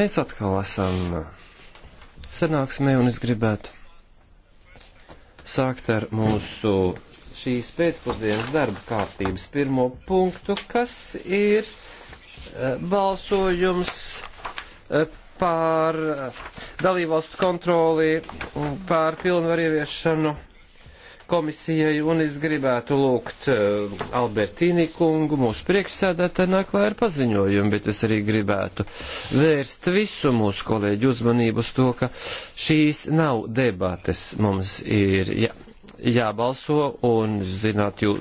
Mēs atkal esam sanāksmē un es gribētu sākt ar mūsu šīs pēcpusdienas darba kārtības pirmo punktu, kas ir eh, balsojums eh, pār eh, dalībvalstu kontroli mm, pār pilnvaru ieviešanu komisijai, un es gribētu lūgt uh, eh, Albertīnī kungu, mūsu priekšsēdētāju, nāklā ar paziņojumu, bet es arī gribētu vērst visu mūsu kolēģu uzmanību uz to, ka šīs nav debates mums ir. Ja jābalso, un, zināt, jū,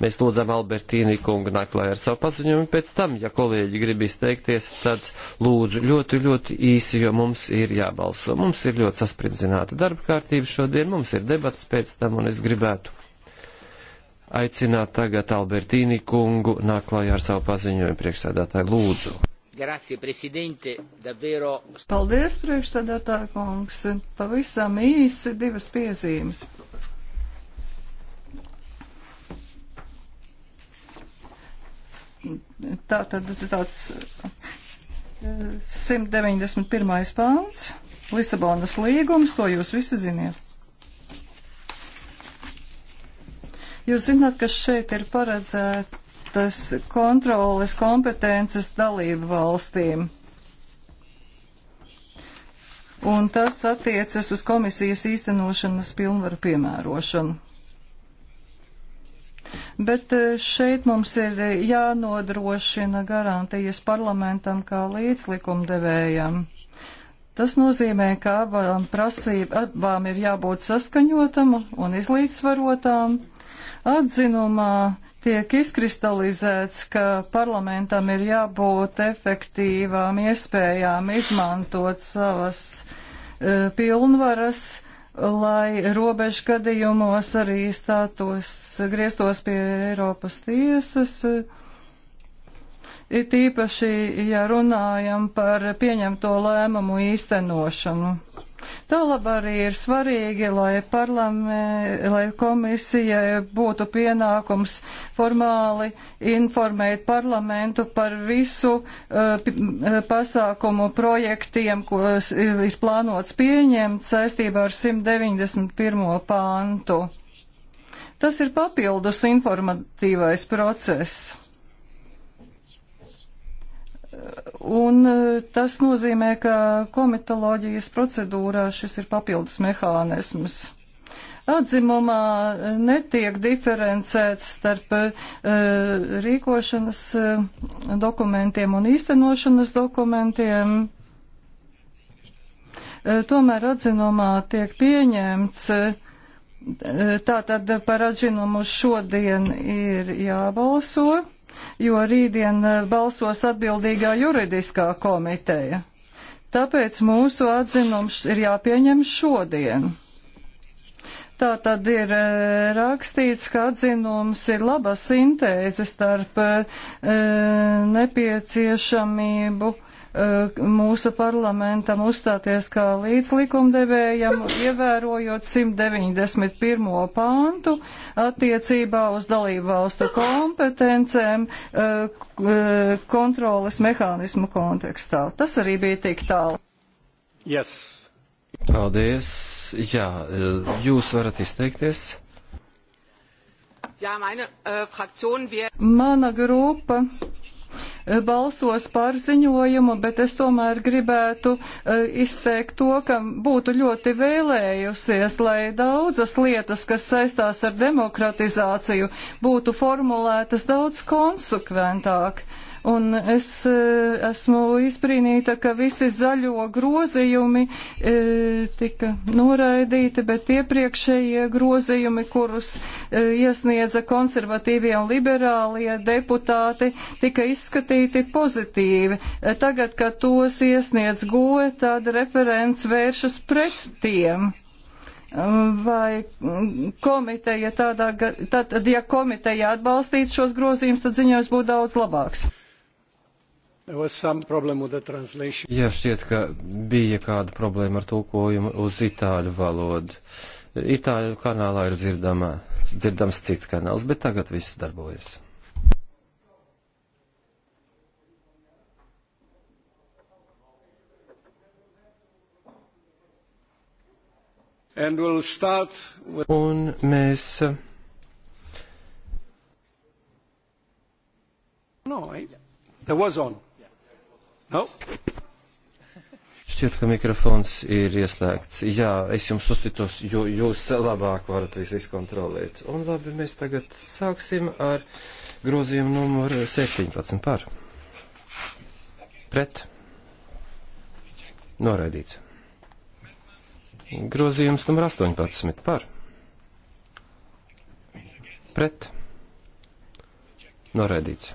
mēs lūdzam Albertīni kungu naklai ar savu paziņojumu, pēc tam, ja kolēģi grib izteikties, tad lūdzu ļoti, ļoti īsi, jo mums ir jābalso. Mums ir ļoti sasprindzināta darba kārtība šodien, mums ir debats pēc tam, un es gribētu aicināt tagad Albertīni kungu naklai ar savu paziņojumu priekšsēdētāju lūdzu. Grazie, Presidente, davvero. Paldies, priekšsēdētāja kungs. Pavisam īsi divas piezīmes. tā tad tāds 191. Eh, pāns, Lisabonas līgums, to jūs visi ziniet. Jūs zināt, ka šeit ir paredzētas kontroles kompetences dalību valstīm. Un tas attiecas uz komisijas īstenošanas pilnvaru piemērošanu. Bet eh, šeit mums ir jānodrošina garantijas parlamentam kā līdzlikumdevējam. Tas nozīmē, ka abām prasībām ir jābūt saskaņotam un izlīdzvarotām. Atzinumā tiek izkristalizēts, ka parlamentam ir jābūt efektīvām iespējām izmantot savas uh, pilnvaras, lai robežu gadījumos arī stātos, grieztos pie Eiropas tiesas. It īpaši, ja runājam par pieņemto lēmumu īstenošanu. Tālāk arī ir svarīgi, lai, parlamē, lai komisijai būtu pienākums formāli informēt parlamentu par visu uh, pasākumu projektiem, ko ir plānots pieņemt saistībā ar 191. pāntu. Tas ir papildus informatīvais process. Un e, tas nozīmē, ka komitoloģijas procedūrā šis ir papildus mehānisms atzimumā netiek diferencēts starp uh, rīkošanas uh, dokumentiem un īstenošanas dokumentiem. Uh, tomēr atzinumā tiek pieņemts, tātad par atzinumu šodien ir jābalso jo rītdien e, balsos atbildīgā juridiskā komiteja. Tāpēc mūsu atzinums ir jāpieņem šodien. Tā tad ir e, rakstīts, ka atzinums ir laba sintēze starp e, nepieciešamību e, Eh, mūsu parlamentam uzstāties kā līdzlikumdevējam, ievērojot 191. pāntu attiecībā uz dalību valstu kompetencēm eh, eh, kontroles mehānismu kontekstā. Tas arī bija tik tālu. Yes. Paldies. Jā, jūs varat izteikties. Jā, meine, uh, fraktion, wir... Mana grupa balsos par ziņojumu, bet es tomēr gribētu e, izteikt to, ka būtu ļoti vēlējusies, lai daudzas lietas, kas saistās ar demokratizāciju, būtu formulētas daudz konsekventāk. Un es e, esmu izbrīnīta, ka visi zaļo grozījumi e, tika noraidīti, bet iepriekšējie grozījumi, kurus e, iesniedza konservatīvie un liberālie deputāti, tika izskatīti pozitīvi. Tagad, kad tos iesniedz goja, tad referents vēršas pret tiem vai komiteja tādā, tad, ja komiteja atbalstītu šos grozījumus, tad ziņojums būtu daudz labāks. Jā, šķiet, ka bija kāda problēma ar tulkojumu uz itāļu valodu. Itāļu kanālā ir dzirdama, dzirdams cits kanāls, bet tagad viss darbojas. We'll with... Un mēs. No, I... Eh? It was on. No. Šķiet, ka mikrofons ir ieslēgts. Jā, es jums uzticos, jo jūs labāk varat visu izkontrolēt. Un labi, mēs tagad sāksim ar grozījumu numuru 17 par. Pret. Noraidīts. Grozījums numur 18 par. Pret. Noraidīts.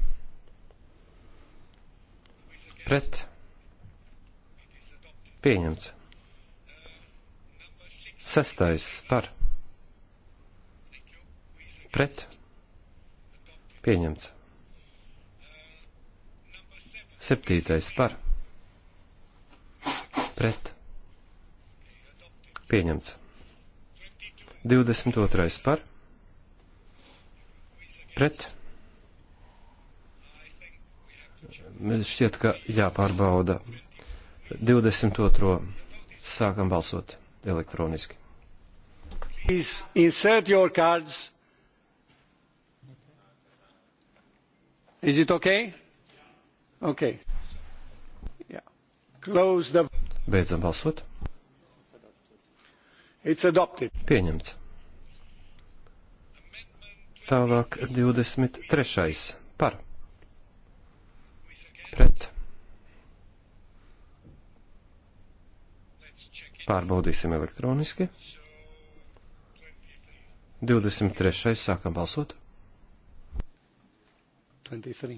pret pieņemts. Sestais par pret pieņemts. Septītais par pret pieņemts. 22. par pret šķiet, ka jāpārbauda. 22. sākam balsot elektroniski. Please insert your cards. Is it okay? Okay. Yeah. Close the... Beidzam balsot. It's adopted. Pieņemts. Tālāk 23. par pret. Pārbaudīsim elektroniski. 23. sākam balsot. 23.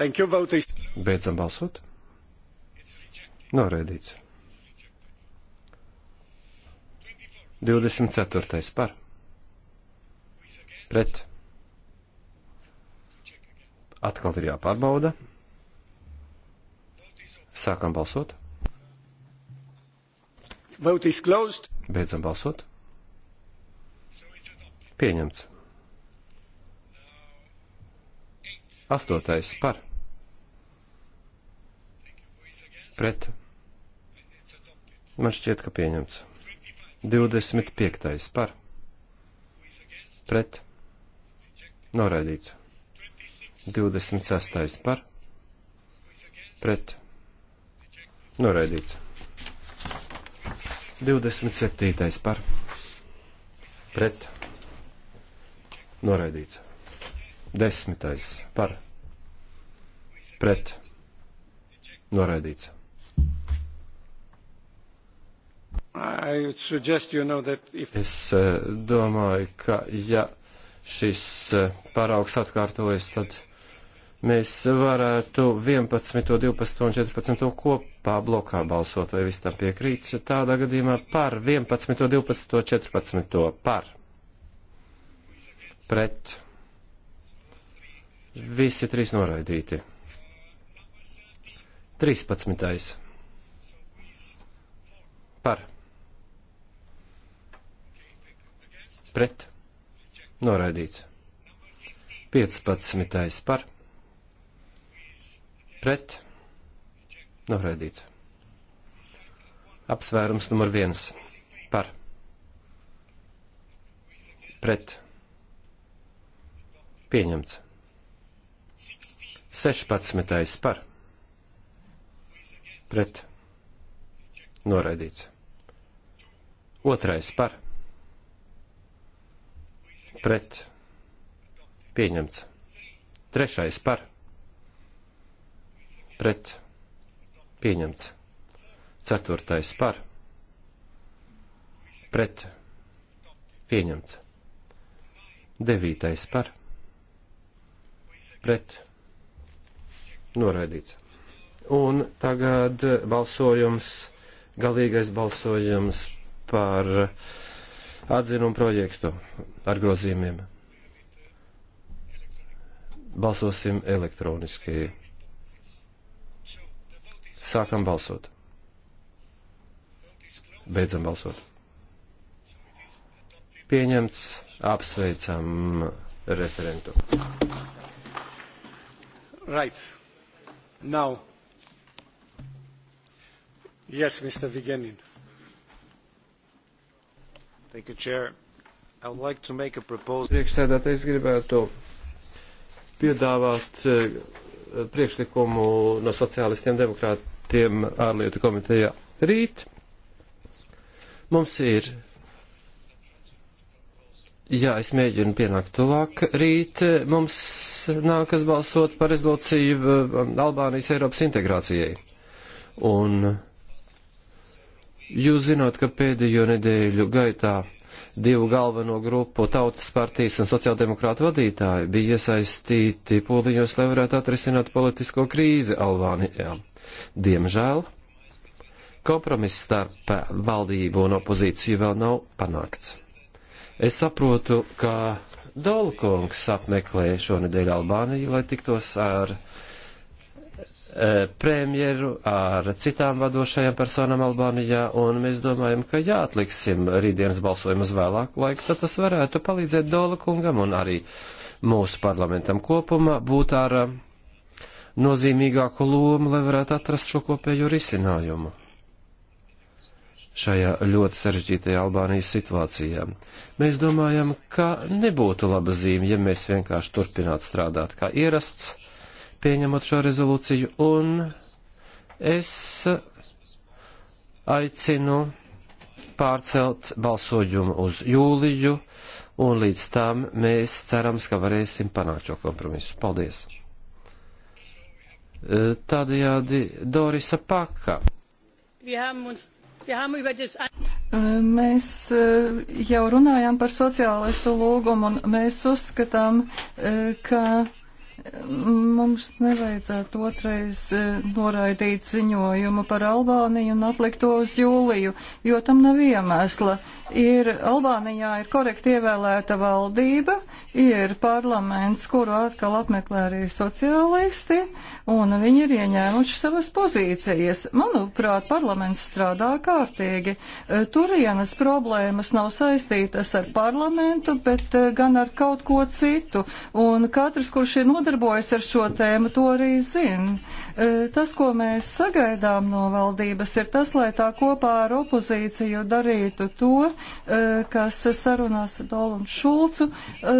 Thank you, vote is... Beidzam balsot. Noraidīts. 24. par. Pret. Atkal ir jāpārbauda. Sākam balsot. Vote is closed. Beidzam balsot. Pieņemts. Astotais par. Pret. Man šķiet, ka pieņemts. 25. par. Pret. Noraidīts. 26. par pret noraidīts. 27. par pret noraidīts. 10. par pret noraidīts. You know if... Es eh, domāju, ka ja šis eh, paraugs atkārtojas, tad mēs varētu 11, 12 un 14 kopā blokā balsot, vai viss tam piekrīt. Tādā gadījumā par 11, 12, 14 par. Pret. Visi trīs noraidīti. 13. Par. Pret. Noraidīts. 15. par pret noraidīts. Apsvērums numur viens par pret pieņemts. 16. par pret noraidīts. Otrais par pret pieņemts. Trešais par pret pret pieņemts. Ceturtais par pret pieņemts. Devītais par pret noraidīts. Un tagad balsojums, galīgais balsojums par atzinumu projektu ar grozījumiem. Balsosim elektroniski. Sākam balsot. Beidzam balsot. Pieņemts, apsveicam referentu. Right. Now. Yes, Mr. Vigenin. Thank you, Chair. I would like to make a proposal. Priekšsēdētājs gribētu piedāvāt eh, priekšlikumu no sociālistiem demokrātiem aktiem ārlietu komitejā rīt. Mums ir Jā, es mēģinu pienākt tuvāk. Rīt mums nākas balsot par rezolūciju um, Albānijas Eiropas integrācijai. Un jūs zināt, ka pēdējo nedēļu gaitā divu galveno grupu tautas partijas un sociāldemokrāta vadītāji bija iesaistīti pūliņos, lai varētu atrisināt politisko krīzi Albānijā. Diemžēl kompromiss starp valdību un opozīciju vēl nav panākts. Es saprotu, ka Dolkungs apmeklē šonedēļ Albāniju, lai tiktos ar e, premjeru, ar citām vadošajām personām Albānijā, un mēs domājam, ka jāatliksim rītdienas balsojumu uz vēlāku laiku, tad tas varētu palīdzēt Dola kungam un arī mūsu parlamentam kopumā būt ar nozīmīgāku lomu, lai varētu atrast šo kopējo risinājumu šajā ļoti sarežģītajā Albānijas situācijā. Mēs domājam, ka nebūtu laba zīme, ja mēs vienkārši turpinātu strādāt kā ierasts, pieņemot šo rezolūciju, un es aicinu pārcelt balsojumu uz jūliju, un līdz tam mēs cerams, ka varēsim panākt šo kompromisu. Paldies! Tādējādi Dorisa Paka. Mēs jau runājām par sociālistu lūgumu un mēs uzskatām, ka mums nevajadzētu otrais e, noraidīt ziņojumu par Albāniju un atlikt to uz jūliju, jo tam nav iemesla. Ir, Albānijā ir korekti ievēlēta valdība, ir parlaments, kuru atkal apmeklē arī sociālisti, un viņi ir ieņēmuši savas pozīcijas. Manuprāt, parlaments strādā kārtīgi. E, Turienes problēmas nav saistītas ar parlamentu, bet e, gan ar kaut ko citu. Un katrs, kurš ir nodarbojies, nodarbojas ar šo tēmu, to arī zina. E, tas, ko mēs sagaidām no valdības, ir tas, lai tā kopā ar opozīciju darītu to, e, kas sarunās ar Dolumu Šulcu e,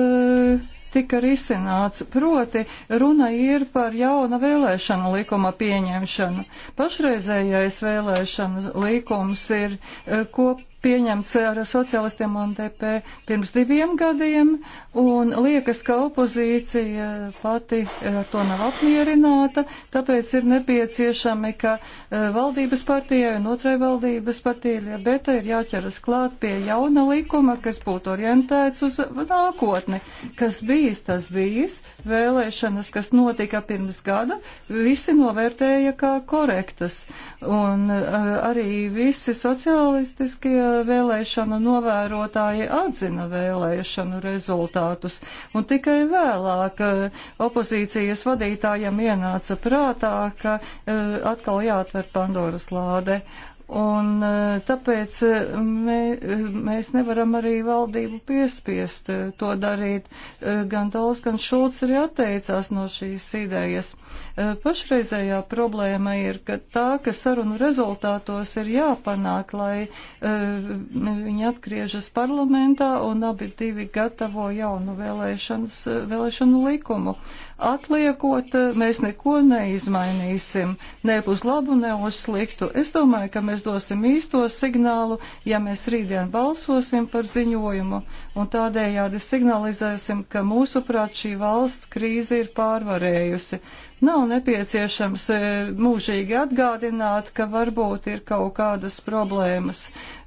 tika risināts. Proti, runa ir par jauna vēlēšana likuma pieņemšanu. Pašreizējais vēlēšana likums ir kop, pieņemts ar socialistiem un DP pirms diviem gadiem, un liekas, ka opozīcija pati eh, ar to nav apmierināta, tāpēc ir nepieciešami, ka eh, valdības partijai un otrai valdības partijai beta ir jāķeras klāt pie jauna likuma, kas būtu orientēts uz nākotni. Kas bijis, tas bijis, vēlēšanas, kas notika pirms gada, visi novērtēja kā korektas, un eh, arī visi socialistiskie vēlēšanu novērotāji atzina vēlēšanu rezultātus, un tikai vēlāk eh, opozīcijas vadītājiem ienāca prātā, ka eh, atkal jāatver Pandoras lāde. Un e, tāpēc e, mē, e, mēs nevaram arī valdību piespiest to darīt. Gan Dals, gan Šulcs arī atteicās no šīs idejas. Pašreizējā problēma ir, ka tā, ka sarunu rezultātos ir jāpanāk, lai viņi atgriežas parlamentā un abi divi gatavo jaunu vēlēšanas, vēlēšanu likumu. Atliekot, mēs neko neizmainīsim, ne uz labu, ne uz sliktu. Es domāju, ka mēs dosim īsto signālu, ja mēs rītdien balsosim par ziņojumu, un tādējādi signalizēsim, ka mūsuprāt šī valsts krīze ir pārvarējusi. Nav nepieciešams e, mūžīgi atgādināt, ka varbūt ir kaut kādas problēmas,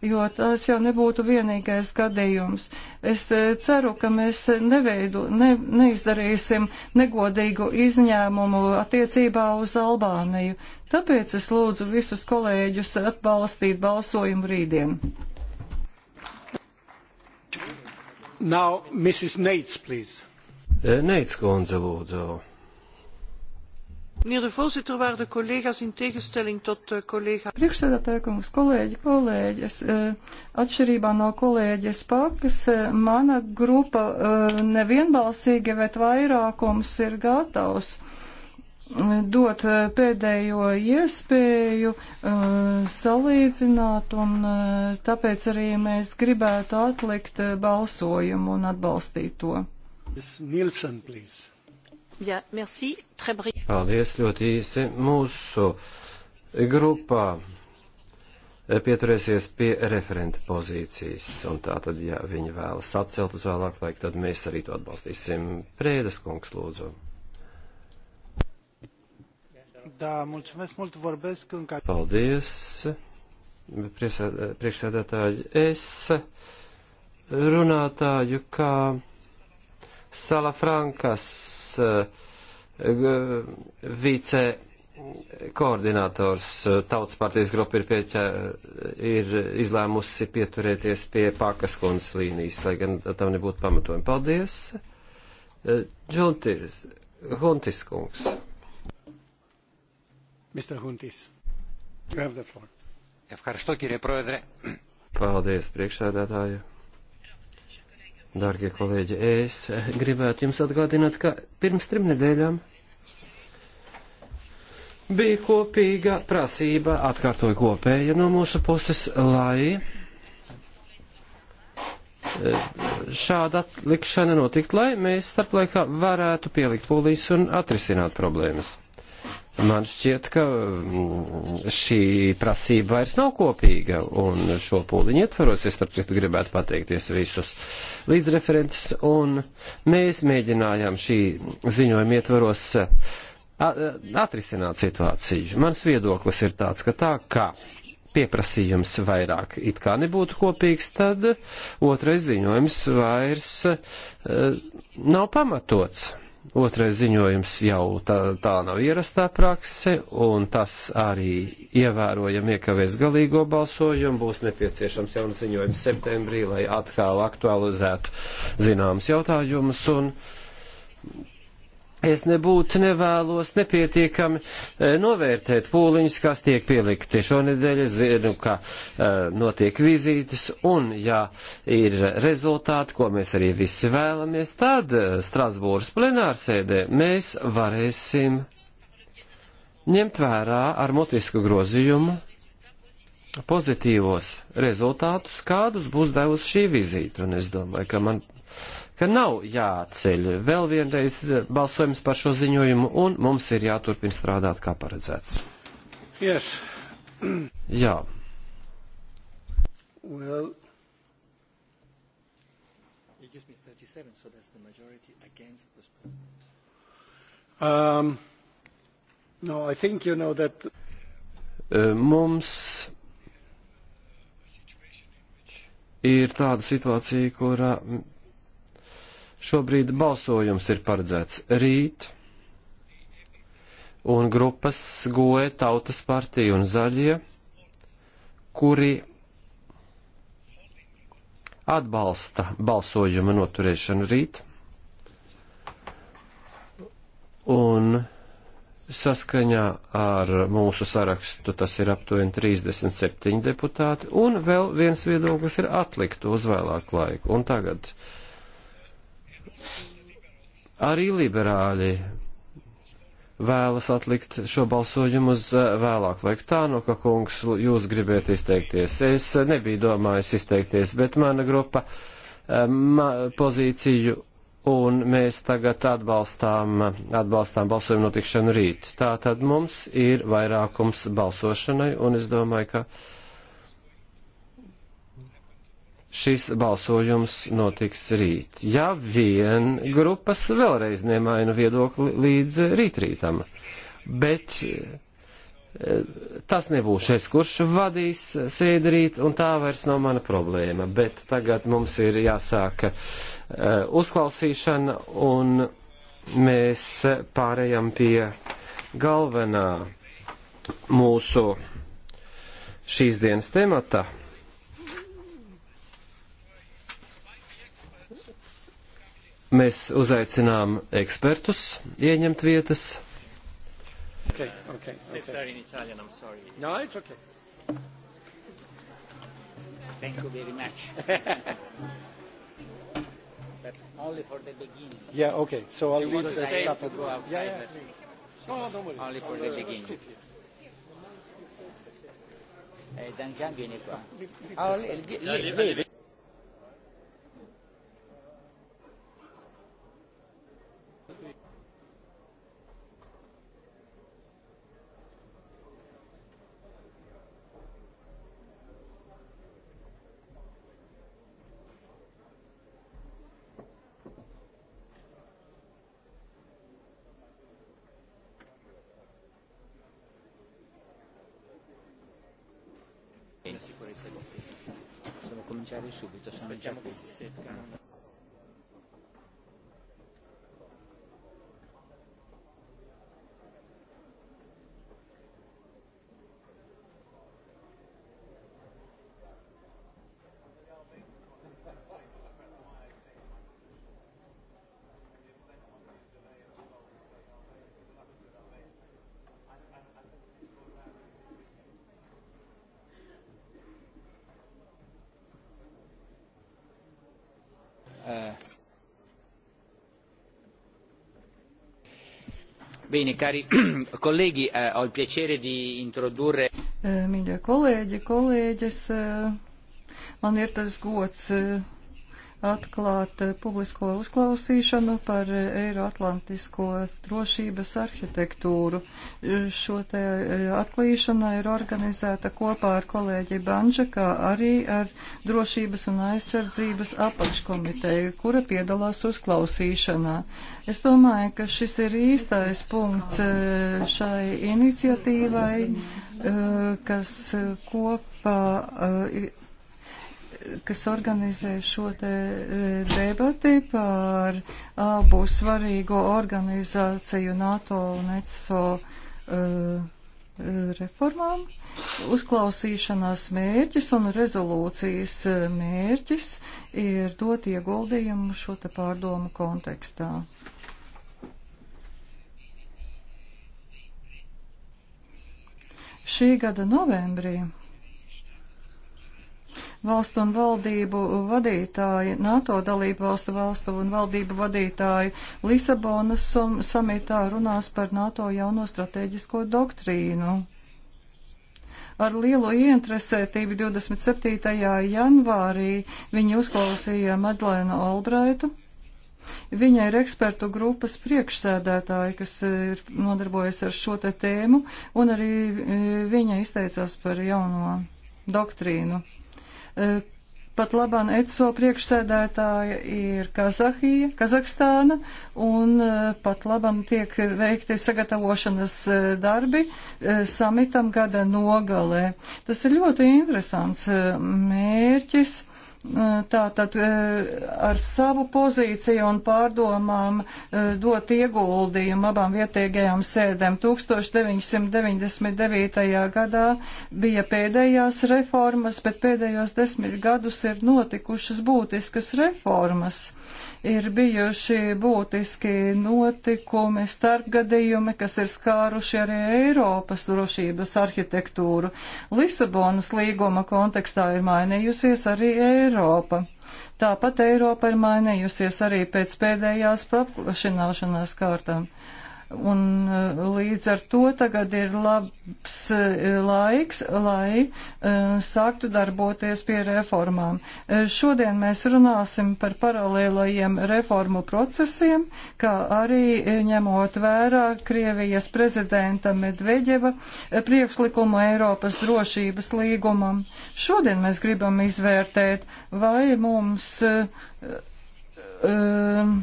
jo tas jau nebūtu vienīgais gadījums. Es e, ceru, ka mēs neveidu, ne, neizdarīsim negodīgu izņēmumu attiecībā uz Albāniju. Tāpēc es lūdzu visus kolēģus atbalstīt balsojumu rītdien. Now, Mrs. Neits, please. E, Neits, Gonze, lūdzu. Voorzitter, waarde collega's, in tegenstelling tot collega. Priekšsēdētāja kungs, kolēģi, kolēģis, eh, atšķirībā no kolēģis Pakas, eh, mana grupa eh, nevienbalsīgi, bet vairākums ir gatavs dot pēdējo iespēju salīdzināt, un tāpēc arī mēs gribētu atlikt balsojumu un atbalstīt to. Nielsen, please. Jā, merci, très brīvi. Paldies, ļoti īsi. Mūsu grupā eh, pieturēsies pie referenta pozīcijas, un tā tad, ja viņi vēlas atcelt uz vēlāku laiku, tad mēs arī to atbalstīsim. Prēdas kungs, lūdzu. Da, mulțumesc mult, vorbesc în cal... Paldies, priekšsēdētāji. Es runātāju, kā Salafrankas eh, vice koordinators eh, Tautas partijas grupa ir, pieķa, ir izlēmusi pieturēties pie pakas kundas līnijas, lai gan tam nebūtu pamatojumi. Paldies! Džuntis, eh, Huntis kungs. Mr. Huntis, you have the floor. Ευχαριστώ κύριε Πρόεδρε. Paldies, priekšsēdētāji. Dārgie kolēģi, es gribētu jums atgādināt, ka pirms trim nedēļām bija kopīga prasība, atkārtoja kopēja no mūsu puses, lai e, šāda atlikšana notikt, lai mēs starplaikā varētu pielikt polīs un atrisināt problēmas. Man šķiet, ka mm, šī prasība vairs nav kopīga, un šo pūliņu ietvaros es starp citu gribētu pateikties visus līdzreferentus, un mēs mēģinājām šī ziņojuma ietvaros atrisināt situāciju. Mans viedoklis ir tāds, ka tā kā pieprasījums vairāk it kā nebūtu kopīgs, tad otrais ziņojums vairs uh, nav pamatots. Otrais ziņojums jau tā, tā nav ierastā prakse, un tas arī ievērojami iekavēs galīgo balsojumu. Būs nepieciešams jauns ziņojums septembrī, lai atkal aktualizētu zināmas jautājumus, un Es nebūtu nevēlos nepietiekami e, novērtēt pūliņus, kas tiek pielikti. Šonedēļ es zinu, ka e, notiek vizītes, un ja ir rezultāti, ko mēs arī visi vēlamies, tad e, Strasbūras plenārsēdē mēs varēsim ņemt vērā ar mutisku grozījumu pozitīvos rezultātus, kādus būs devusi šī vizīte. Un es domāju, ka man ka nav jāceļ vēl vienreiz balsojums par šo ziņojumu, un mums ir jāturpina strādāt kā paredzēts. Yes. Jā. Well. It gives me 37, so that's the majority against postponement. Um, no, I think you know that. Uh, mums ir tāda situācija, kurā Šobrīd balsojums ir paredzēts rīt, un grupas goja tautas partija un zaļie, kuri atbalsta balsojuma noturēšanu rīt, un saskaņā ar mūsu sarakstu tas ir aptuveni 37 deputāti, un vēl viens viedoklis ir atlikt uz vēlāku laiku. Un tagad Arī liberāļi vēlas atlikt šo balsojumu uz eh, vēlāku laiku. Tā no ka kungs jūs gribēt izteikties. Es nebiju domājis izteikties, bet mana grupa eh, ma, pozīciju un mēs tagad atbalstām, atbalstām balsojumu notikšanu rīt. Tā tad mums ir vairākums balsošanai un es domāju, ka šis balsojums notiks rīt. Ja vien grupas vēlreiz nemaina viedokli līdz rītrītam. Bet eh, tas nebūs es, kurš vadīs sēdi rīt, un tā vairs nav mana problēma. Bet tagad mums ir jāsāk eh, uzklausīšana, un mēs pārējām pie galvenā mūsu šīs dienas temata. Mēs uzaicinām ekspertus ieņemt vietas. Okay, okay, okay. No, it's okay. Thank you very much. but only for the beginning. Yeah, okay. So I'll leave the stuff to go outside. Yeah, yeah. No, no, don't worry. Only for the beginning. Eh, Danjan viene qua. Ah, lì, lì, lì. subito, se non c'è... Aspettiamo che si seccano. Bene, cari colleghi, eh, ho il piacere di introdurre. Eh, mīļie kolēģi, kolēģis, eh, man ir tas gods. Eh, atklāt eh, publisko uzklausīšanu par eh, Eiroatlantisko drošības arhitektūru. Eh, šo te atklīšana ir organizēta kopā ar kolēģi Banža, kā arī ar drošības un aizsardzības apakškomiteju, kura piedalās uzklausīšanā. Es domāju, ka šis ir īstais punkts šai iniciatīvai, kas kopā kas organizē šo te e, debati par abu svarīgo organizāciju NATO un ECO e, e, reformām. Uzklausīšanās mērķis un rezolūcijas mērķis ir dot ieguldījumu šo te pārdomu kontekstā. Šī gada novembrī valstu un valdību vadītāji, NATO dalību valstu valstu un valdību vadītāji Lisabonas samitā runās par NATO jauno strateģisko doktrīnu. Ar lielu ieinteresētību 27. janvārī viņi uzklausīja Madlēnu Albraitu. Viņa ir ekspertu grupas priekšsēdētāja, kas e, ir nodarbojas ar šo te tēmu, un arī e, viņa izteicās par jauno doktrīnu. Pat labāk ECO priekšsēdētāja ir Kazahija, Kazahstāna, un e, pat labam tiek veikti sagatavošanas e, darbi e, samitam gada nogalē. Tas ir ļoti interesants mērķis tātad e, ar savu pozīciju un pārdomām e, dot ieguldījumu abām vietējām sēdēm. 1999. gadā bija pēdējās reformas, bet pēdējos desmit gadus ir notikušas būtiskas reformas ir bijuši būtiski notikumi, starpgadījumi, kas ir skāruši arī Eiropas drošības arhitektūru. Lisabonas līguma kontekstā ir mainījusies arī Eiropa. Tāpat Eiropa ir mainījusies arī pēc pēdējās paplašināšanās kārtām. Uh, Un eh, līdz ar to tagad ir labs eh, laiks, lai eh, sāktu darboties pie reformām. Šodien mēs runāsim par paralēlajiem reformu procesiem, kā arī ņemot vērā Krievijas prezidenta Medveģeva priekšlikumu Eiropas drošības līgumam. Šodien mēs gribam izvērtēt, vai mums. Uh, uh,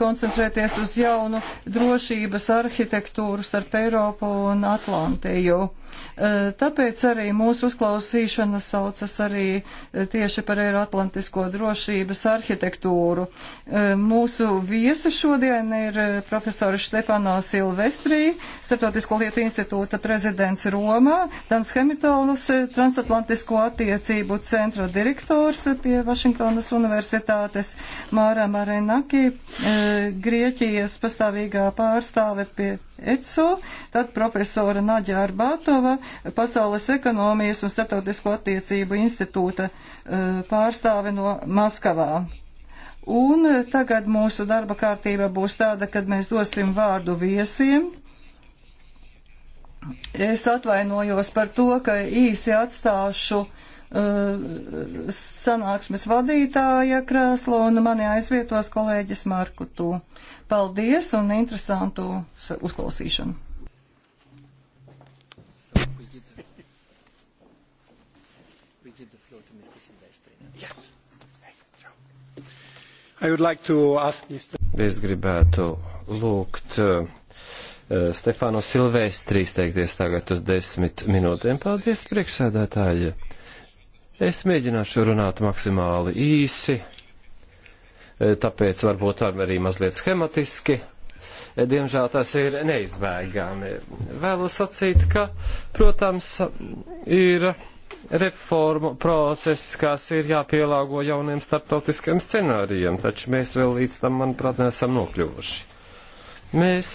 koncentrēties uz jaunu drošības arhitektūru starp Eiropu un Atlantiju. Eh, tāpēc arī mūsu uzklausīšana saucas arī eh, tieši par Eiroatlantisko drošības arhitektūru. Eh, mūsu viesi šodien ir profesori Štefano Silvestrī, Startautisko lietu institūta prezidents Romā, Dans Hemitolus, Transatlantisko attiecību centra direktors pie Vašingtonas universitātes, Māra Marenaki, Grieķijas pastāvīgā pārstāve pie ECO, tad profesora Naģa Arbatova, Pasaules ekonomijas un starptautisko attiecību institūta eh, pārstāve no Maskavā. Un eh, tagad mūsu darba kārtība būs tāda, kad mēs dosim vārdu viesiem. Es atvainojos par to, ka īsi atstāšu uh, Uh, sanāksmes vadītāja krēslo un mani aizvietos kolēģis Marku Tu. Paldies un interesantu uzklausīšanu! Like ask... Es gribētu lūgt uh, uh, Stefano Silvestri izteikties tagad uz desmit minūtēm. Paldies, priekšsēdētāji! Es mēģināšu runāt maksimāli īsi, e, tāpēc varbūt arī mazliet schematiski. E, diemžēl tas ir neizbēgami. Vēlos sacīt, ka, protams, ir reformu process, kas ir jāpielāgo jauniem starptautiskiem scenārijiem, taču mēs vēl līdz tam, manuprāt, neesam nokļuvuši. Mēs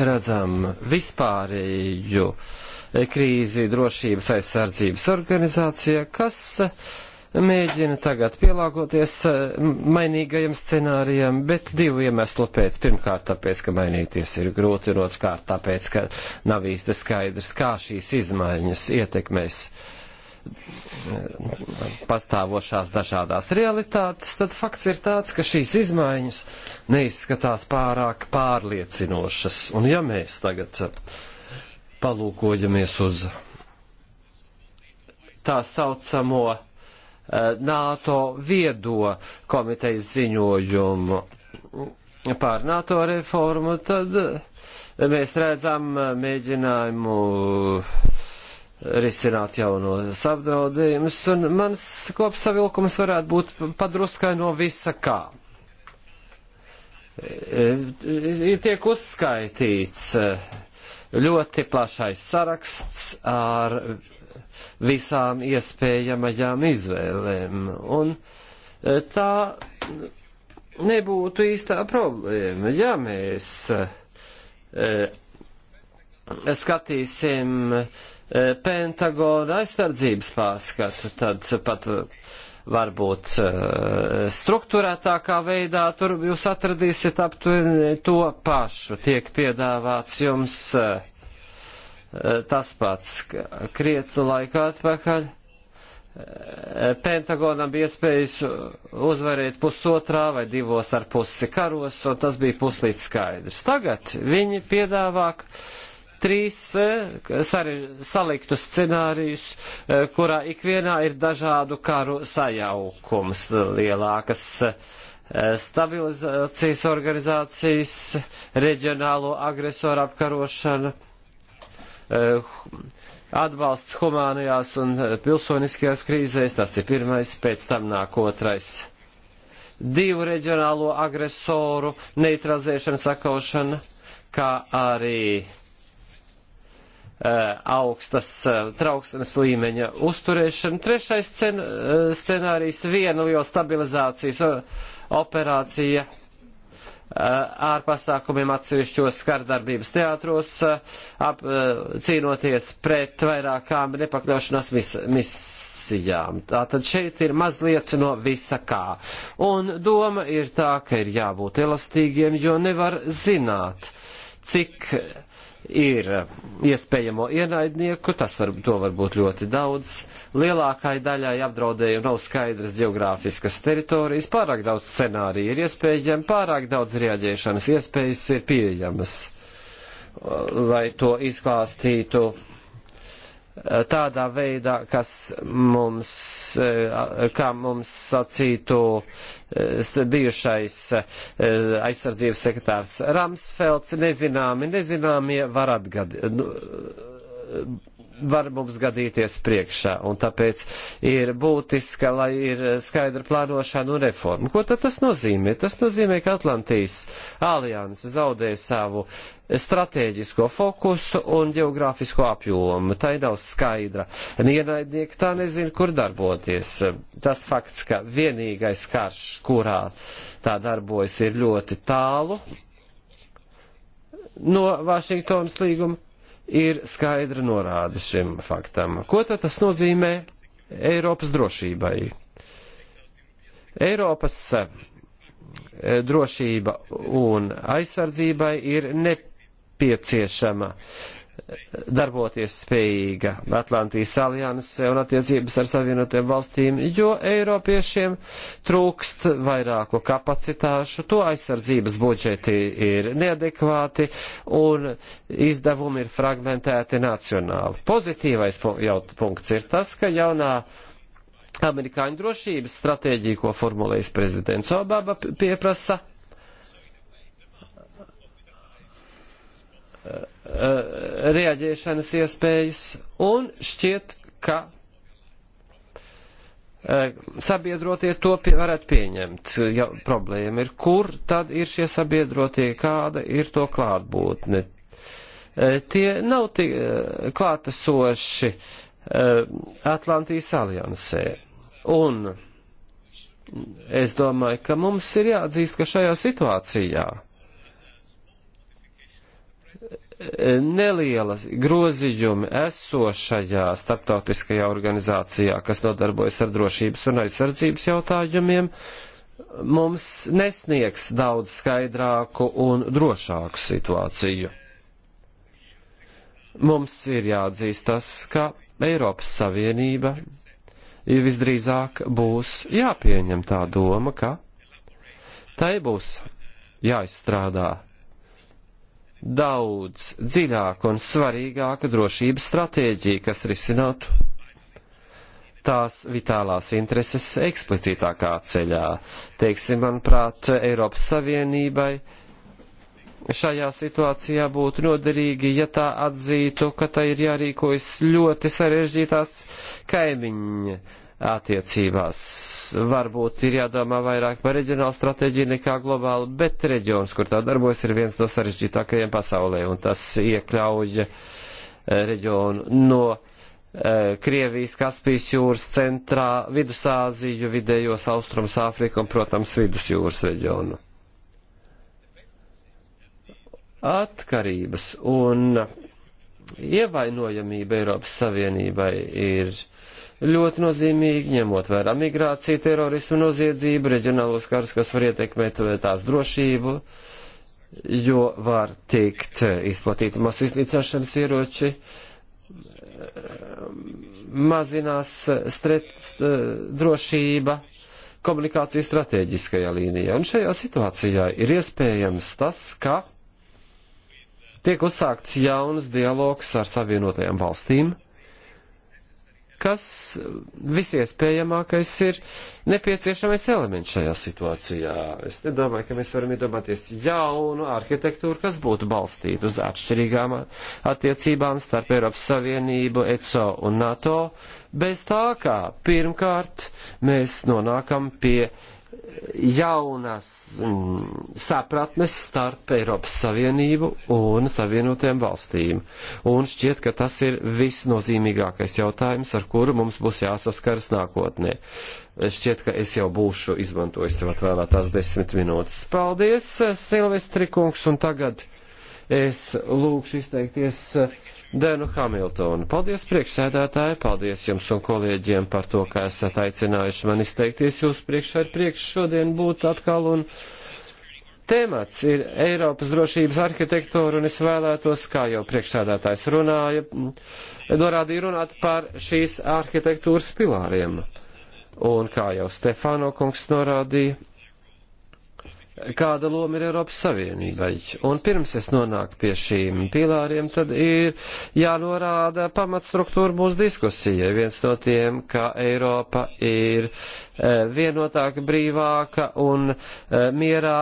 redzam vispārēju uh, krīzi drošības aizsardzības organizācija, kas mēģina tagad pielāgoties eh, mainīgajam scenārijam, bet divu iemeslu pēc. Pirmkārt, tāpēc, ka mainīties ir grūti, un otrkārt, tāpēc, ka nav īsti skaidrs, kā šīs izmaiņas ietekmēs eh, pastāvošās dažādās realitātes, tad fakts ir tāds, ka šīs izmaiņas neizskatās pārāk pārliecinošas. Un ja mēs tagad uh, palūkojamies uz tā saucamo eh, NATO viedo komitejas ziņojumu pār NATO reformu, tad eh, mēs redzam eh, mēģinājumu risināt jaunos apdraudējumus, un mans kopsavilkums varētu būt padruskai no visa kā. Ir tiek uzskaitīts uh, ļoti plašais saraksts ar visām iespējamajām izvēlēm. Un e, tā nebūtu īstā problēma, ja mēs e, skatīsim e, Pentagona aizsardzības pārskatu, tad pat varbūt eh, struktūrētākā veidā, tur jūs atradīsiet aptuveni to pašu. Tiek piedāvāts jums eh, eh, tas pats krietnu laiku atpakaļ. Pentagonam bija iespējas uzvarēt pusotrā vai divos ar pusi karos, un tas bija puslīdz skaidrs. Tagad viņi piedāvā trīs eh, sari, saliktu scenārijus, eh, kurā ikvienā ir dažādu karu sajaukums lielākas eh, stabilizācijas organizācijas, reģionālo agresoru apkarošana, atbalsts humānajās un pilsoniskajās krīzēs, tas ir pirmais, pēc tam nāk otrais divu reģionālo agresoru neutralizēšana, sakaušana, kā arī Eh, augstas eh, trauksmes līmeņa uzturēšana. Trešais scen eh, scenārijs - viena liela stabilizācijas operācija ārpasākumiem atsevišķos skardarbības teātros, ap, cīnoties pret vairākām nepakļaušanās mis, misijām. Tātad šeit ir mazliet no visa kā. Un doma ir tā, ka ir jābūt elastīgiem, jo nevar zināt, cik uh, ir eh, iespējamo ienaidnieku, tas var, to var būt ļoti daudz. Lielākai daļai apdraudējumu nav skaidras geogrāfiskas teritorijas, pārāk daudz scenāriju ir iespējami, pārāk daudz rieģēšanas iespējas ir pieejamas, lai to izklāstītu tādā veidā, kas mums, eh, kā mums sacītu eh, bijušais eh, aizsardzības sekretārs Ramsfelds, nezināmi, nezināmie var atgad, nu, var mums gadīties priekšā, un tāpēc ir būtiska, lai ir skaidra plānošana un reforma. Ko tad tas nozīmē? Tas nozīmē, ka Atlantijas alianse zaudē savu stratēģisko fokusu un geogrāfisko apjomu. Tā nav skaidra. Ienaidnieki tā nezina, kur darboties. Tas fakts, ka vienīgais karš, kurā tā darbojas, ir ļoti tālu no Vašingtonas līguma ir skaidra norāde šim faktam. Ko tad tas nozīmē Eiropas drošībai? Eiropas eh, drošība un aizsardzībai ir nepieciešama darboties spējīga Atlantijas alianse un attiecības ar savienotiem valstīm, jo Eiropiešiem trūkst vairāku kapacitāšu, to aizsardzības budžeti ir neadekvāti un izdevumi ir fragmentēti nacionāli. Pozitīvais punkts ir tas, ka jaunā amerikāņu drošības stratēģija, ko formulējas prezidents Obama, pieprasa Uh, reaģēšanas iespējas, un šķiet, ka uh, sabiedrotie to pie, varētu pieņemt. Ja problēma ir, kur tad ir šie sabiedrotie, kāda ir to klātbūtne. Uh, tie nav tik klātesoši Atlantijas aliansē. Un es domāju, ka mums ir jāatzīst, ka šajā situācijā neliela grozījumi esošajā starptautiskajā organizācijā, kas nodarbojas ar drošības un aizsardzības jautājumiem, mums nesniegs daudz skaidrāku un drošāku situāciju. Mums ir jāatzīst tas, ka Eiropas Savienība visdrīzāk būs jāpieņem tā doma, ka tai būs jāizstrādā daudz dziļāka un svarīgāka drošības stratēģija, kas risinātu tās vitālās intereses eksplicitākā ceļā. Teiksim, manuprāt, Eiropas Savienībai šajā situācijā būtu noderīgi, ja tā atzītu, ka tai ir jārīkojas ļoti sarežģītās kaimiņa attiecībās. Varbūt ir jādomā vairāk par reģionālu stratēģiju nekā globālu, bet reģions, kur tā darbojas, ir viens no sarežģītākajiem pasaulē, un tas iekļauj eh, reģionu no eh, Krievijas, Kaspijas jūras centrā, Vidusāziju, vidējos austrums Āfriku un, protams, Vidusjūras reģionu. Atkarības un ievainojamība Eiropas Savienībai ir uh, ļoti nozīmīgi, ņemot vērā migrāciju, terorismu, noziedzību, reģionālos karus, kas var ietekmēt tās drošību, jo var tikt izplatīti masu iznīcināšanas ieroči, mazinās strets, drošība komunikācijas strateģiskajā līnijā. Un šajā situācijā ir iespējams tas, ka tiek uzsākts jauns dialogs ar savienotajām valstīm, kas visiespējamākais ir nepieciešamais elements šajā situācijā. Es nedomāju, ka mēs varam iedomāties jaunu arhitektūru, kas būtu balstīta uz atšķirīgām attiecībām starp Eiropas Savienību, ECO un NATO, bez tā kā pirmkārt mēs nonākam pie jaunas mm, sapratnes starp Eiropas Savienību un Savienotajām valstīm. Un šķiet, ka tas ir visnozīmīgākais jautājums, ar kuru mums būs jāsaskaras nākotnē. Šķiet, ka es jau būšu izmantojis sev atvēlētās desmit minūtes. Paldies, Silvestri kungs, un tagad es lūkšu izteikties. Uh, Dēnu Hamiltonu. Paldies priekšsēdētāji, paldies jums un kolēģiem par to, ka esat aicinājuši man izteikties jūsu priekšā ir priekš šodien būt atkal un tēmats ir Eiropas drošības arhitektūra, un es vēlētos, kā jau priekšsēdētājs runāja, norādīja runāt par šīs arhitektūras pilāriem. Un kā jau Stefano kungs norādīja, kāda loma ir Eiropas Savienībai. Un pirms es nonāku pie šīm pilāriem, tad ir jānorāda pamatstruktūra mūsu diskusijai. Viens no tiem, ka Eiropa ir eh, vienotāka, brīvāka un eh, mierā,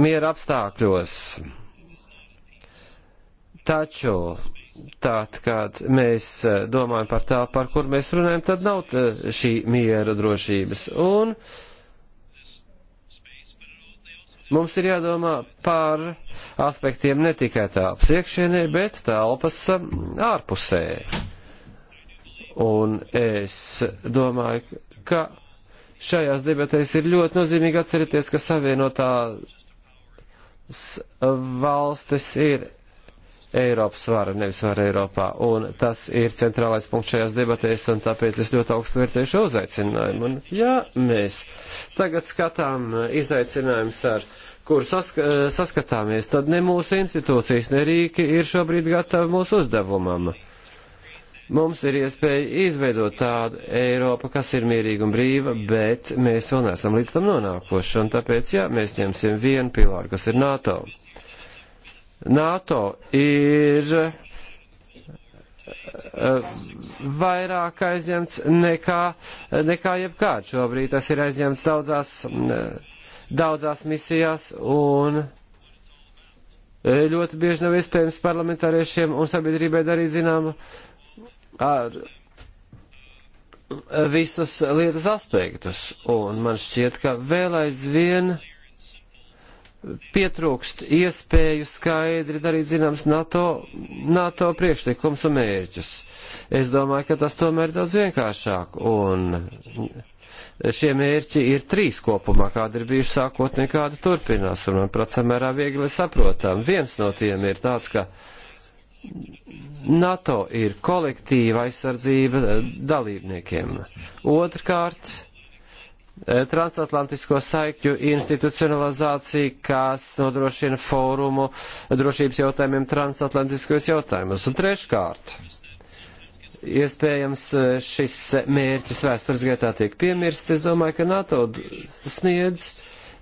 miera apstākļos. Taču Tātad, kad mēs eh, domājam par tā, par kur mēs runājam, tad nav šī miera drošības. Un uh, Mums ir jādomā par aspektiem ne tikai telpas iekšienē, bet telpas um, ārpusē. Un es domāju, ka šajās debatēs ir ļoti nozīmīgi atcerieties, ka savienotās valstis ir Eiropas vara, nevis vara Eiropā. Un tas ir centrālais punkts šajās debatēs, un tāpēc es ļoti augstu vērtēju šo uzaicinājumu. Un jā, mēs tagad skatām uh, izaicinājums ar kur sask uh, saskatāmies, tad ne mūsu institūcijas, ne rīki ir šobrīd gatavi mūsu uzdevumam. Mums ir iespēja izveidot tādu Eiropu, kas ir mierīga un brīva, bet mēs vēl neesam līdz tam nonākuši, un tāpēc, jā, mēs ņemsim vienu pilāru, kas ir NATO. NATO ir eh, vairāk aizņemts nekā, nekā jebkārt. Šobrīd tas ir aizņemts daudzās, eh, daudzās misijās un eh, ļoti bieži nav iespējams parlamentāriešiem un sabiedrībai darīt zinām ar visus lietas aspektus. Un man šķiet, ka vēl aizvien vien pietrūkst iespēju skaidri darīt zināms NATO, NATO priekšlikums un mērķus. Es domāju, ka tas tomēr ir daudz vienkāršāk. Un šie mērķi ir trīs kopumā, kādi ir bijuši sākotnēji, kādi turpinās. Un, manuprāt, samērā viegli saprotam. Viens no tiem ir tāds, ka NATO ir kolektīva aizsardzība dalībniekiem. Otrkārt, Eh, transatlantisko saikļu institucionalizāciju, kas nodrošina fórumu drošības jautājumiem transatlantiskos jautājumus. Un treškārt, iespējams, eh, šis mērķis vēstures gaitā tiek piemirsts. Es domāju, ka NATO sniedz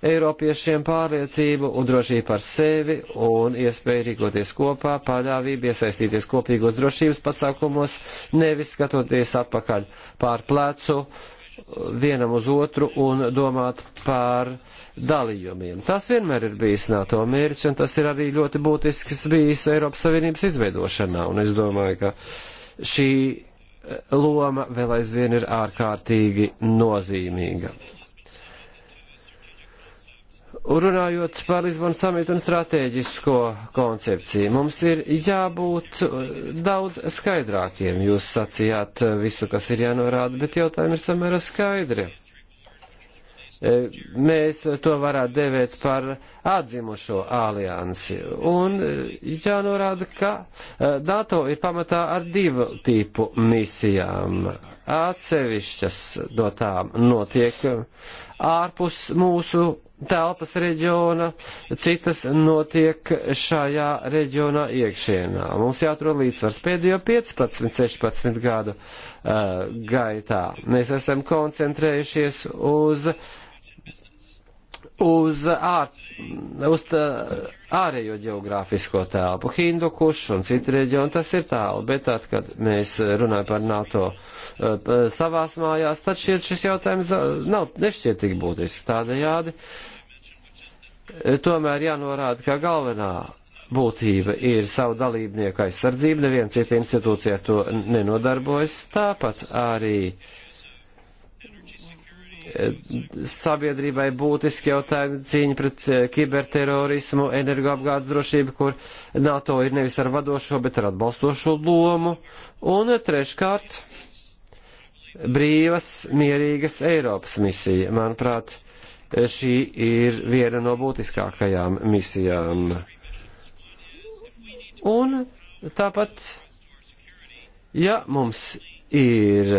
Eiropiešiem pārliecību un drošību par sevi un iespēju rīkoties kopā, pārdāvību, iesaistīties kopīgos drošības pasākumos, nevis skatoties atpakaļ pār plecu vienam uz otru un domāt par dalījumiem. Tas vienmēr ir bijis NATO mērķis, un tas ir arī ļoti būtisks bijis Eiropas Savienības izveidošanā, un es domāju, ka šī loma vēl aizvien ir ārkārtīgi nozīmīga. Runājot par Lisbonas samitu un strateģisko koncepciju, mums ir jābūt uh, daudz skaidrākiem. Jūs sacījāt uh, visu, kas ir jānorāda, bet jautājumi ir samērā skaidri. Uh, mēs to varētu devēt par atzimušo aliansi. Un jānorāda, ka NATO ir pamatā ar divu tipu misijām. Atsevišķas no tām notiek ārpus mūsu telpas reģiona, citas notiek šajā reģionā iekšienā. Mums jāatrod līdzsvars pēdējo 15, 16 gadu uh, gaitā. Mēs esam koncentrējušies uz, uz, ār, uz tā, eh, ārējo geogrāfisko telpu, Hindukušu un citu reģionu, tas ir tālu, bet tad, kad mēs runājam par NATO uh, savās mājās, tad šiet šis jautājums nav nešķiet tik būtisks tādējādi. Tomēr jānorāda, ka galvenā būtība ir savu dalībnieku aizsardzību, neviena cita institūcija to nenodarbojas, tāpat arī uh, sabiedrībai būtiski jautājumi cīņa pret eh, kiberterorismu, energoapgādes drošību, kur NATO ir nevis ar vadošo, bet ar atbalstošo lomu. Un treškārt, brīvas, mierīgas Eiropas misija. Manuprāt, šī ir viena no būtiskākajām misijām. Un tāpat, ja mums ir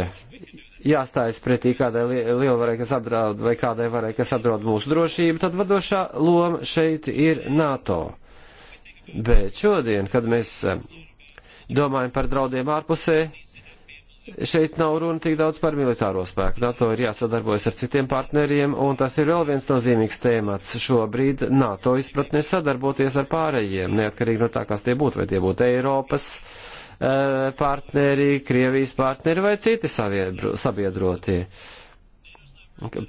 jāstājas pretī kādai lielvarai, kas apdraud, vai kādai varai, kas apdraud mūsu drošību, tad vadošā loma šeit ir NATO. Bet šodien, kad mēs eh, domājam par draudiem ārpusē, šeit nav runa tik daudz par militāro spēku. NATO ir jāsadarbojas ar citiem partneriem, un tas ir vēl viens nozīmīgs tēmats. Šobrīd NATO izpratnē sadarboties ar pārējiem, neatkarīgi no tā, kas tie būtu, vai tie būtu Eiropas, uh, Eh, partneri, Krievijas partneri vai citi sabiedrotie.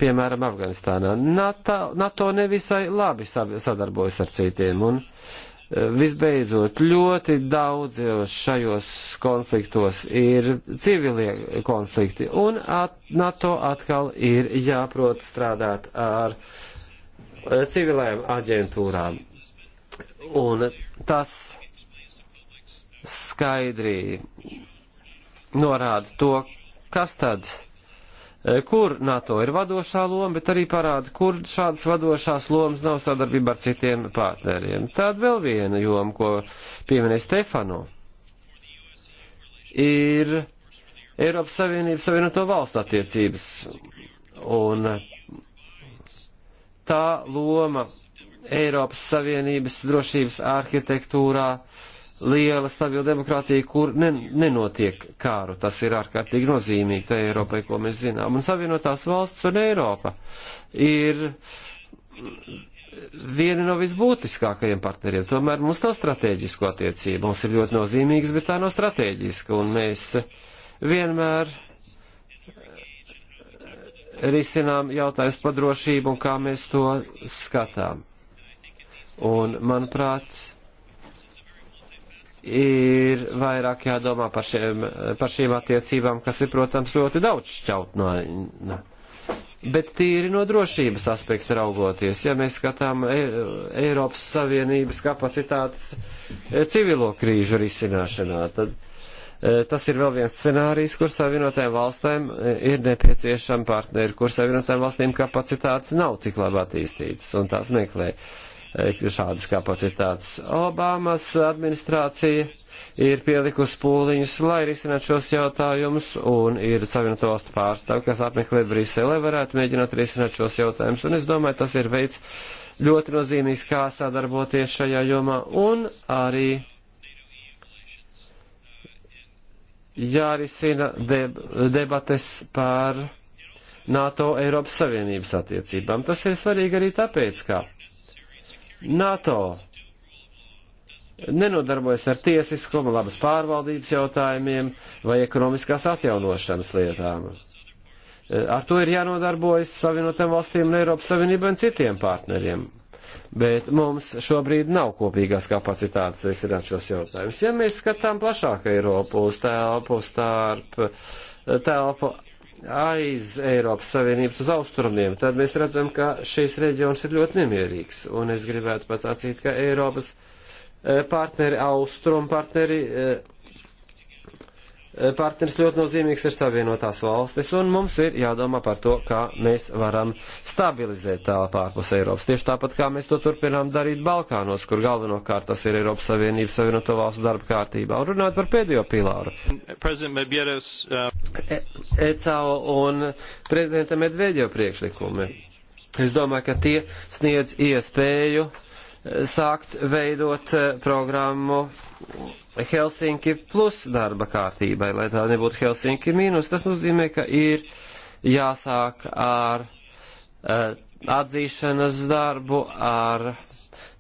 Piemēram, Afganistānā. NATO, NATO nevisai labi sadarbojas ar citiem. Un, eh, Visbeidzot, ļoti daudz šajos konfliktos ir civilie konflikti, un at, NATO atkal ir jāprot strādāt ar eh, civilēm aģentūrām. Un tas skaidri norāda to, kas tad, e, kur NATO ir vadošā loma, bet arī parāda, kur šādas vadošās lomas nav sadarbība ar citiem partneriem. Tāda vēl viena joma, ko pieminēja Stefano, ir Eiropas Savienības Savienoto valstu attiecības. Un tā loma Eiropas Savienības drošības arhitektūrā uh, liela stabila demokrātija, kur ne, nenotiek kāru. Tas ir ārkārtīgi nozīmīgi tai Eiropai, ko mēs zinām. Un Savienotās valsts un Eiropa ir viena no visbūtiskākajiem partneriem. Tomēr mums nav strateģisku attiecību. Mums ir ļoti nozīmīgs, bet tā nav strateģiska. Un mēs vienmēr risinām jautājums par drošību un kā mēs to skatām. Un, manuprāt, ir vairāk jādomā par, šiem, par šīm attiecībām, kas ir, protams, ļoti daudz šķautnā. Bet tīri no drošības aspekta raugoties, ja mēs skatām e, Eiropas Savienības kapacitātes e, civilo krīžu risināšanā, tad e, tas ir vēl viens scenārijs, kur savienotajām valstīm ir nepieciešama partneri, kur savienotajām valstīm kapacitātes nav tik labi attīstītas un tās meklē. Uh, Eh, šādas kapacitātes. Obamas administrācija ir pielikusi pūliņus, lai risinātu šos jautājumus, un ir savienoto valstu pārstāvi, kas apmeklē Briselē, varētu mēģināt risināt šos jautājumus, un es domāju, tas ir veids ļoti nozīmīgs, kā sadarboties šajā jomā, un arī jārisina deb debates par NATO Eiropas Savienības attiecībām. Tas ir svarīgi arī tāpēc, ka NATO nenodarbojas ar tiesiskumu, labas pārvaldības jautājumiem vai ekonomiskās atjaunošanas lietām. E, ar to ir jānodarbojas Savienotām valstīm un Eiropas Savienībai un citiem partneriem. Bet mums šobrīd nav kopīgās kapacitātes risināt šos jautājumus. Ja mēs skatām plašāku Eiropu uz telpu starp telpu aiz Eiropas Savienības uz austrumiem, tad mēs redzam, ka šis reģions ir ļoti nemierīgs. Un es gribētu pats atsīt, ka Eiropas eh, partneri, austrumu partneri eh, Eh, partners ļoti nozīmīgs ir Savienotās valstis, un mums ir jādomā par to, kā mēs varam stabilizēt tālāk ārpus Eiropas. Tieši tāpat kā mēs to turpinām darīt Balkānos, kur galvenokārt tas ir Eiropas Savienības Savienoto valstu darba kārtībā. Un runāt par pēdējo pilāru. E, ECAO un prezidenta Medvedio priekšlikumi. Es domāju, ka tie sniedz iespēju eh, sākt veidot eh, programmu Helsinki plus darba kārtībai, lai tā nebūtu Helsinki mīnus. Tas nozīmē, ka ir jāsāk ar uh, atzīšanas darbu, ar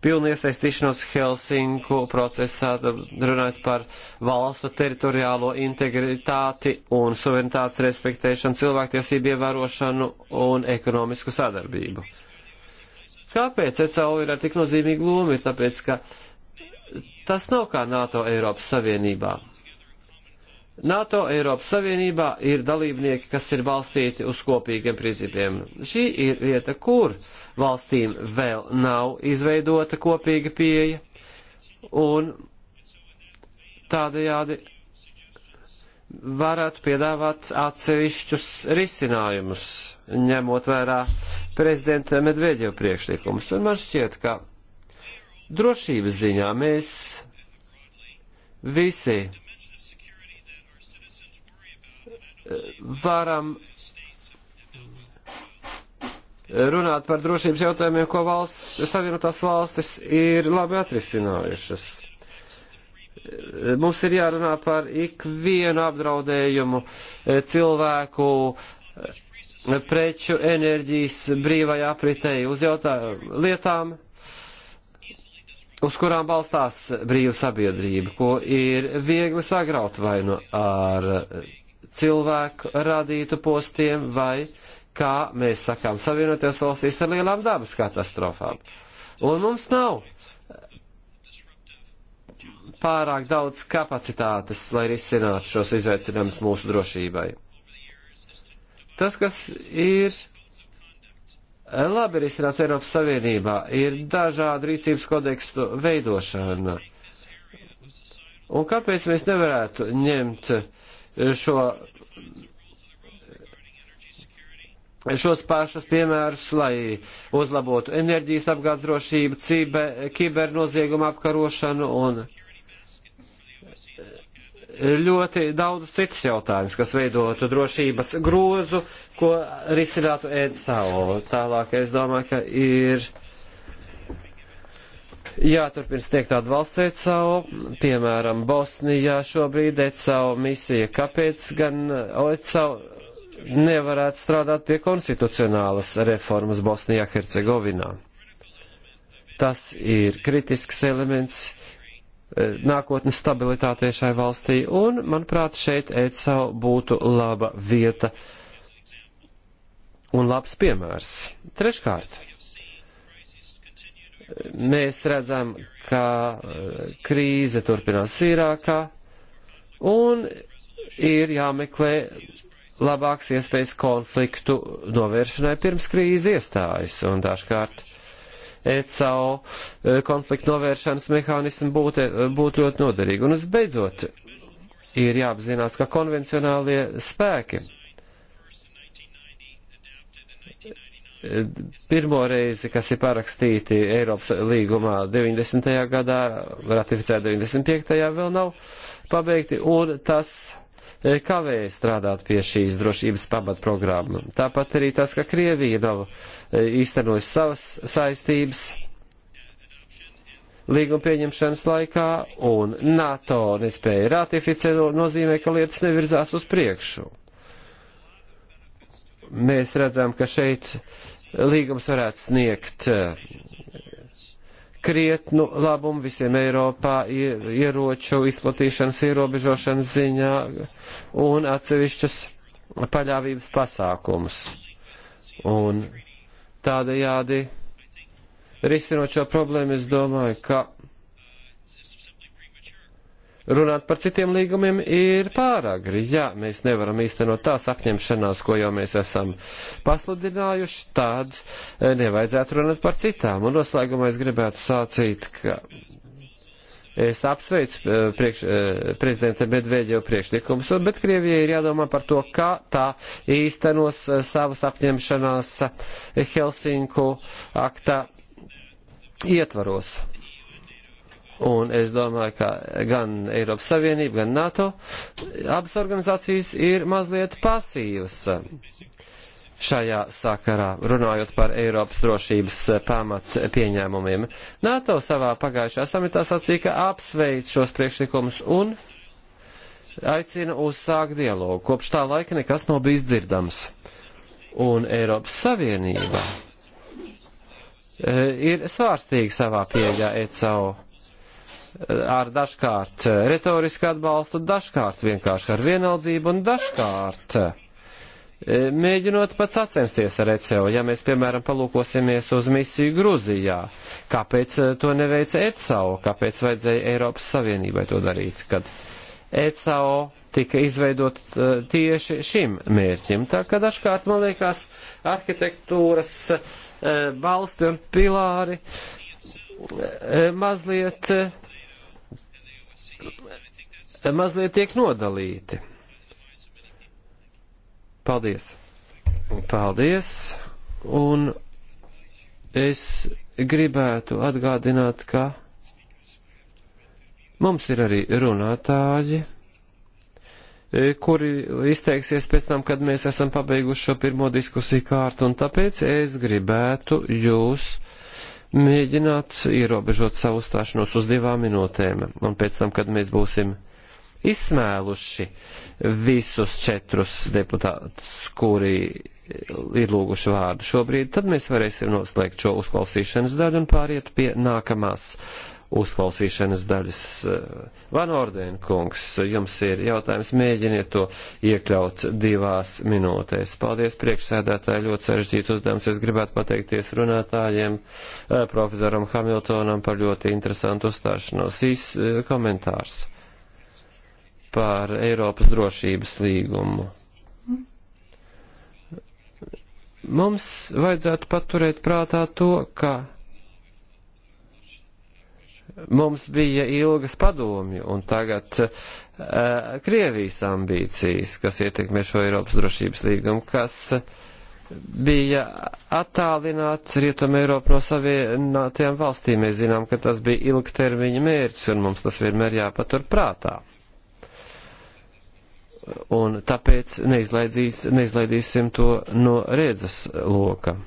pilnu iesaistīšanos Helsinku procesā, runājot par valstu teritoriālo integritāti un suverenitātes respektēšanu, cilvēktiesību ievērošanu un ekonomisku sadarbību. Kāpēc ECO ir ar tik nozīmīgu lomu? Ir tāpēc, ka uh, Tas nav kā NATO Eiropas Savienībā. NATO Eiropas Savienībā ir dalībnieki, kas ir balstīti uz kopīgiem principiem. Šī ir vieta, kur valstīm vēl nav izveidota kopīga pieeja, un tādējādi varētu piedāvāt atsevišķus risinājumus, ņemot vērā prezidenta Medvedjeva priekšlikumus. Un man šķiet, ka Drošības ziņā mēs visi eh, varam runāt par drošības jautājumiem, ko valsts, Savienotās valstis ir labi atrisinājušas. Eh, mums ir jārunā par ikvienu apdraudējumu eh, cilvēku preču enerģijas brīvai apritei uz jautājumu lietām, uz kurām balstās brīva sabiedrība, ko ir viegli sagraut vai nu ar cilvēku radītu postiem vai, kā mēs sakām, savienoties valstīs ar lielām dabas katastrofām. Un mums nav pārāk daudz kapacitātes, lai risinātu šos izaicinājumus mūsu drošībai. Tas, kas ir labi risināts Eiropas Savienībā, ir dažādu rīcības kodekstu veidošana. Un kāpēc mēs nevarētu ņemt šo, šos pašus piemērus, lai uzlabotu enerģijas apgādes drošību, cibernoziegumu apkarošanu un ļoti daudz citas jautājumas, kas veidotu drošības grozu, ko risinātu EDSAO. Tālāk es domāju, ka ir jāturpina sniegt atbalsts EDSAO, piemēram, Bosnijā šobrīd EDSAO misija. Kāpēc gan EDSAO nevarētu strādāt pie konstitucionālas reformas Bosnijā, Hercegovinā? Tas ir kritisks elements Eh, nākotnes stabilitātei šai valstī, un, manuprāt, šeit ECO būtu laba vieta un labs piemērs. Treškārt, mēs redzam, ka eh, krīze turpinās Sīrākā, un ir jāmeklē labāks iespējas konfliktu novēršanai pirms krīze iestājas, un dažkārt ECAO e, konfliktu novēršanas mehānismu būtu e, būt ļoti noderīgi. Un visbeidzot, ir jāapzinās, ka konvencionālie spēki e, pirmo reizi, kas ir parakstīti Eiropas līgumā 90. gadā, ratificēta 95. vēl nav pabeigti, un tas Eh, kavēja strādāt pie šīs drošības pamatprogramma. Tāpat arī tas, ka Krievija nav eh, īstenojusi savas saistības līguma pieņemšanas laikā un NATO nespēja ratificēt, nozīmē, ka lietas nevirzās uz priekšu. Mēs redzam, ka šeit līgums varētu sniegt eh, krietnu labumu visiem Eiropā ieroču izplatīšanas ierobežošanas ziņā un atsevišķus paļāvības pasākumus. Un tādējādi risinot šo problēmu, es domāju, ka runāt par citiem līgumiem ir pāragri. Jā, mēs nevaram īstenot tās apņemšanās, ko jau mēs esam pasludinājuši, tad eh, nevajadzētu runāt par citām. Un noslēgumā es gribētu sācīt, ka Es apsveicu eh, priekš, eh, prezidenta Medvedevu priekšlikumus, bet Krievijai ir jādomā par to, kā tā īstenos savas apņemšanās Helsinku aktā ietvaros. Un es domāju, ka gan Eiropas Savienība, gan NATO, abas organizācijas ir mazliet pasīvas šajā sakarā, runājot par Eiropas drošības pamat pieņēmumiem. NATO savā pagājušajā samitā sacīja, ka apsveic šos priekšlikumus un aicina uzsākt dialogu. Kopš tā laika nekas nav bijis dzirdams. Un Eiropas Savienība eh, ir svārstīga savā pieejā ECO ar dažkārt eh, retorisku atbalstu, dažkārt vienkārši ar vienaldzību un dažkārt eh, mēģinot pats sacensties ar ECO. Ja mēs, piemēram, palūkosimies uz misiju Gruzijā, kāpēc eh, to neveica ECO, kāpēc vajadzēja Eiropas Savienībai to darīt, kad ECO tika izveidot tieši šim mērķim. Tā kā dažkārt, man liekas, arhitektūras balsti un pilāri mazliet mazliet tiek nodalīti. Paldies! Paldies! Un es gribētu atgādināt, ka mums ir arī runātāji e, kuri izteiksies pēc tam, kad mēs esam pabeiguši šo pirmo diskusiju kārtu, un tāpēc es gribētu jūs mēģināt ierobežot savu uzstāšanos uz divām minūtēm, un pēc tam, kad mēs būsim izsmēluši visus četrus deputātus, kuri ir lūguši vārdu šobrīd, tad mēs varēsim noslēgt šo uzklausīšanas daļu un pāriet pie nākamās uzklausīšanas daļas. Van Orden kungs, jums ir jautājums, mēģiniet to iekļaut divās minūtēs. Paldies priekšsēdētāji, ļoti sarežģīts uzdevums. Es gribētu pateikties runātājiem, eh, profesoram Hamiltonam par ļoti interesantu uzstāšanos. Īs eh, komentārs par Eiropas drošības līgumu. Mums vajadzētu paturēt prātā to, ka Mums bija ilgas padomju un tagad uh, Krievijas ambīcijas, kas ietekmē šo Eiropas drošības līgumu, kas bija attālināts Rietuma Eiropu no savienotajām valstīm. Mēs zinām, ka tas bija ilgtermiņa mērķis un mums tas vienmēr jāpatur prātā un tāpēc neizlaidīsim to no redzes loka.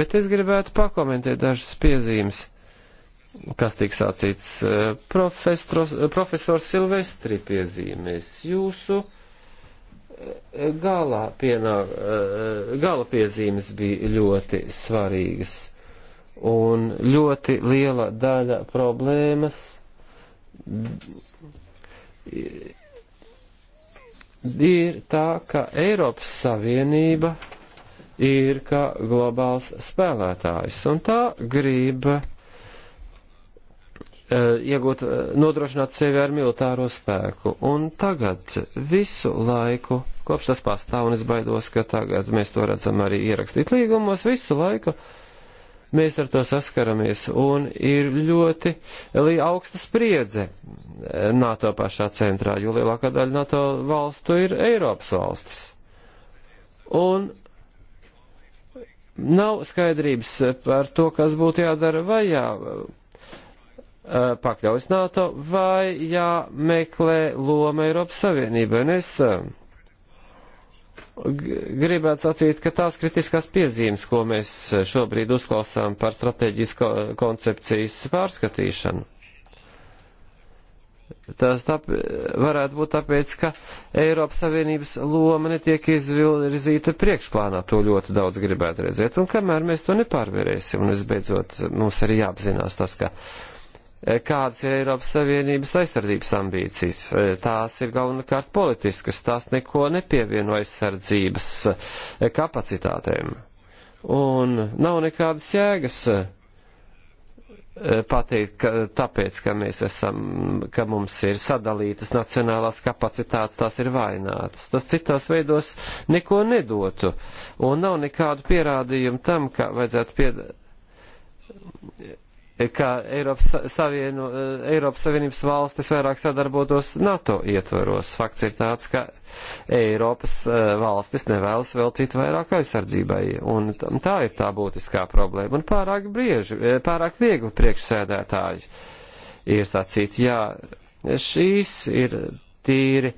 Bet es gribētu pakomentēt dažas piezīmes, kas tiek sācīts eh, eh, profesors Silvestri piezīmēs jūsu eh, galā pienā, gala piezīmes bija ļoti svarīgas un ļoti liela daļa problēmas ir tā, ka Eiropas Savienība ir kā globāls spēlētājs un tā grība Eh, iegūt, eh, nodrošināt sevi ar militāro spēku. Un tagad visu laiku, kopš tas pastāv, un es baidos, ka tagad mēs to redzam arī ierakstīt līgumos, visu laiku mēs ar to saskaramies, un ir ļoti augsta spriedze eh, NATO pašā centrā, jo lielākā daļa NATO valstu ir Eiropas valstis. Un nav skaidrības par to, kas būtu jādara vajā Eh, pakļaujas NATO vai jāmeklē loma Eiropas Savienībai. Un es eh, gribētu sacīt, ka tās kritiskās piezīmes, ko mēs šobrīd uzklausām par strateģisko koncepcijas pārskatīšanu, tas tāp, varētu būt tāpēc, ka Eiropas Savienības loma netiek izvirzīta priekšplānā, to ļoti daudz gribētu redzēt, un kamēr mēs to nepārvarēsim, un visbeidzot mums arī jāapzinās tas, ka uh, Eh, kādas ir Eiropas Savienības aizsardzības ambīcijas. Eh, tās ir galvenokārt politiskas, tās neko nepievieno aizsardzības eh, kapacitātēm. Un nav nekādas jēgas pateikt, ka tāpēc, ka mēs esam, ka mums ir sadalītas nacionālās kapacitātes, tās ir vainātas. Tas citās veidos neko nedotu. Un nav nekādu pierādījumu tam, ka vajadzētu pied ka Eiropas, Savienu, eh, Eiropas Savienības valstis vairāk sadarbotos NATO ietvaros. Fakts ir tāds, ka Eiropas eh, valstis nevēlas veltīt vairāk aizsardzībai, un tā ir tā būtiskā problēma, un pārāk brieži, eh, pārāk viegli priekšsēdētāji ir sacīt, jā, šīs ir tīri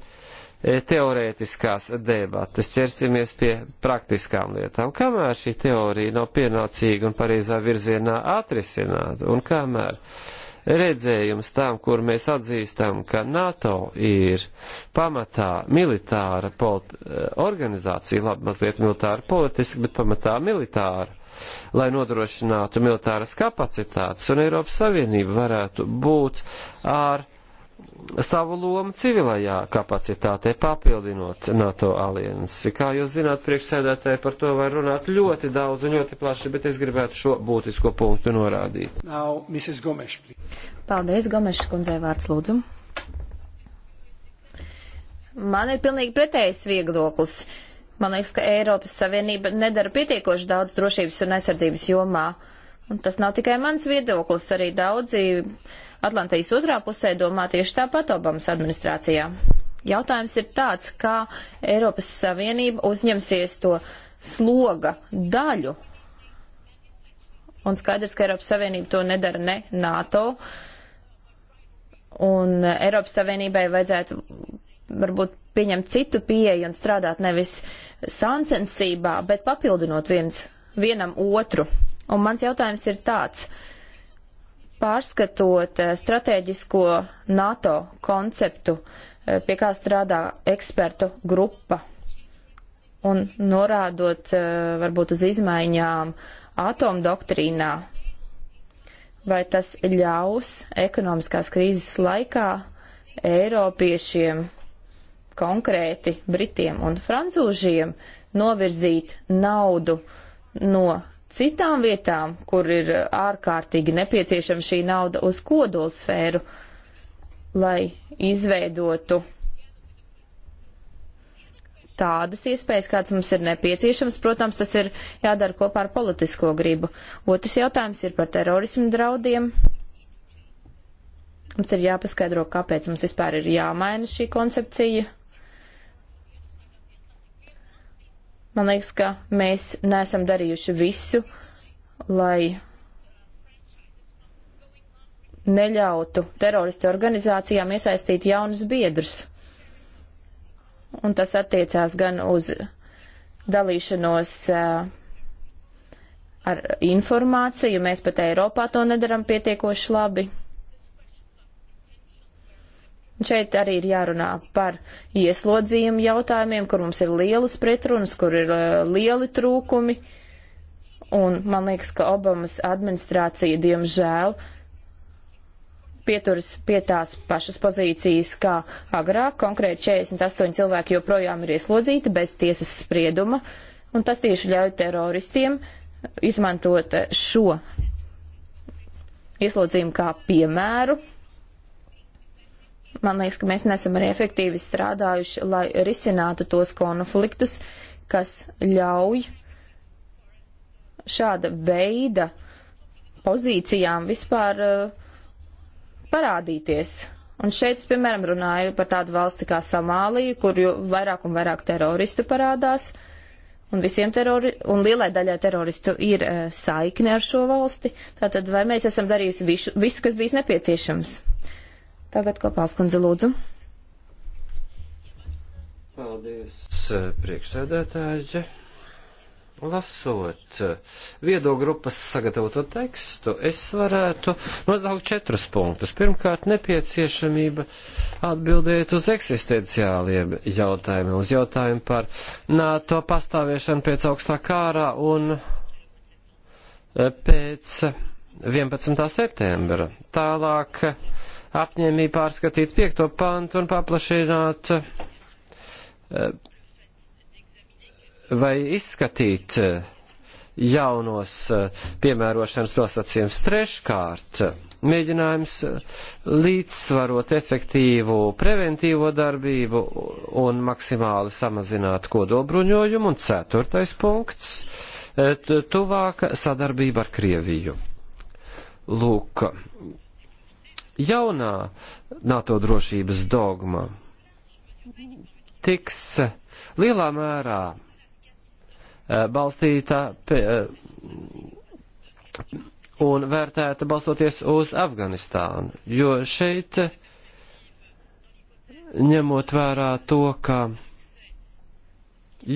E, teorētiskās debates, ķersimies pie praktiskām lietām. Kamēr šī teorija nav pienācīga un pareizā virzienā atrisināta, un kamēr redzējums tam, kur mēs atzīstam, ka NATO ir pamatā militāra e, organizācija, labi, mazliet militāra politiski, bet pamatā militāra, lai nodrošinātu militāras kapacitātes, un Eiropas Savienība varētu būt ar savu lomu civilajā kapacitātē, papildinot NATO aliansi. Kā jūs zināt, priekšsēdētāji par to var runāt ļoti daudz un ļoti plaši, bet es gribētu šo būtisko punktu norādīt. Now, Gomes, please. Paldies, Gomeša kundzei vārds lūdzu. Man ir pilnīgi pretējs viedoklis. Man liekas, ka Eiropas Savienība nedara pietiekoši daudz drošības un aizsardzības jomā. Un tas nav tikai mans viedoklis, arī daudzi uh, Atlantijas otrā pusē domā tieši tāpat Obamas administrācijā. Jautājums ir tāds, kā Eiropas Savienība uzņemsies to sloga daļu. Un skaidrs, ka Eiropas Savienība to nedara ne NATO. Un Eiropas Savienībai vajadzētu varbūt pieņemt citu pieeju un strādāt nevis sāncensībā, bet papildinot viens, vienam otru. Un mans jautājums ir tāds, uh, pārskatot eh, strateģisko NATO konceptu, eh, pie kā strādā ekspertu grupa, un norādot eh, varbūt uz izmaiņām atomdoktrīnā, vai tas ļaus ekonomiskās krīzes laikā Eiropiešiem, konkrēti Britiem un Francūžiem, novirzīt naudu no citām vietām, kur ir ārkārtīgi nepieciešama šī nauda uz kodolsfēru, lai izveidotu tādas iespējas, kāds mums ir nepieciešams. Protams, tas ir jādara kopā ar politisko gribu. Otrs jautājums ir par terorismu draudiem. Mums ir jāpaskaidro, kāpēc mums vispār ir jāmaina šī koncepcija. Man liekas, ka mēs neesam darījuši visu, lai neļautu teroristu organizācijām iesaistīt jaunus biedrus. Un tas attiecās gan uz dalīšanos eh, ar informāciju, mēs pat Eiropā to nedaram pietiekoši labi, Un šeit arī ir jārunā par ieslodzījumu jautājumiem, kur mums ir lielas pretrunas, kur ir uh, lieli trūkumi. Un man liekas, ka Obamas administrācija, diemžēl, pieturas pie tās pašas pozīcijas, kā agrāk. Konkrēti 48 cilvēki joprojām ir ieslodzīti bez tiesas sprieduma, un tas tieši ļauj teroristiem izmantot šo ieslodzījumu kā piemēru Man liekas, ka mēs nesam arī efektīvi strādājuši, lai risinātu tos konfliktus, kas ļauj šāda veida pozīcijām vispār uh, parādīties. Un šeit es, piemēram, runāju par tādu valsti kā Somāliju, kur vairāk un vairāk teroristu parādās, un, terori un lielai daļai teroristu ir uh, saikne ar šo valsti. Tātad vai mēs esam darījusi visu, visu kas bijis nepieciešams? Tagad kopās kundze lūdzu. Paldies, priekšsēdētāji. Lasot eh, viedogrupas sagatavoto tekstu, es varētu nodaukt četrus punktus. Pirmkārt, nepieciešamība atbildēt uz eksistenciāliem jautājumiem, uz jautājumu par NATO pastāviešanu pēc augstā kārā un eh, pēc 11. septembra. Tālāk apņēmību pārskatīt piekto pantu un paplašināt eh, vai izskatīt eh, jaunos eh, piemērošanas nosacījums treškārt mēģinājums līdzsvarot efektīvu preventīvo darbību un maksimāli samazināt kodobruņojumu. Un ceturtais punkts - tuvāka sadarbība ar Krieviju. Lūk, jaunā NATO drošības dogma tiks eh, lielā mērā eh, balstīta eh, un vērtēta balstoties uz Afganistānu, jo šeit ņemot vērā to, ka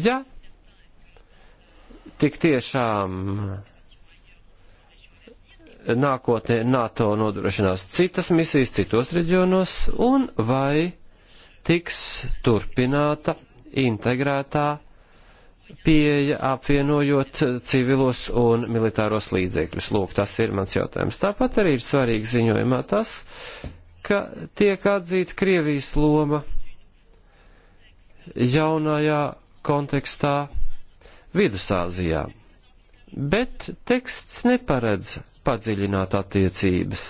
ja tik tiešām nākotnē NATO nodrošinās citas misijas citos reģionos un vai tiks turpināta integrētā pieeja apvienojot civilos un militāros līdzekļus. Lūk, tas ir mans jautājums. Tāpat arī ir svarīgi ziņojumā tas, ka tiek atzīta Krievijas loma jaunajā kontekstā Vidusāzijā. Bet teksts neparedz padziļināt attiecības.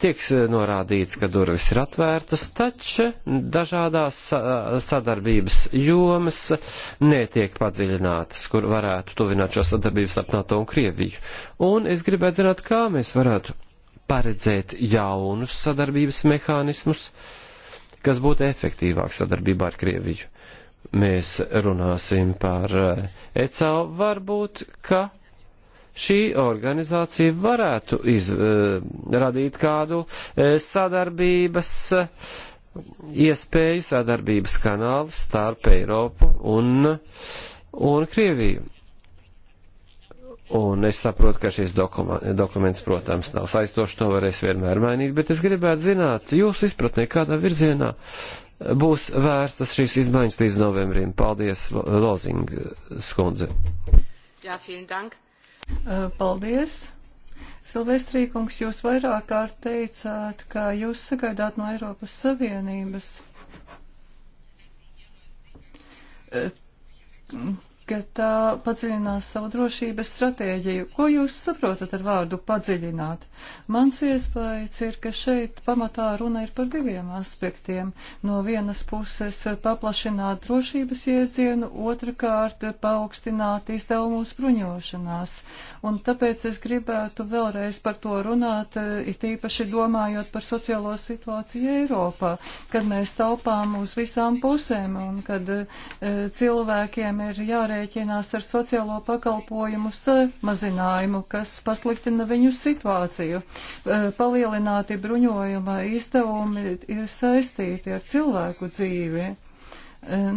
Tiek eh, norādīts, ka durvis ir atvērtas, taču dažādās eh, sadarbības jomas netiek padziļinātas, kur varētu tuvināt šo sadarbības ap NATO un Krieviju. Un es gribētu zināt, kā mēs varētu paredzēt jaunus sadarbības mehānismus, kas būtu efektīvāk sadarbībā ar Krieviju. Mēs runāsim par eh, ECAU, varbūt, ka šī organizācija varētu iz, eh, radīt kādu eh, sadarbības eh, iespēju, sadarbības kanālu starp Eiropu un, un Krieviju. Un es saprotu, ka šis dokuments, protams, nav saistošs, to varēs vienmēr mainīt, bet es gribētu zināt, jūs izpratnē, kādā virzienā būs vērstas šīs izmaiņas līdz novembrim. Paldies, Lozinga skundze. Jā, vielen dank. Uh, paldies! Silvestrīkungs, jūs vairāk kārt teicāt, ka jūs sagaidāt no Eiropas Savienības uh, ka tā padziļinās savu drošības stratēģiju. Ko jūs saprotat ar vārdu padziļināt? Mans iespējas ir, ka šeit pamatā runa ir par diviem aspektiem. No vienas puses paplašināt drošības iedzienu, otrkārt paaugstināt izdevumu spruņošanās. Un tāpēc es gribētu vēlreiz par to runāt, it īpaši domājot par sociālo situāciju Eiropā, kad mēs taupām uz visām pusēm un kad e, cilvēkiem ir jārēķinās jārēķinās ar sociālo pakalpojumu samazinājumu, kas pasliktina viņu situāciju. Eh, palielināti bruņojuma izdevumi ir saistīti ar cilvēku dzīvi.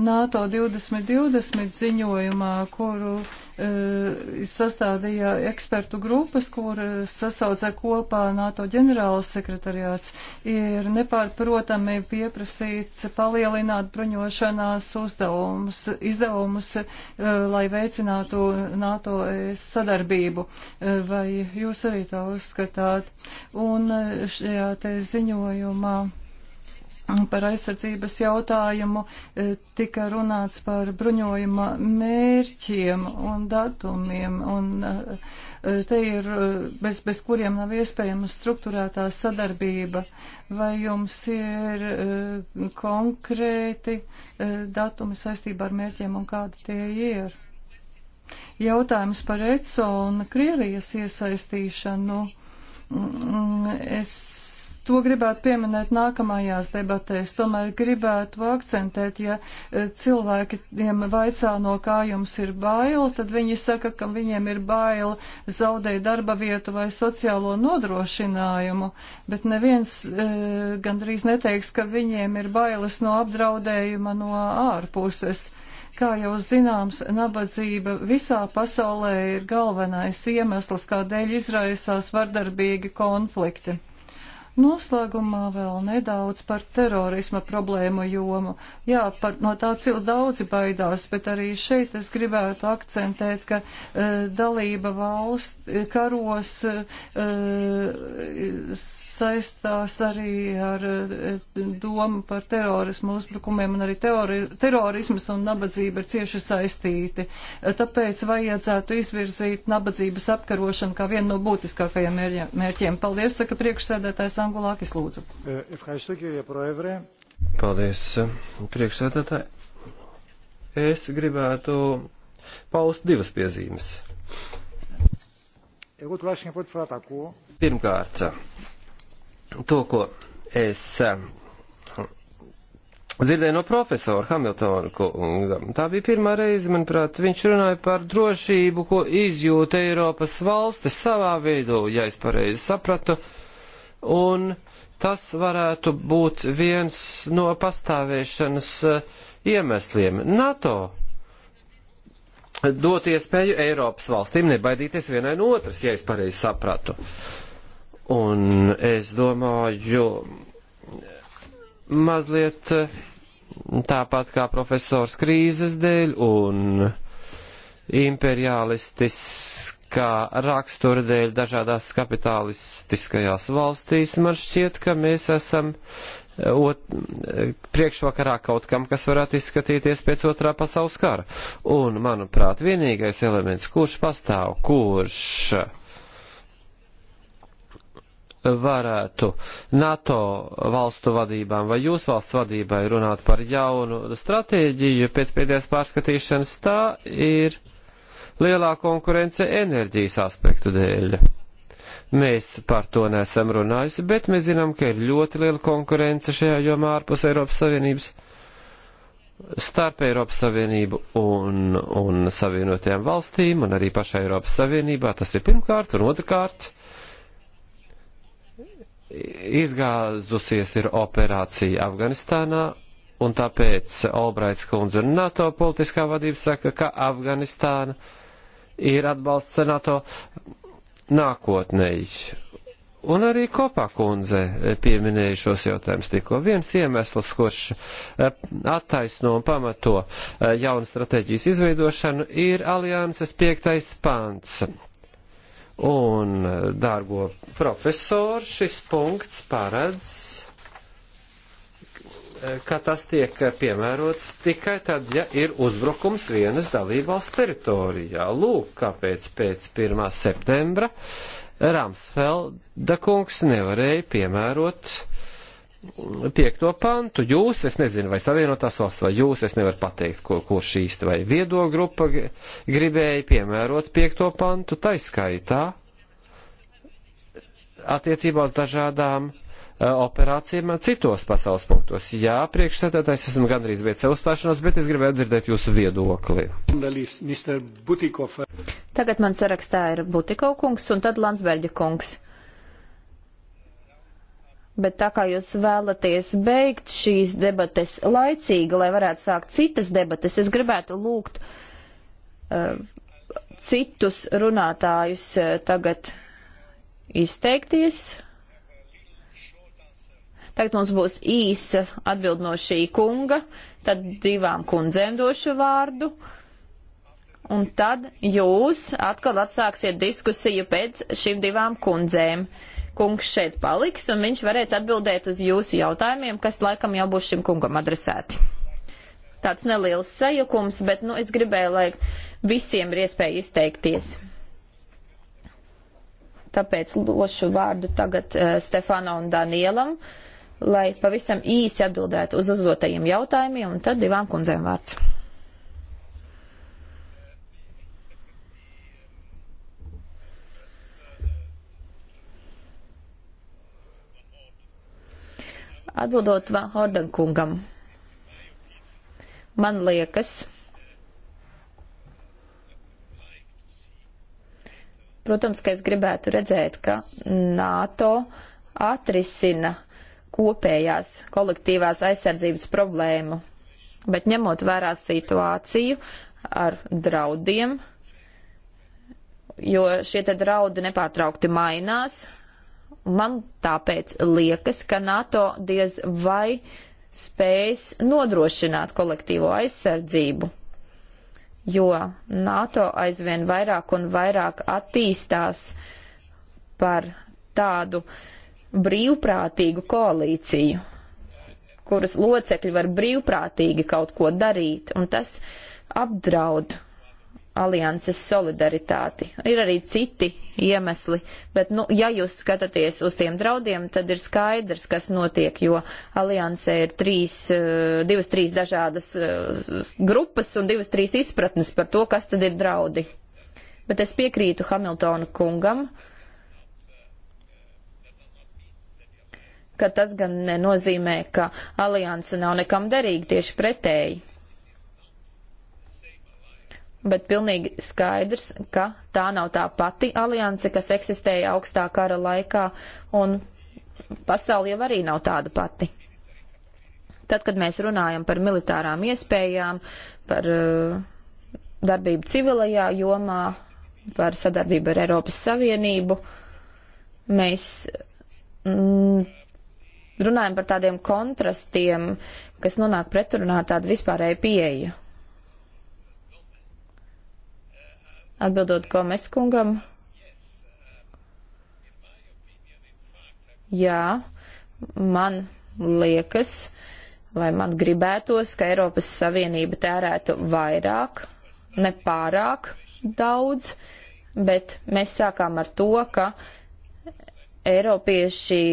NATO 2020 ziņojumā, kuru eh, sastādīja ekspertu grupas, kur eh, sasauca kopā NATO ģenerālsekretariāts, ir nepārprotami pieprasīts palielināt bruņošanās uzdevumus, izdevumus, eh, lai veicinātu NATO sadarbību. Vai jūs arī tā uzskatāt? Un šajā te ziņojumā par aizsardzības jautājumu e, tika runāts par bruņojuma mērķiem un datumiem, un e, te ir, e, bez, bez kuriem nav iespējama struktūrētā sadarbība. Vai jums ir konkrēti datumi saistībā ar mērķiem un kādi tie ir? Jautājums par ECO un Krievijas iesaistīšanu. Mm, mm, es To gribētu pieminēt nākamajās debatēs. Tomēr gribētu akcentēt, ja e, cilvēkiem vaicā, no kā jums ir bail, tad viņi saka, ka viņiem ir bail zaudēt darba vietu vai sociālo nodrošinājumu, bet neviens e, gandrīz neteiks, ka viņiem ir bailes no apdraudējuma no ārpuses. Kā jau zināms, nabadzība visā pasaulē ir galvenais iemesls, kādēļ izraisās vardarbīgi konflikti. Noslēgumā vēl nedaudz par terorisma problēmu jomu. Jā, par, no tā cil daudzi baidās, bet arī šeit es gribētu akcentēt, ka e, dalība valsts eh, karos e, saistās arī ar e, domu par terorismu uzbrukumiem, un arī teori, terorismas un nabadzība ir cieši saistīti. E, tāpēc vajadzētu izvirzīt nabadzības apkarošanu kā vienu no būtiskākajiem mērķiem. Paldies, saka priekšsēdētājs Angulākis Lūdzu. E, Paldies, priekšsēdētāji. Es gribētu paust divas piezīmes. Pirmkārt, to, ko es eh, dzirdēju no profesora Hamiltona kunga. Tā bija pirmā reize, manuprāt, viņš runāja par drošību, ko izjūta Eiropas valstis savā vidū, ja es pareizi sapratu. Un tas varētu būt viens no pastāvēšanas eh, iemesliem. NATO dot iespēju Eiropas valstīm nebaidīties vienai no otras, ja es pareizi sapratu. Uh, Un es domāju, mazliet eh, tāpat kā profesors krīzes dēļ un imperialistiskā rakstura dēļ dažādās kapitalistiskajās valstīs, man šķiet, ka mēs esam eh, ot, eh, priekšvakarā kaut kam, kas varētu izskatīties pēc otrā pasaules kara. Un, manuprāt, vienīgais elements, kurš pastāv, kurš uh, varētu NATO valstu vadībām vai jūs valsts vadībai runāt par jaunu stratēģiju pēc pēdējās pārskatīšanas, tā ir lielā konkurence enerģijas aspektu dēļ. Mēs par to nesam runājusi, bet mēs zinām, ka ir ļoti liela konkurence šajā jomā ārpus Eiropas Savienības starp Eiropas Savienību un, un Savienotajām valstīm un arī pašā Eiropas Savienībā. Tas ir pirmkārt un otrkārt izgāzusies ir operācija Afganistānā, un tāpēc Olbraits kundze un NATO politiskā vadība saka, ka Afganistāna ir atbalsts NATO nākotnēji. Un arī Kopā kundze pieminēja šos jautājumus tikko. Viens iemesls, kurš eh, attaisno un pamato eh, jaunu stratēģijas izveidošanu, ir alianses piektais pants Un, dārgo profesoru, šis punkts paredz, ka tas tiek piemērots tikai tad, ja ir uzbrukums vienas dalībvalsts teritorijā. Lūk, kāpēc pēc 1. septembra Ramsfelda kungs nevarēja piemērot uh, piekto pantu. Jūs, es nezinu, vai Savienotās valsts, vai jūs, es nevaru pateikt, ko, ko šī īsti vai viedo grupa gribēja piemērot piekto pantu, taiskaitā attiecībā uz dažādām eh, operācijām citos pasaules punktos. Jā, priekšsēdētājs esmu gandrīz veids uzstāšanos, bet es gribēju dzirdēt jūsu viedokli. Tagad man sarakstā ir Butikov kungs un tad Landsberģa kungs. Bet tā kā jūs vēlaties beigt šīs debates laicīgi, lai varētu sākt citas debates, es gribētu lūgt uh, citus runātājus uh, tagad izteikties. Tagad mums būs īsa atbild no šī kunga, tad divām kundzēm došu vārdu. Un tad jūs atkal atsāksiet diskusiju pēc šīm divām kundzēm. Uh, kungs šeit paliks, un viņš varēs atbildēt uz jūsu jautājumiem, kas laikam jau būs šim kungam adresēti. Tāds neliels sajukums, bet nu, es gribēju, lai visiem ir iespēja izteikties. Tāpēc lošu vārdu tagad uh, Stefano un Danielam, lai pavisam īsi atbildētu uz uzdotajiem jautājumiem, un tad divām kundzēm vārds. Atbildot Van Horden kungam, man liekas, protams, ka es gribētu redzēt, ka NATO atrisina kopējās kolektīvās aizsardzības problēmu, bet ņemot vērā situāciju ar draudiem, jo šie te draudi nepārtraukti mainās, Man tāpēc liekas, ka NATO diez vai spējas nodrošināt kolektīvo aizsardzību, jo NATO aizvien vairāk un vairāk attīstās par tādu brīvprātīgu koalīciju, kuras locekļi var brīvprātīgi kaut ko darīt, un tas apdraud alianses solidaritāti. Ir arī citi iemesli, bet, nu, ja jūs skatāties uz tiem draudiem, tad ir skaidrs, kas notiek, jo aliansē ir trīs, eh, divas, trīs dažādas eh, grupas un divas, trīs izpratnes par to, kas tad ir draudi. Bet es piekrītu Hamiltonu kungam, ka tas gan nenozīmē, ka alianse nav nekam derīga tieši pretēji bet pilnīgi skaidrs, ka tā nav tā pati alianse, kas eksistēja augstā kara laikā, un pasauli jau arī nav tāda pati. Tad, kad mēs runājam par militārām iespējām, par uh, darbību civilajā jomā, par sadarbību ar Eiropas Savienību, mēs mm, runājam par tādiem kontrastiem, kas nonāk pretrunā ar tādu vispārēju pieeju Atbildot Gomes kungam, jā, man liekas, vai man gribētos, ka Eiropas Savienība tērētu vairāk, ne pārāk daudz, bet mēs sākām ar to, ka Eiropieši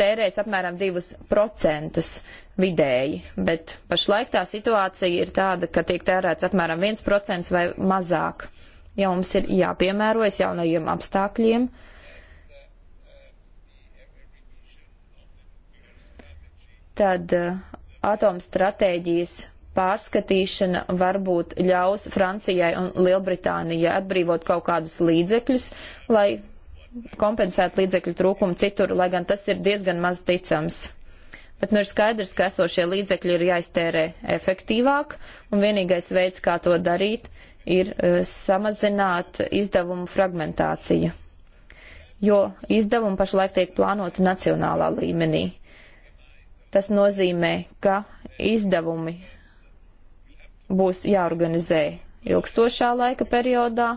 tērēs apmēram 2% vidēji, bet pašlaik tā situācija ir tāda, ka tiek tērēts apmēram 1% vai mazāk. Ja mums ir jāpiemērojas jaunajiem apstākļiem, tad uh, atomstratēģijas pārskatīšana varbūt ļaus Francijai un Lielbritānijai atbrīvot kaut kādus līdzekļus, lai kompensētu līdzekļu trūkumu citur, lai gan tas ir diezgan maz ticams bet nu ir skaidrs, ka esošie līdzekļi ir jāiztērē efektīvāk, un vienīgais veids, kā to darīt, ir e, samazināt izdevumu fragmentāciju, jo izdevumi pašlaik tiek plānoti nacionālā līmenī. Tas nozīmē, ka izdevumi būs jāorganizē ilgstošā laika periodā,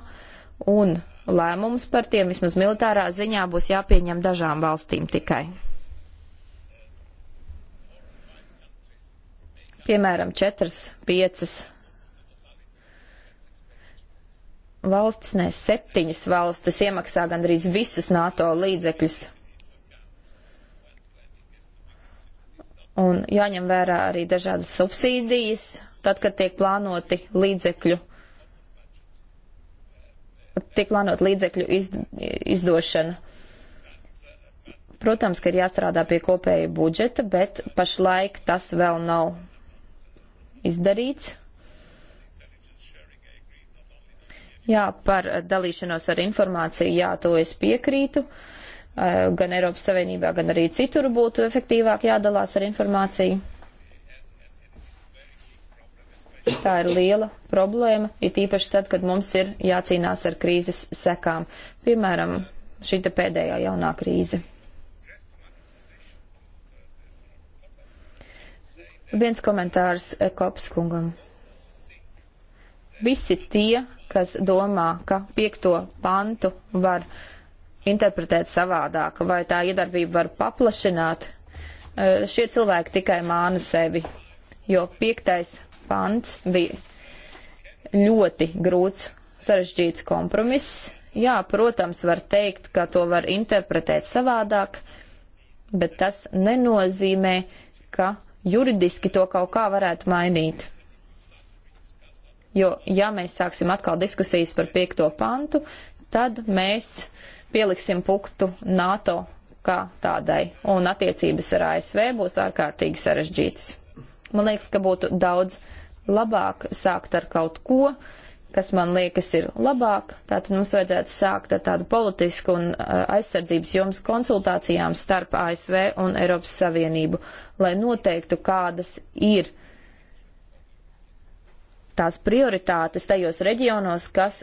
un lēmums par tiem vismaz militārā ziņā būs jāpieņem dažām valstīm tikai. piemēram, četras, piecas valstis, ne septiņas valstis iemaksā gandrīz visus NATO līdzekļus. Un jāņem vērā arī dažādas subsīdijas, tad, kad tiek plānoti līdzekļu, tiek plānot līdzekļu izd, izdošana. Protams, ka ir jāstrādā pie kopēja budžeta, bet pašlaik tas vēl nav izdarīts. Jā, par dalīšanos ar informāciju, jā, to es piekrītu. Eh, gan Eiropas Savienībā, gan arī citur būtu efektīvāk jādalās ar informāciju. Tā ir liela problēma, it īpaši tad, kad mums ir jācīnās ar krīzes sekām. Piemēram, šī pēdējā jaunā krīze. Viens komentārs Kops kungam. Visi tie, kas domā, ka piekto pantu var interpretēt savādāk, vai tā iedarbība var paplašināt, eh, šie cilvēki tikai māna sevi, jo piektais pants bija ļoti grūts, sarežģīts kompromiss. Jā, protams, var teikt, ka to var interpretēt savādāk, bet tas nenozīmē, ka juridiski to kaut kā varētu mainīt. Jo, ja mēs sāksim atkal diskusijas par piekto pantu, tad mēs pieliksim punktu NATO kā tādai, un attiecības ar ASV būs ārkārtīgi sarežģītas. Man liekas, ka būtu daudz labāk sākt ar kaut ko, uh, kas man liekas ir labāk. Tātad mums vajadzētu sākt ar tādu politisku un aizsardzības jomas konsultācijām starp ASV un Eiropas Savienību, lai noteiktu, kādas ir tās prioritātes tajos reģionos, kas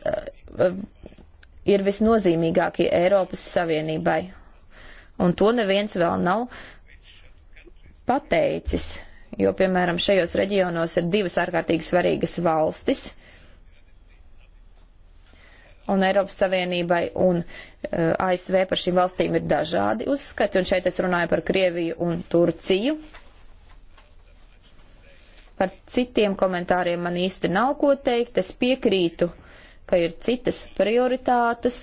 ir visnozīmīgākie Eiropas Savienībai. Un to neviens vēl nav pateicis, jo, piemēram, šajos reģionos ir divas ārkārtīgi svarīgas valstis un Eiropas Savienībai un uh, eh, ASV par šīm valstīm ir dažādi uzskati, un šeit es runāju par Krieviju un Turciju. Par citiem komentāriem man īsti nav ko teikt. Es piekrītu, ka ir citas prioritātes,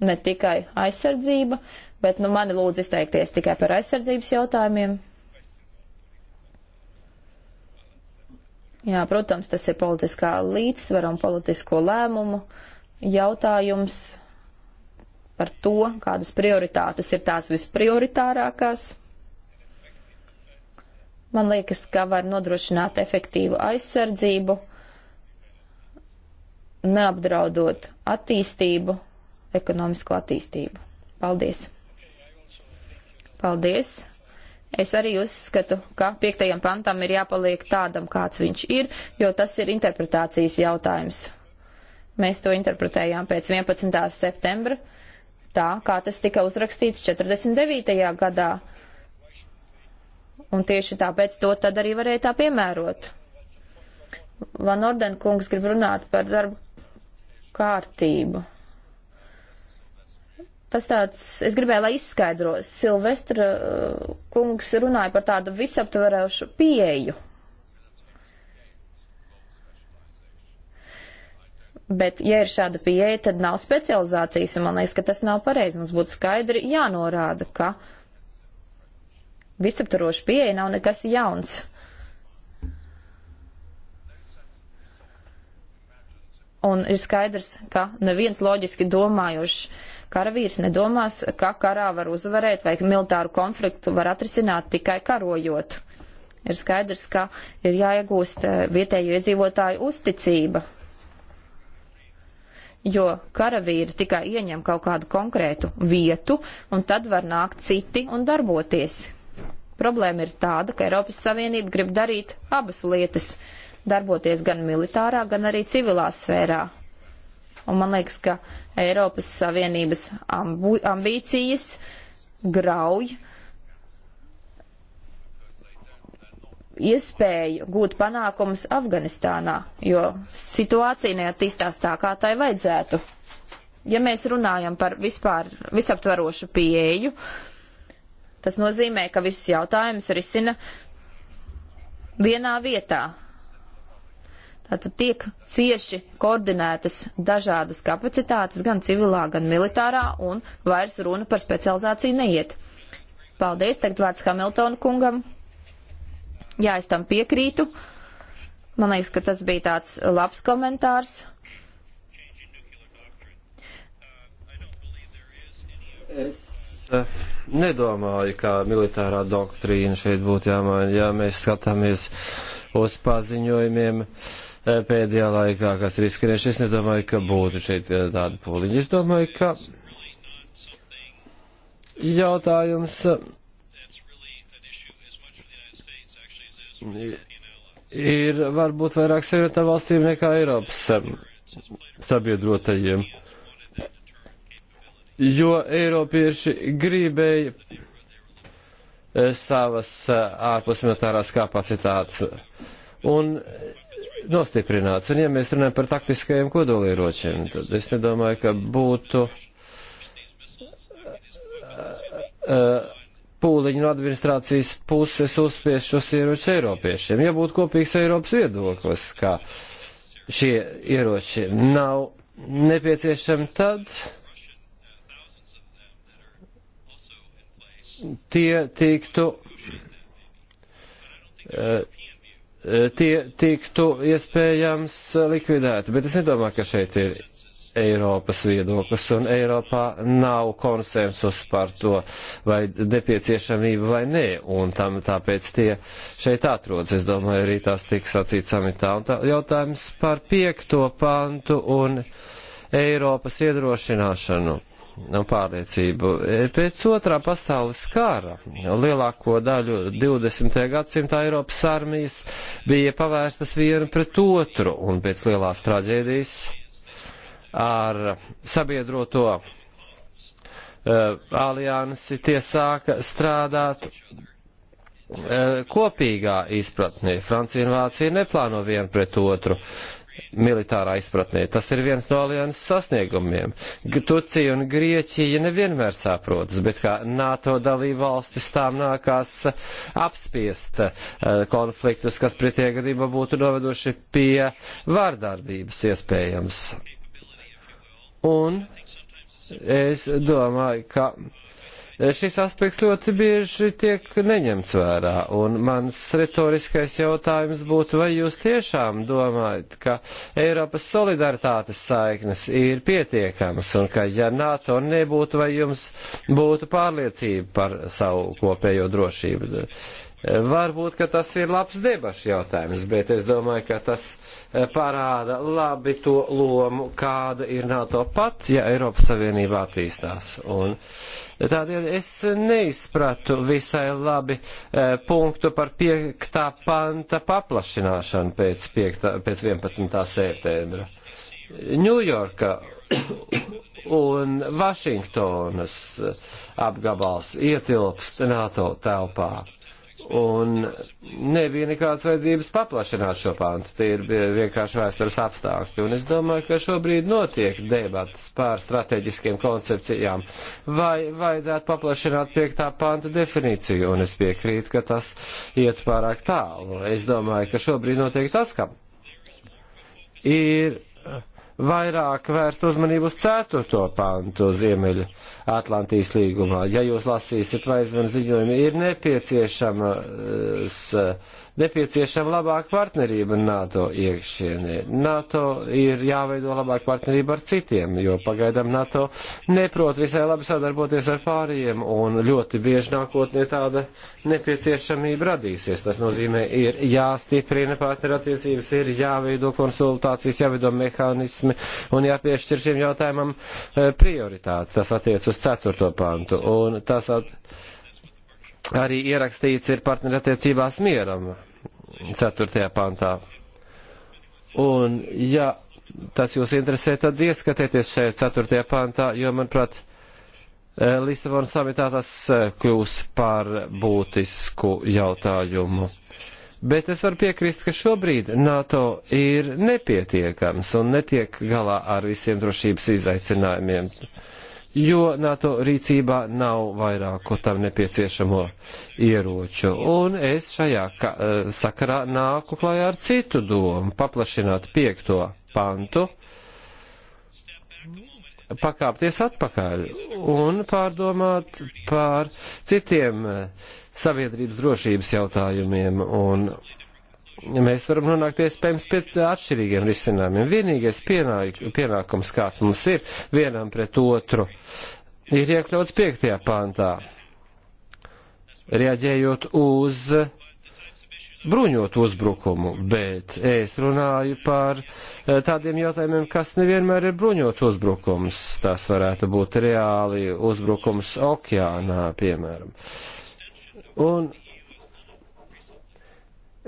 ne tikai aizsardzība, bet nu, mani lūdzu izteikties tikai par aizsardzības jautājumiem. Jā, protams, tas ir politiskā līdzsvara un politisko lēmumu uh, jautājums par to, kādas prioritātes ir tās visprioritārākās. Man liekas, ka var nodrošināt efektīvu aizsardzību, neapdraudot attīstību, ekonomisko attīstību. Paldies! Paldies! Es arī uzskatu, ka piektajam pantam ir jāpaliek tādam, kāds viņš ir, jo tas ir interpretācijas jautājums. Mēs to interpretējām pēc 11. septembra, tā kā tas tika uzrakstīts 49. gadā. Un tieši tāpēc to tad arī varēja tā piemērot. Van Orden kungs grib runāt par darbu kārtību. Tas tāds, es gribēju, lai izskaidro, Silvestra uh, kungs runāja par tādu visaptvarošu pieeju Bet, ja ir šāda pieeja, tad nav specializācijas, un man liekas, ka tas nav pareizi. Mums būtu skaidri jānorāda, ka visaptaroša pieeja nav nekas jauns. Un ir skaidrs, ka neviens loģiski domājošs karavīrs nedomās, ka karā var uzvarēt vai ka militāru konfliktu var atrisināt tikai karojot. Ir skaidrs, ka ir jāiegūst eh, vietēju iedzīvotāju uzticība jo karavīri tikai ieņem kaut kādu konkrētu vietu, un tad var nākt citi un darboties. Problēma ir tāda, ka Eiropas Savienība grib darīt abas lietas - darboties gan militārā, gan arī civilā sfērā. Un man liekas, ka Eiropas Savienības ambīcijas grauj uh, iespēju gūt panākumus Afganistānā, jo situācija neattīstās tā, kā tai vajadzētu. Ja mēs runājam par vispār visaptvarošu pieeju, tas nozīmē, ka visus jautājumus risina vienā vietā. Tātad tiek cieši koordinētas dažādas kapacitātes, gan civilā, gan militārā, un vairs runa par specializāciju neiet. Paldies, tagad vārds Hamiltonu kungam. Jā, es tam piekrītu. Man liekas, ka tas bija tāds labs komentārs. Es eh, nedomāju, ka militārā doktrīna šeit būtu jāmaina. Ja mēs skatāmies uz paziņojumiem eh, pēdējā laikā, kas ir izskanējuši, es nedomāju, ka būtu šeit eh, tāda pūliņa. Es domāju, ka jautājums ir varbūt vairāk savienotām valstīm nekā Eiropas um, sabiedrotajiem. Jo Eiropieši gribēja eh, savas eh, ārpusmilitārās kapacitātes un eh, nostiprināts. Un ja mēs runājam par taktiskajiem kodolieročiem, tad es nedomāju, ka būtu. Uh, uh, pūliņu no administrācijas puses uzspies šos ieroču eiropiešiem. Ja būtu kopīgs Eiropas viedoklis, ka šie ieroči nav nepieciešami, tad tie tiktu, eh, eh, tie tiktu iespējams likvidēti. Bet es nedomāju, ka šeit ir Eiropas viedoklis, un Eiropā nav konsensus par to, vai nepieciešamība vai nē, un tam tāpēc tie šeit atrodas. Es domāju, arī tās tiks sacīt samitā. Un tā jautājums par piekto pantu un Eiropas iedrošināšanu un pārliecību. Pēc otrā pasaules kara lielāko daļu 20. gadsimta Eiropas armijas bija pavērstas viena pret otru, un pēc lielās traģēdijas ar sabiedroto uh, aliansi tie sāka strādāt uh, kopīgā izpratnē. Francija un Vācija neplāno vienu pret otru militārā izpratnē. Tas ir viens no alianses sasniegumiem. Turcija un Grieķija nevienmēr saprotas, bet kā NATO dalība valstis tām nākās apspiest eh, konfliktus, kas pretie gadījumā būtu novedoši pie vārdarbības iespējams. Un es domāju, ka šis aspekts ļoti bieži tiek neņemts vērā, un mans retoriskais jautājums būtu, vai jūs tiešām domājat, ka Eiropas solidaritātes saiknes ir pietiekamas, un ka ja NATO nebūtu, vai jums būtu pārliecība par savu kopējo drošību? Varbūt, ka tas ir labs debašu jautājums, bet es domāju, ka tas e, parāda labi to lomu, kāda ir NATO pats, ja Eiropas Savienība attīstās. Un tādēļ es neizpratu visai labi e, punktu par 5. panta paplašināšanu pēc, 5, pēc 11. septembra. Ņujorka un Vašingtonas e, apgabals ietilpst NATO telpā Un nebija nekādas vajadzības paplašināt šo pāntu, tie ir vienkārši vēstures apstākļi. Un es domāju, ka šobrīd notiek debatas pār strateģiskiem koncepcijām, vai vajadzētu paplašināt piektā pānta definīciju, un es piekrītu, ka tas iet pārāk tālu. Es domāju, ka šobrīd notiek tas, ka ir vairāk vērst uzmanību uz 4. pantu Ziemeļa Atlantijas līgumā. Ja jūs lasīsiet vai zvan ziņojumu, ir nepieciešamas. Uh, nepieciešama labāka partnerība NATO iekšienē. NATO ir jāveido labāka partnerība ar citiem, jo pagaidām NATO neprot visai labi sadarboties ar pārējiem, un ļoti bieži nākotnē tāda nepieciešamība radīsies. Tas nozīmē, ir jāstiprina partnerattiecības, ir jāveido konsultācijas, jāveido mehānismi un jāpiešķir šiem jautājumam eh, prioritāti. Tas attiec uz ceturto pantu. Un tas at, arī ierakstīts ir partnerattiecībās mieram 4. pantā. Un, ja tas jūs interesē, tad ieskatieties šeit 4. pantā, jo, manuprāt, eh, Lisabonas samitā tas eh, kļūs par būtisku jautājumu. Bet es varu piekrist, ka šobrīd NATO ir nepietiekams un netiek galā ar visiem drošības izaicinājumiem. Uh, jo NATO rīcībā nav vairāku tam nepieciešamo ieroču. Un es šajā ka, eh, sakarā nāku klajā ar citu domu - paplašināt piekto pantu, pakāpties atpakaļ un pārdomāt par citiem eh, sabiedrības drošības jautājumiem un mēs varam nonākt iespējams pie atšķirīgiem risinājumiem. Vienīgais pienākums, kāds mums ir vienam pret otru, ir iekļauts piektajā pantā, reaģējot uz bruņotu uzbrukumu, bet es runāju par eh, tādiem jautājumiem, kas nevienmēr ir bruņots uzbrukums. Tas varētu būt reāli uzbrukums okeānā, piemēram. Un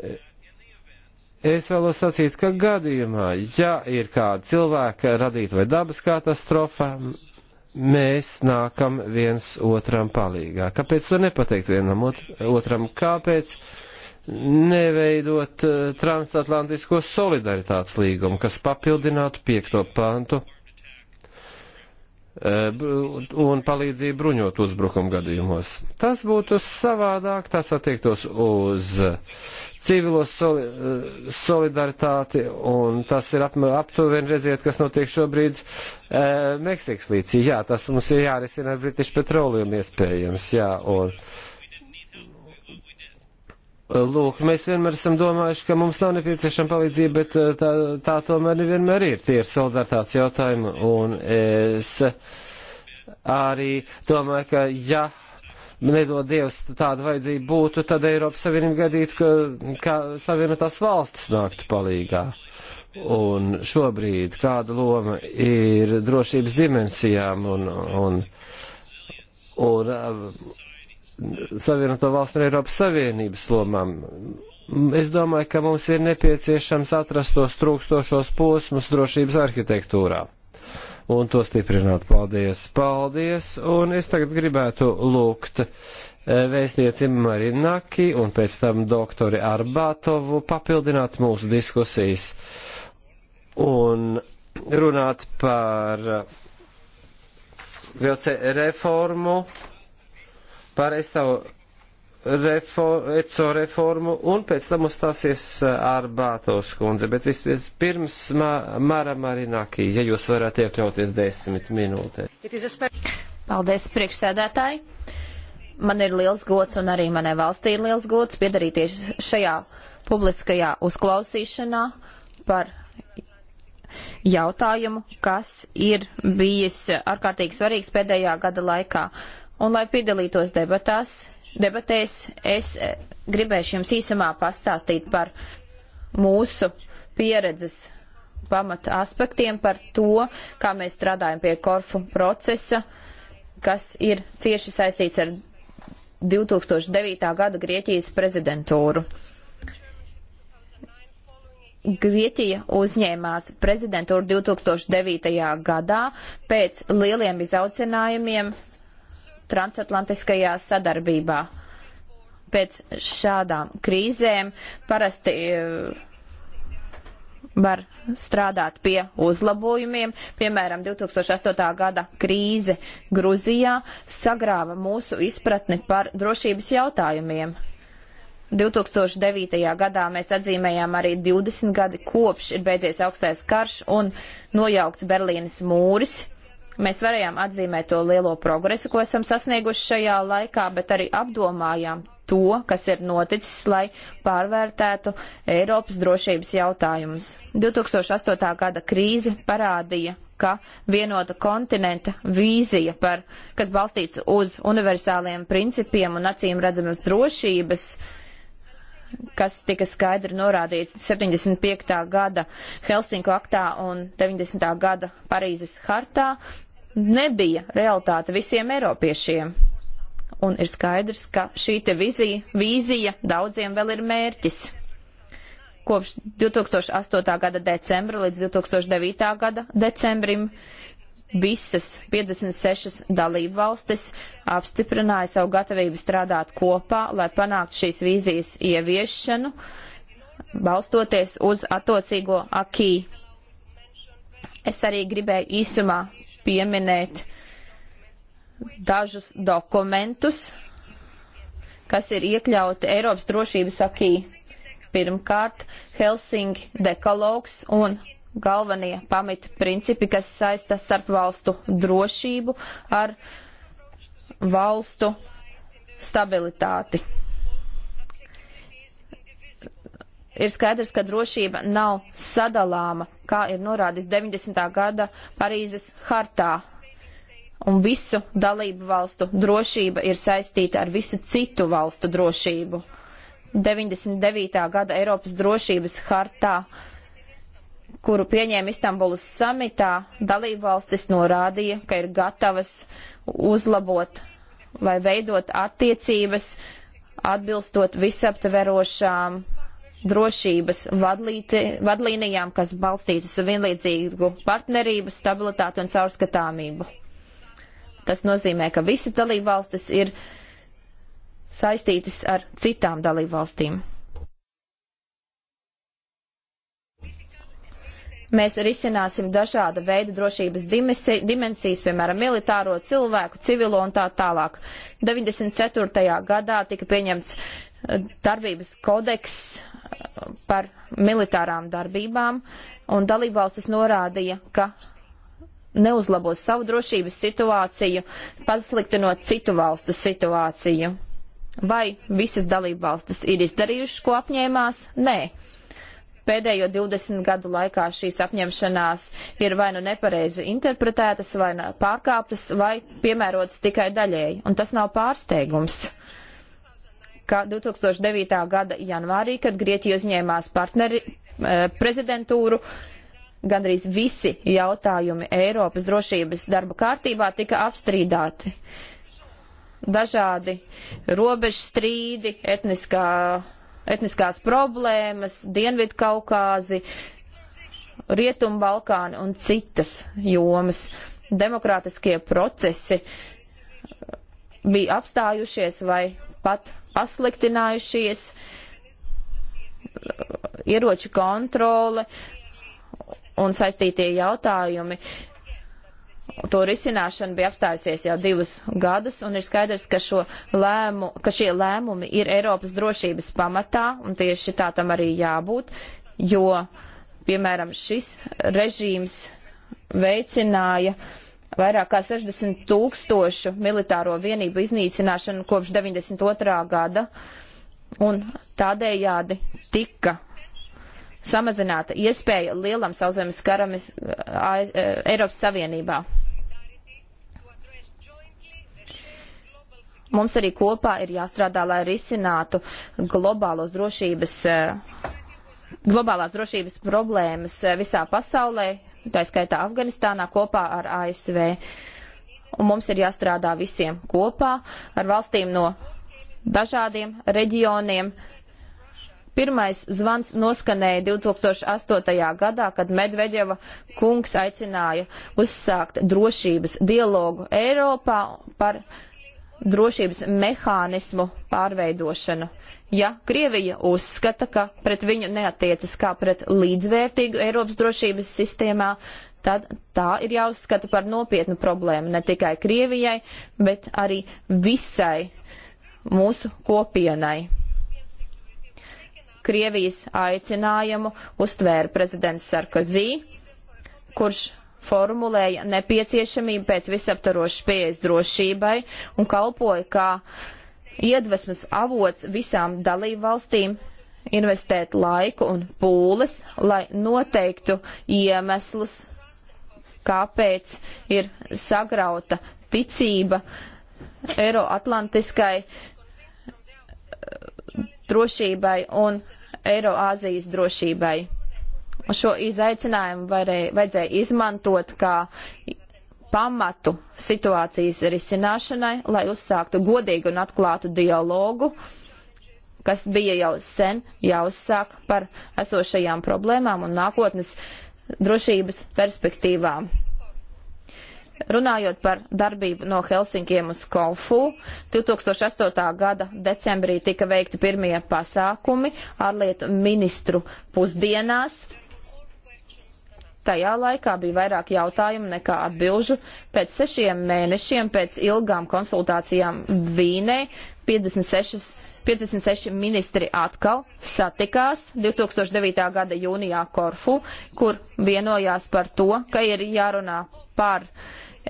eh, Es vēlos sacīt, ka gadījumā, ja ir kāda cilvēka radīta vai dabas katastrofa, mēs nākam viens otram palīgā. Kāpēc to nepateikt vienam otram? Kāpēc neveidot eh, transatlantisko solidaritātes līgumu, kas papildinātu piekto pantu un palīdzību bruņot uzbrukumu gadījumos. Tas būtu savādāk, tas attiektos uz civilo soli, solidaritāti, un tas ir ap, aptuveni redziet, kas notiek šobrīd e, Meksikas līcī. Jā, tas mums ir jārisina British Petroleum iespējams, jā, un Eh, lūk, mēs vienmēr esam domājuši, ka mums nav nepieciešama palīdzība, bet eh, tā, tā tomēr nevienmēr ir. Tie ir solidaritātes jautājumi, un es arī domāju, ka ja nedod Dievs tāda vajadzība būtu, tad Eiropas Savienība gadītu, ka, ka Savienotās valstis nāktu palīgā. Un šobrīd kāda loma ir drošības dimensijām un. un, un, un eh, Savienoto valstu un Eiropas Savienības lomām. Es domāju, ka mums ir nepieciešams atrast tos trūkstošos posmus drošības arhitektūrā un to stiprināt. Paldies! Paldies! Un es tagad gribētu lūgt eh, vēstnieci Marinaki un pēc tam doktori Arbātovu papildināt mūsu diskusijas un runāt par eh, vilce reformu par ESO reformu, ECO reformu un pēc tam uzstāsies eh, ar Bātos kundze. Bet vispirms pirms ma, Mara Marinaki, ja jūs varat iekļauties desmit minūtē. Paldies, priekšsēdētāji. Man ir liels gods un arī manai valstī ir liels gods piedarīties šajā publiskajā uzklausīšanā par jautājumu, kas ir bijis ārkārtīgi svarīgs pēdējā gada laikā. Uh, un lai piedalītos debatās, debatēs, es eh, gribēšu jums īsumā pastāstīt par mūsu pieredzes pamata aspektiem, par to, kā mēs strādājam pie korfu procesa, kas ir cieši saistīts ar 2009. gada Grieķijas prezidentūru. Grieķija uzņēmās prezidentūru 2009. gadā pēc lieliem izaucinājumiem, transatlantiskajā sadarbībā. Pēc šādām krīzēm parasti eh, var strādāt pie uzlabojumiem. Piemēram, 2008. gada krīze Gruzijā sagrāva mūsu izpratni par drošības jautājumiem. 2009. gadā mēs atzīmējām arī 20 gadi kopš ir beidzies augstais karš un nojaukts Berlīnas mūris. Mēs varējām atzīmēt to lielo progresu, ko esam sasnieguši šajā laikā, bet arī apdomājām to, kas ir noticis, lai pārvērtētu Eiropas drošības jautājumus. 2008. gada krīze parādīja, ka vienota kontinenta vīzija, par, kas balstīts uz universāliem principiem un acīm redzamas drošības uh, kas tika skaidri norādīts 75. gada Helsinku aktā un 90. gada Parīzes hartā, nebija realitāte visiem eiropiešiem. Un ir skaidrs, ka šī te vizija, vīzija daudziem vēl ir mērķis. Kopš 2008. gada decembra līdz 2009. gada decembrim visas 56 dalību valstis apstiprināja savu gatavību strādāt kopā, lai panāktu šīs vīzijas ieviešanu, balstoties uz attiecīgo akī. Es arī gribēju īsumā pieminēt dažus dokumentus, kas ir iekļauti Eiropas drošības akī. Pirmkārt, Helsinki dekalogs un galvenie pamata principi, kas saista starp valstu drošību ar valstu stabilitāti. Ir skaidrs, ka drošība nav sadalāma, kā ir norādīts 90. gada Parīzes hartā. Un visu dalību valstu drošība ir saistīta ar visu citu valstu drošību. 99. gada Eiropas drošības hartā uh, kuru pieņēma Istambulas samitā, dalībvalstis norādīja, ka ir gatavas uzlabot vai veidot attiecības atbilstot visaptverošām drošības vadlīti, vadlīnijām, kas balstītas uz vienlīdzīgu partnerību, stabilitāti un caurskatāmību. Tas nozīmē, ka visas dalībvalstis ir saistītas ar citām dalībvalstīm. Mēs risināsim dažāda veida drošības dimensijas, piemēram, militāro cilvēku, civilo un tā tālāk. 94. gadā tika pieņemts eh, darbības kodeks eh, par militārām darbībām, un dalībvalstis norādīja, ka neuzlabos savu drošības situāciju, pasliktinot citu valstu situāciju. Vai visas dalībvalstis ir izdarījušas, ko apņēmās? Nē pēdējo 20 gadu laikā šīs apņemšanās ir vai nu nepareizi interpretētas, vai nu pārkāptas, vai piemērotas tikai daļēji. Un tas nav pārsteigums ka 2009. gada janvārī, kad Grieķija uzņēmās partneri eh, prezidentūru, gandrīz visi jautājumi Eiropas drošības darba kārtībā tika apstrīdāti. Dažādi robežu strīdi, etniskā etniskās problēmas, Dienvidkaukāzi, Rietumbalkāni un citas jomas. Demokrātiskie procesi bija apstājušies vai pat pasliktinājušies, ieroču kontrole un saistītie jautājumi to risināšana bija apstājusies jau divus gadus, un ir skaidrs, ka, lēmu, ka šie lēmumi ir Eiropas drošības pamatā, un tieši tā tam arī jābūt, jo, piemēram, šis režīms veicināja vairāk kā 60 tūkstošu militāro vienību iznīcināšanu kopš 92. gada, un tādējādi tika samazināta iespēja lielam sauszemes karam Eiropas Savienībā. Mums arī kopā ir jāstrādā, lai risinātu globālos drošības, globālās drošības problēmas visā pasaulē, tā skaitā Afganistānā kopā ar ASV. Un mums ir jāstrādā visiem kopā ar valstīm no dažādiem reģioniem, uh, Pirmais zvans noskanēja 2008. gadā, kad Medvedeva kungs aicināja uzsākt drošības dialogu Eiropā par drošības mehānismu pārveidošanu. Ja Krievija uzskata, ka pret viņu neatiecas kā pret līdzvērtīgu Eiropas drošības sistēmā, tad tā ir jāuzskata par nopietnu problēmu ne tikai Krievijai, bet arī visai mūsu kopienai. Krievijas aicinājumu uztvēra prezidents Sarkozī, kurš formulēja nepieciešamību pēc visaptarošas pieejas drošībai un kalpoja kā iedvesmas avots visām dalību valstīm investēt laiku un pūles, lai noteiktu iemeslus, kāpēc ir sagrauta ticība Eiroatlantiskai drošībai un Eiroāzijas drošībai. Šo izaicinājumu varēja, vajadzēja izmantot kā pamatu situācijas risināšanai, lai uzsāktu godīgu un atklātu dialogu, kas bija jau sen jāuzsāk par esošajām problēmām un nākotnes drošības perspektīvām. Runājot par darbību no Helsinkiem uz Kofu, 2008. gada decembrī tika veikti pirmie pasākumi ārlietu ministru pusdienās. Tajā laikā bija vairāk jautājumu nekā atbilžu. Pēc sešiem mēnešiem, pēc ilgām konsultācijām Vīnē, 56, 56 ministri atkal satikās 2009. gada jūnijā Korfu, kur vienojās par to, ka ir jārunā par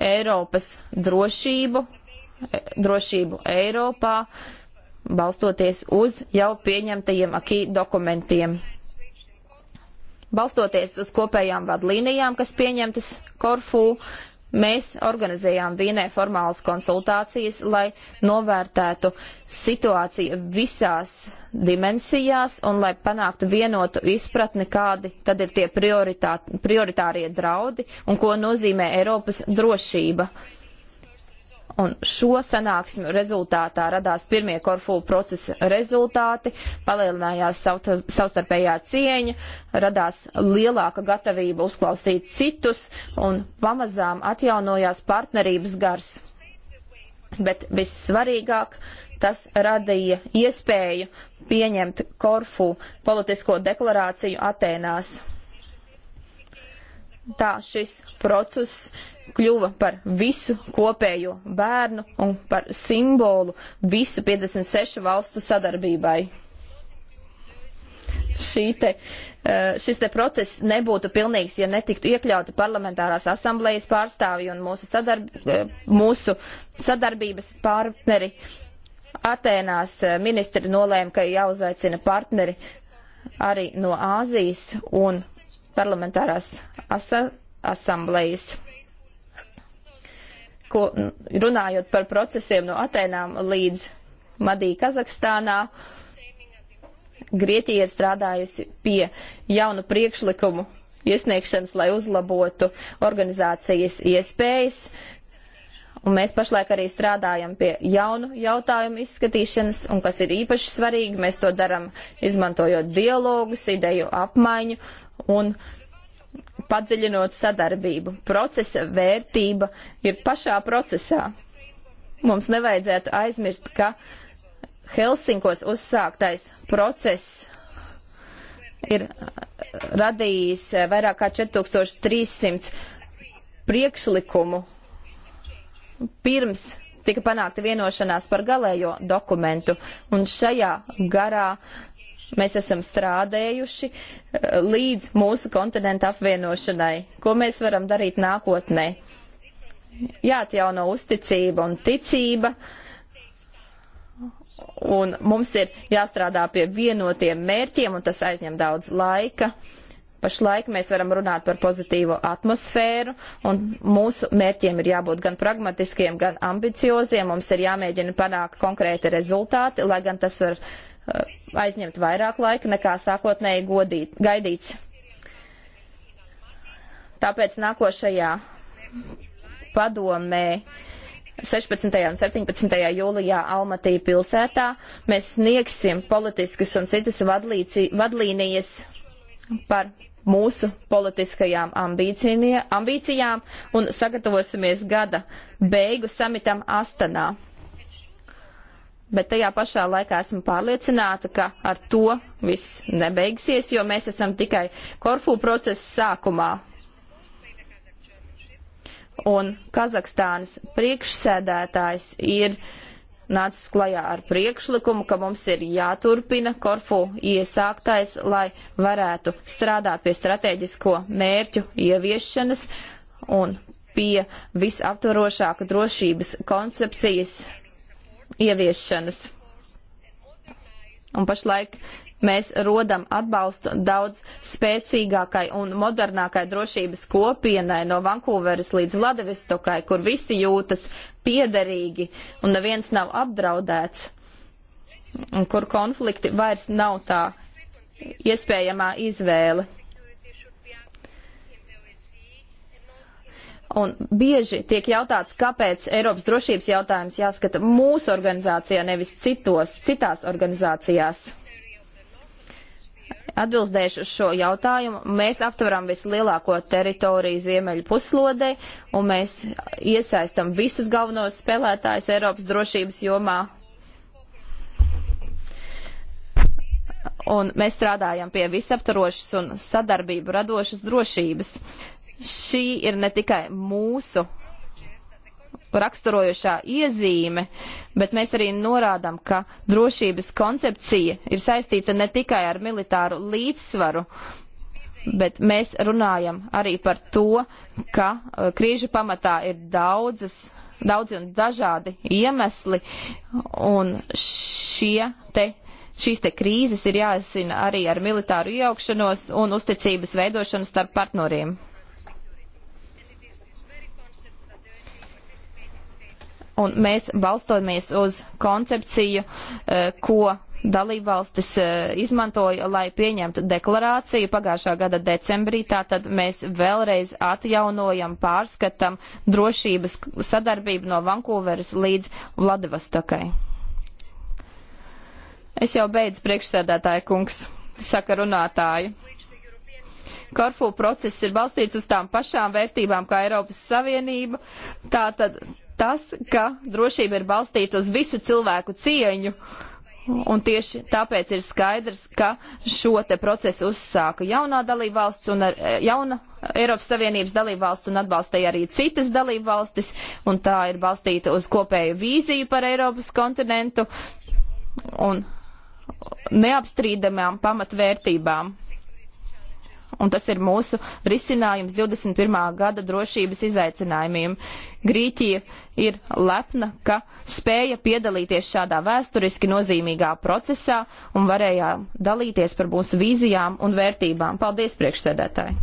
Eiropas drošību, e, drošību Eiropā, balstoties uz jau pieņemtajiem akī dokumentiem balstoties uz kopējām vadlīnijām, kas pieņemtas Korfū, mēs organizējām Vīnē formālas konsultācijas, lai novērtētu situāciju visās dimensijās un lai panāktu vienotu izpratni, kādi tad ir tie prioritārie draudi un ko nozīmē Eiropas drošība. Un šo sanāksmu rezultātā radās pirmie Korfūlu procesa rezultāti, palielinājās savstarpējā cieņa, radās lielāka gatavība uzklausīt citus un pamazām atjaunojās partnerības gars. Bet vissvarīgāk tas radīja iespēju pieņemt Korfu politisko deklarāciju Atēnās. Tā šis process kļuva par visu kopējo bērnu un par simbolu visu 56 valstu sadarbībai. Šī te, eh, šis te process nebūtu pilnīgs, ja netiktu iekļauti parlamentārās asamblējas pārstāvji un mūsu, sadarb, eh, mūsu sadarbības partneri. Atēnās eh, ministri nolēma, ka jāuzaicina partneri arī no Āzijas un parlamentārās asa, asamblejas ko, runājot par procesiem no Atēnām līdz Madī Kazahstānā, Grieķija ir strādājusi pie jaunu priekšlikumu iesniegšanas, lai uzlabotu organizācijas iespējas. Un mēs pašlaik arī strādājam pie jaunu jautājumu izskatīšanas, un kas ir īpaši svarīgi, mēs to darām izmantojot dialogus, ideju apmaiņu un uh, padziļinot sadarbību. Procesa vērtība ir pašā procesā. Mums nevajadzētu aizmirst, ka Helsinkos uzsāktais process ir radījis vairāk kā 4300 priekšlikumu pirms tika panākta vienošanās par galējo dokumentu, un šajā garā mēs esam strādējuši eh, līdz mūsu kontinentu apvienošanai. Ko mēs varam darīt nākotnē? Jāatjauno uzticība un ticība. Un mums ir jāstrādā pie vienotiem mērķiem, un tas aizņem daudz laika. Pašlaik mēs varam runāt par pozitīvu atmosfēru, un mūsu mērķiem ir jābūt gan pragmatiskiem, gan ambicioziem. Mums ir jāmēģina panākt konkrēti rezultāti, lai gan tas var uh, Uh, aizņemt vairāk laika nekā sākotnēji godīt, gaidīts. Tāpēc nākošajā padomē 16. un 17. jūlijā Almatī pilsētā mēs sniegsim politiskas un citas vadlīci, vadlīnijas par mūsu politiskajām ambīcijām un sagatavosimies gada beigu samitam Astanā bet tajā pašā laikā esmu pārliecināta, ka ar to viss nebeigsies, jo mēs esam tikai Korfu procesa sākumā. Un Kazahstānas priekšsēdētājs ir nācis klajā ar priekšlikumu, ka mums ir jāturpina Korfu iesāktais, lai varētu strādāt pie strateģisko mērķu ieviešanas un pie visaptvarošāka drošības koncepcijas ieviešanas. Un pašlaik mēs rodam atbalstu daudz spēcīgākai un modernākai drošības kopienai no Vankūveras līdz Vladivistokai, kur visi jūtas piederīgi un neviens nav apdraudēts, un kur konflikti vairs nav tā iespējamā izvēle. Un bieži tiek jautāts, kāpēc Eiropas drošības jautājums jāskata mūsu organizācijā, nevis citos, citās organizācijās. Atbildēšu uz šo jautājumu. Mēs aptveram vislielāko teritoriju ziemeļu puslodē, un mēs iesaistam visus galvenos spēlētājus Eiropas drošības jomā. Un mēs strādājam pie visaptarošas un sadarbību radošas drošības. Uh, Šī ir ne tikai mūsu raksturojošā iezīme, bet mēs arī norādām, ka drošības koncepcija ir saistīta ne tikai ar militāru līdzsvaru, bet mēs runājam arī par to, ka uh, krīžu pamatā ir daudzas, daudzi un dažādi iemesli, un šie te. Šīs te krīzes ir jāsina arī ar militāru iejaukšanos un uzticības veidošanu starp partneriem. un mēs balstoties uz koncepciju, eh, ko dalībvalstis eh, izmantoja, lai pieņemtu deklarāciju pagājušā gada decembrī. Tātad mēs vēlreiz atjaunojam, pārskatam drošības sadarbību no Vankūveras līdz Vladivostokai. Es jau beidzu priekšsēdētāju kungs, saka runātāju. Korfu process ir balstīts uz tām pašām vērtībām kā Eiropas Savienība. Tātad tas, ka drošība ir balstīta uz visu cilvēku cieņu. Un tieši tāpēc ir skaidrs, ka šo te procesu uzsāka jaunā dalībvalsts un ar, jauna Eiropas Savienības dalībvalsts un atbalstīja arī citas dalībvalstis, un tā ir balstīta uz kopēju vīziju par Eiropas kontinentu un neapstrīdamām pamatvērtībām un tas ir mūsu risinājums 21. gada drošības izaicinājumiem. Grīķija ir lepna, ka spēja piedalīties šādā vēsturiski nozīmīgā procesā un varēja dalīties par mūsu vīzijām un vērtībām. Paldies, priekšsēdētāji!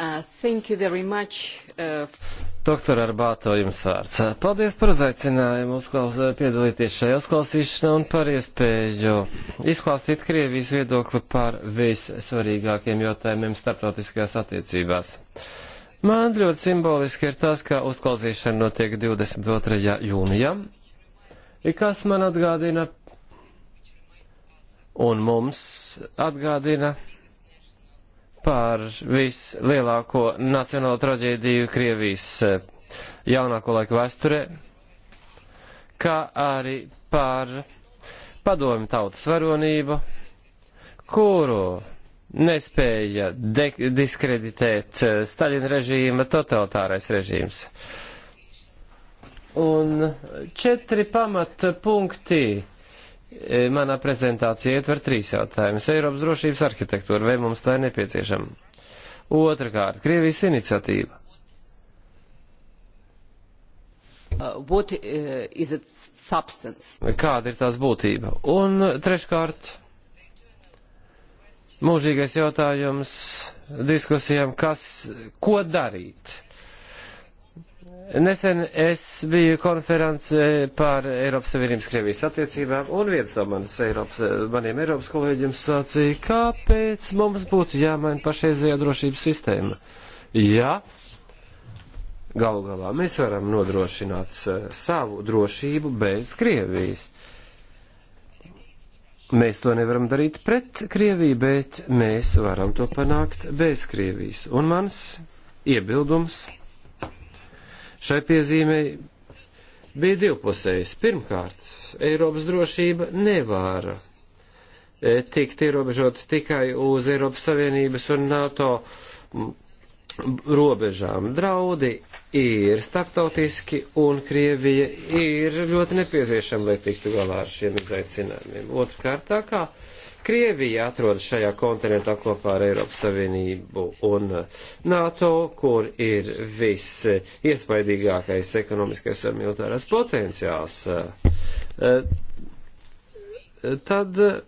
Uh, thank you very much. Uh... Doktor Arbāto, jums vārds. Paldies par uzaicinājumu uzklaus, piedalīties šajā uzklausīšanā un par iespēju izklāstīt Krievijas viedokli par vissvarīgākiem jautājumiem starptautiskajās attiecībās. Man ļoti simboliski ir tas, ka uzklausīšana notiek 22. jūnijā, kas man atgādina un mums atgādina par vislielāko nacionālo traģēdiju Krievijas eh, jaunāko laiku vēsturē, kā arī par padomi tautas varonību, kuru nespēja diskreditēt eh, Staļina režīma totalitārais režīms. Un četri pamata punkti E, manā prezentācijā ietver trīs jautājumus. Eiropas drošības arhitektūra, vai mums tā ir nepieciešama? Otrakārt, Krievijas iniciatīva. Uh, what uh, is its substance? Kāda ir tās būtība? Un treškārt, mūžīgais jautājums diskusijām, kas, ko darīt? Nesen es biju konferencē eh, par Eiropas Savienības Krievijas attiecībām, un viens no manas Eiropas, eh, maniem Eiropas kolēģiem sacīja, kāpēc mums būtu jāmaina pašreizējā drošības sistēma. Ja galu galā mēs varam nodrošināt eh, savu drošību bez Krievijas. Mēs to nevaram darīt pret Krieviju, bet mēs varam to panākt bez Krievijas. Un mans iebildums Šai piezīmei bija divpusējs. Pirmkārt, Eiropas drošība nevar e, tikt ierobežot tikai uz Eiropas Savienības un NATO robežām. Draudi ir starptautiski, un Krievija ir ļoti nepieciešama, lai tiktu galā ar šiem izaicinājumiem. Otrkārt, tā kā Krievija atrodas šajā kontinentā kopā ar Eiropas Savienību un uh, NATO, kur ir viss iespaidīgākais ekonomiskais un militārais potenciāls. Uh, tad uh,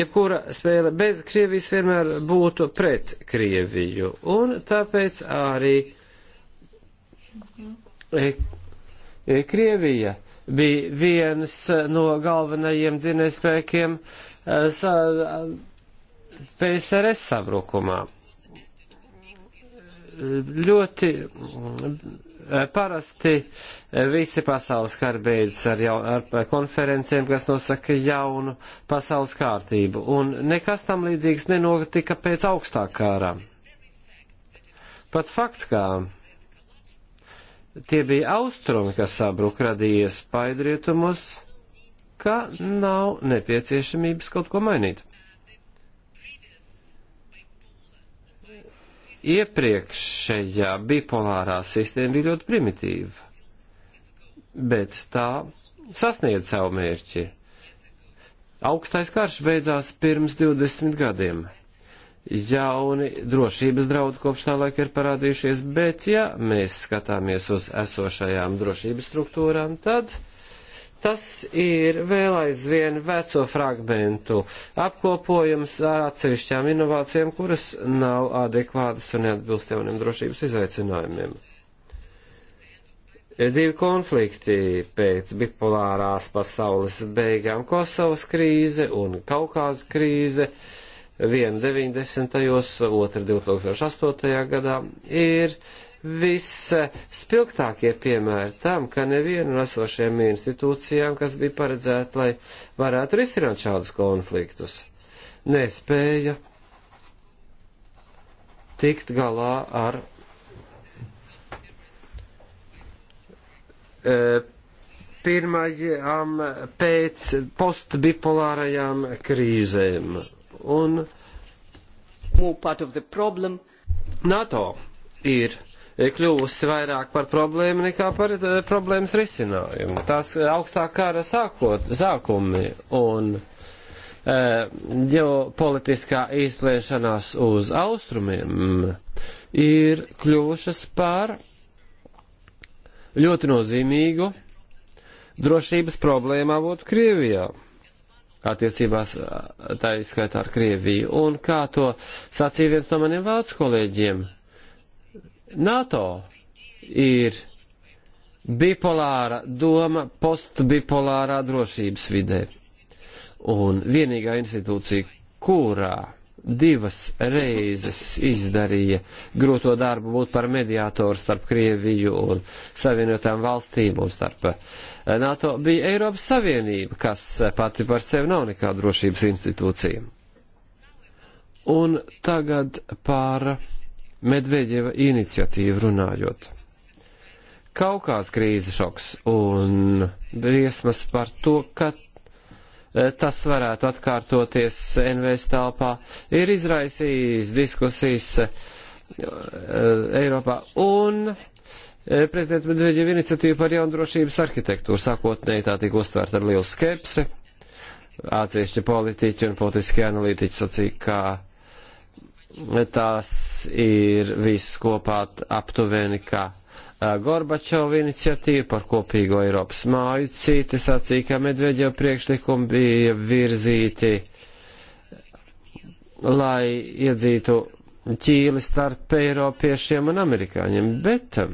jebkura spēle bez Krievijas vienmēr būtu pret Krieviju. Un tāpēc arī eh, eh, Krievija bija viens no galvenajiem dzinējspēkiem eh, eh, PSRS sabrukumā. Ļoti eh, parasti visi pasaules kari beidzas ar, jaun, ar konferencēm, kas nosaka jaunu pasaules kārtību, un nekas tam līdzīgs nenotika pēc augstākārā. Pats fakts, kā tie bija austrumi, kas sabruka, radīja spaidrietumus, ka nav nepieciešamības kaut ko mainīt. Iepriekšējā bipolārā sistēma bija ļoti primitīva, bet tā sasniedz savu mērķi. Augstais karš beidzās pirms 20 gadiem jauni drošības draudi kopš tā laika ir parādījušies, bet ja mēs skatāmies uz esošajām drošības struktūrām, tad tas ir vēl aizvien veco fragmentu apkopojums ar atsevišķām inovācijām, kuras nav adekvātas un neatbilst jauniem drošības izaicinājumiem. Ir divi konflikti pēc bipolārās pasaules beigām - Kosovas krīze un Kaukāza krīze. Uh, viena 90. otra 2008. gadā, ir visspilgtākie piemēri tam, ka neviena no esošajām institūcijām, kas bija paredzēta, lai varētu risināt šādus konfliktus, nespēja tikt galā ar e, pirmajām pēc postbipolārajām krīzēm. Un NATO ir kļuvusi vairāk par problēmu nekā par uh, problēmas risinājumu. Tās eh, augstā kara sākot, sākumi un uh, ģeopolitiskā izpliešanās uz austrumiem ir kļuvušas par ļoti nozīmīgu drošības problēmu avotu Krievijā attiecībās tā izskaitā ar Krieviju. Un kā to sacīja viens no maniem vācu kolēģiem, NATO ir bipolāra doma postbipolārā drošības vidē. Un vienīgā institūcija, kurā divas reizes izdarīja grūto darbu būt par mediātoru starp Krieviju un Savienotām valstīm un starp eh, NATO, bija Eiropas Savienība, kas eh, pati par sevi nav nekāda drošības institūcija. Un tagad par Medveģeva iniciatīvu runājot. Kaukās krīze šoks un briesmas par to, ka Eh, tas varētu atkārtoties NVS telpā, ir izraisījis diskusijas eh, Eiropā un eh, prezidenta Medveģeva iniciatīva par jaunu drošības arhitektūru sākotnēji tā tika uztvērta ar lielu skepsi. Atsevišķi politiķi un politiskie analītiķi sacīja, ka tās ir viss kopā aptuveni kā Gorbačova iniciatīva par kopīgo Eiropas māju. Citi sacīja, ka Medveģeva priekšlikumi bija virzīti, lai iedzītu ķīli starp Eiropiešiem un Amerikāņiem, bet um,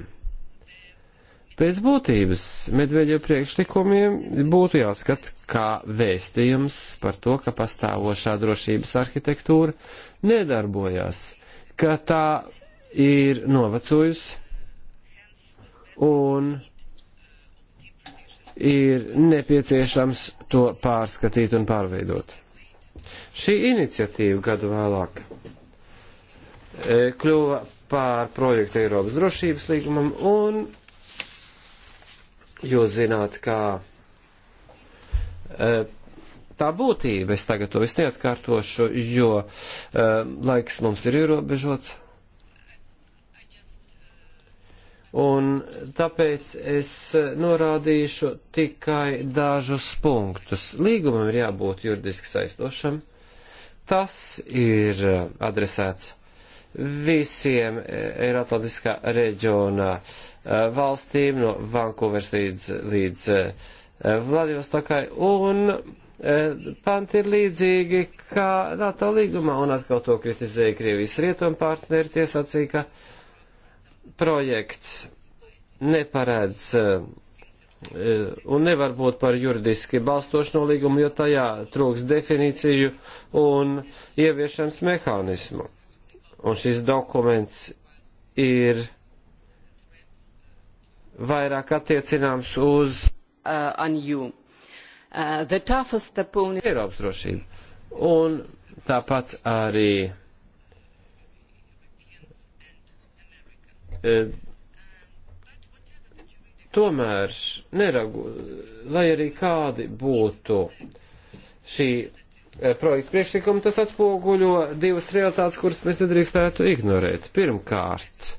pēc būtības Medveģeva priekšlikumiem būtu jāskat kā vēstījums par to, ka pastāvošā drošības arhitektūra nedarbojās, ka tā ir novecojusi un ir nepieciešams to pārskatīt un pārveidot. Šī iniciatīva gadu vēlāk e, kļuva pār projektu Eiropas drošības līgumam un jūs zināt, kā e, tā būtība, es tagad to visu neatkārtošu, jo e, laiks mums ir ierobežots. un tāpēc es norādīšu tikai dažus punktus. Līgumam ir jābūt juridiski saistošam. Tas ir adresēts visiem e, Eiroatlantiskā reģiona e, valstīm no Vankūvers līdz, līdz e, Vladivostokai un panti ir līdzīgi kā NATO līgumā, un atkal to kritizēja Krievijas rietuma partneri, tiesācīja, ka projekts neparedz eh, un nevar būt par juridiski balstošu nolīgumu, jo tajā trūks definīciju un ieviešanas mehānismu. Un šis dokuments ir vairāk attiecināms uz uh, uh, Eiropas drošību. Un tāpat arī E, tomēr, neragu, lai arī kādi būtu šī e, projekta priekšlikumi, tas atspoguļo divas realitātes, kuras mēs nedrīkstētu ignorēt. Pirmkārt,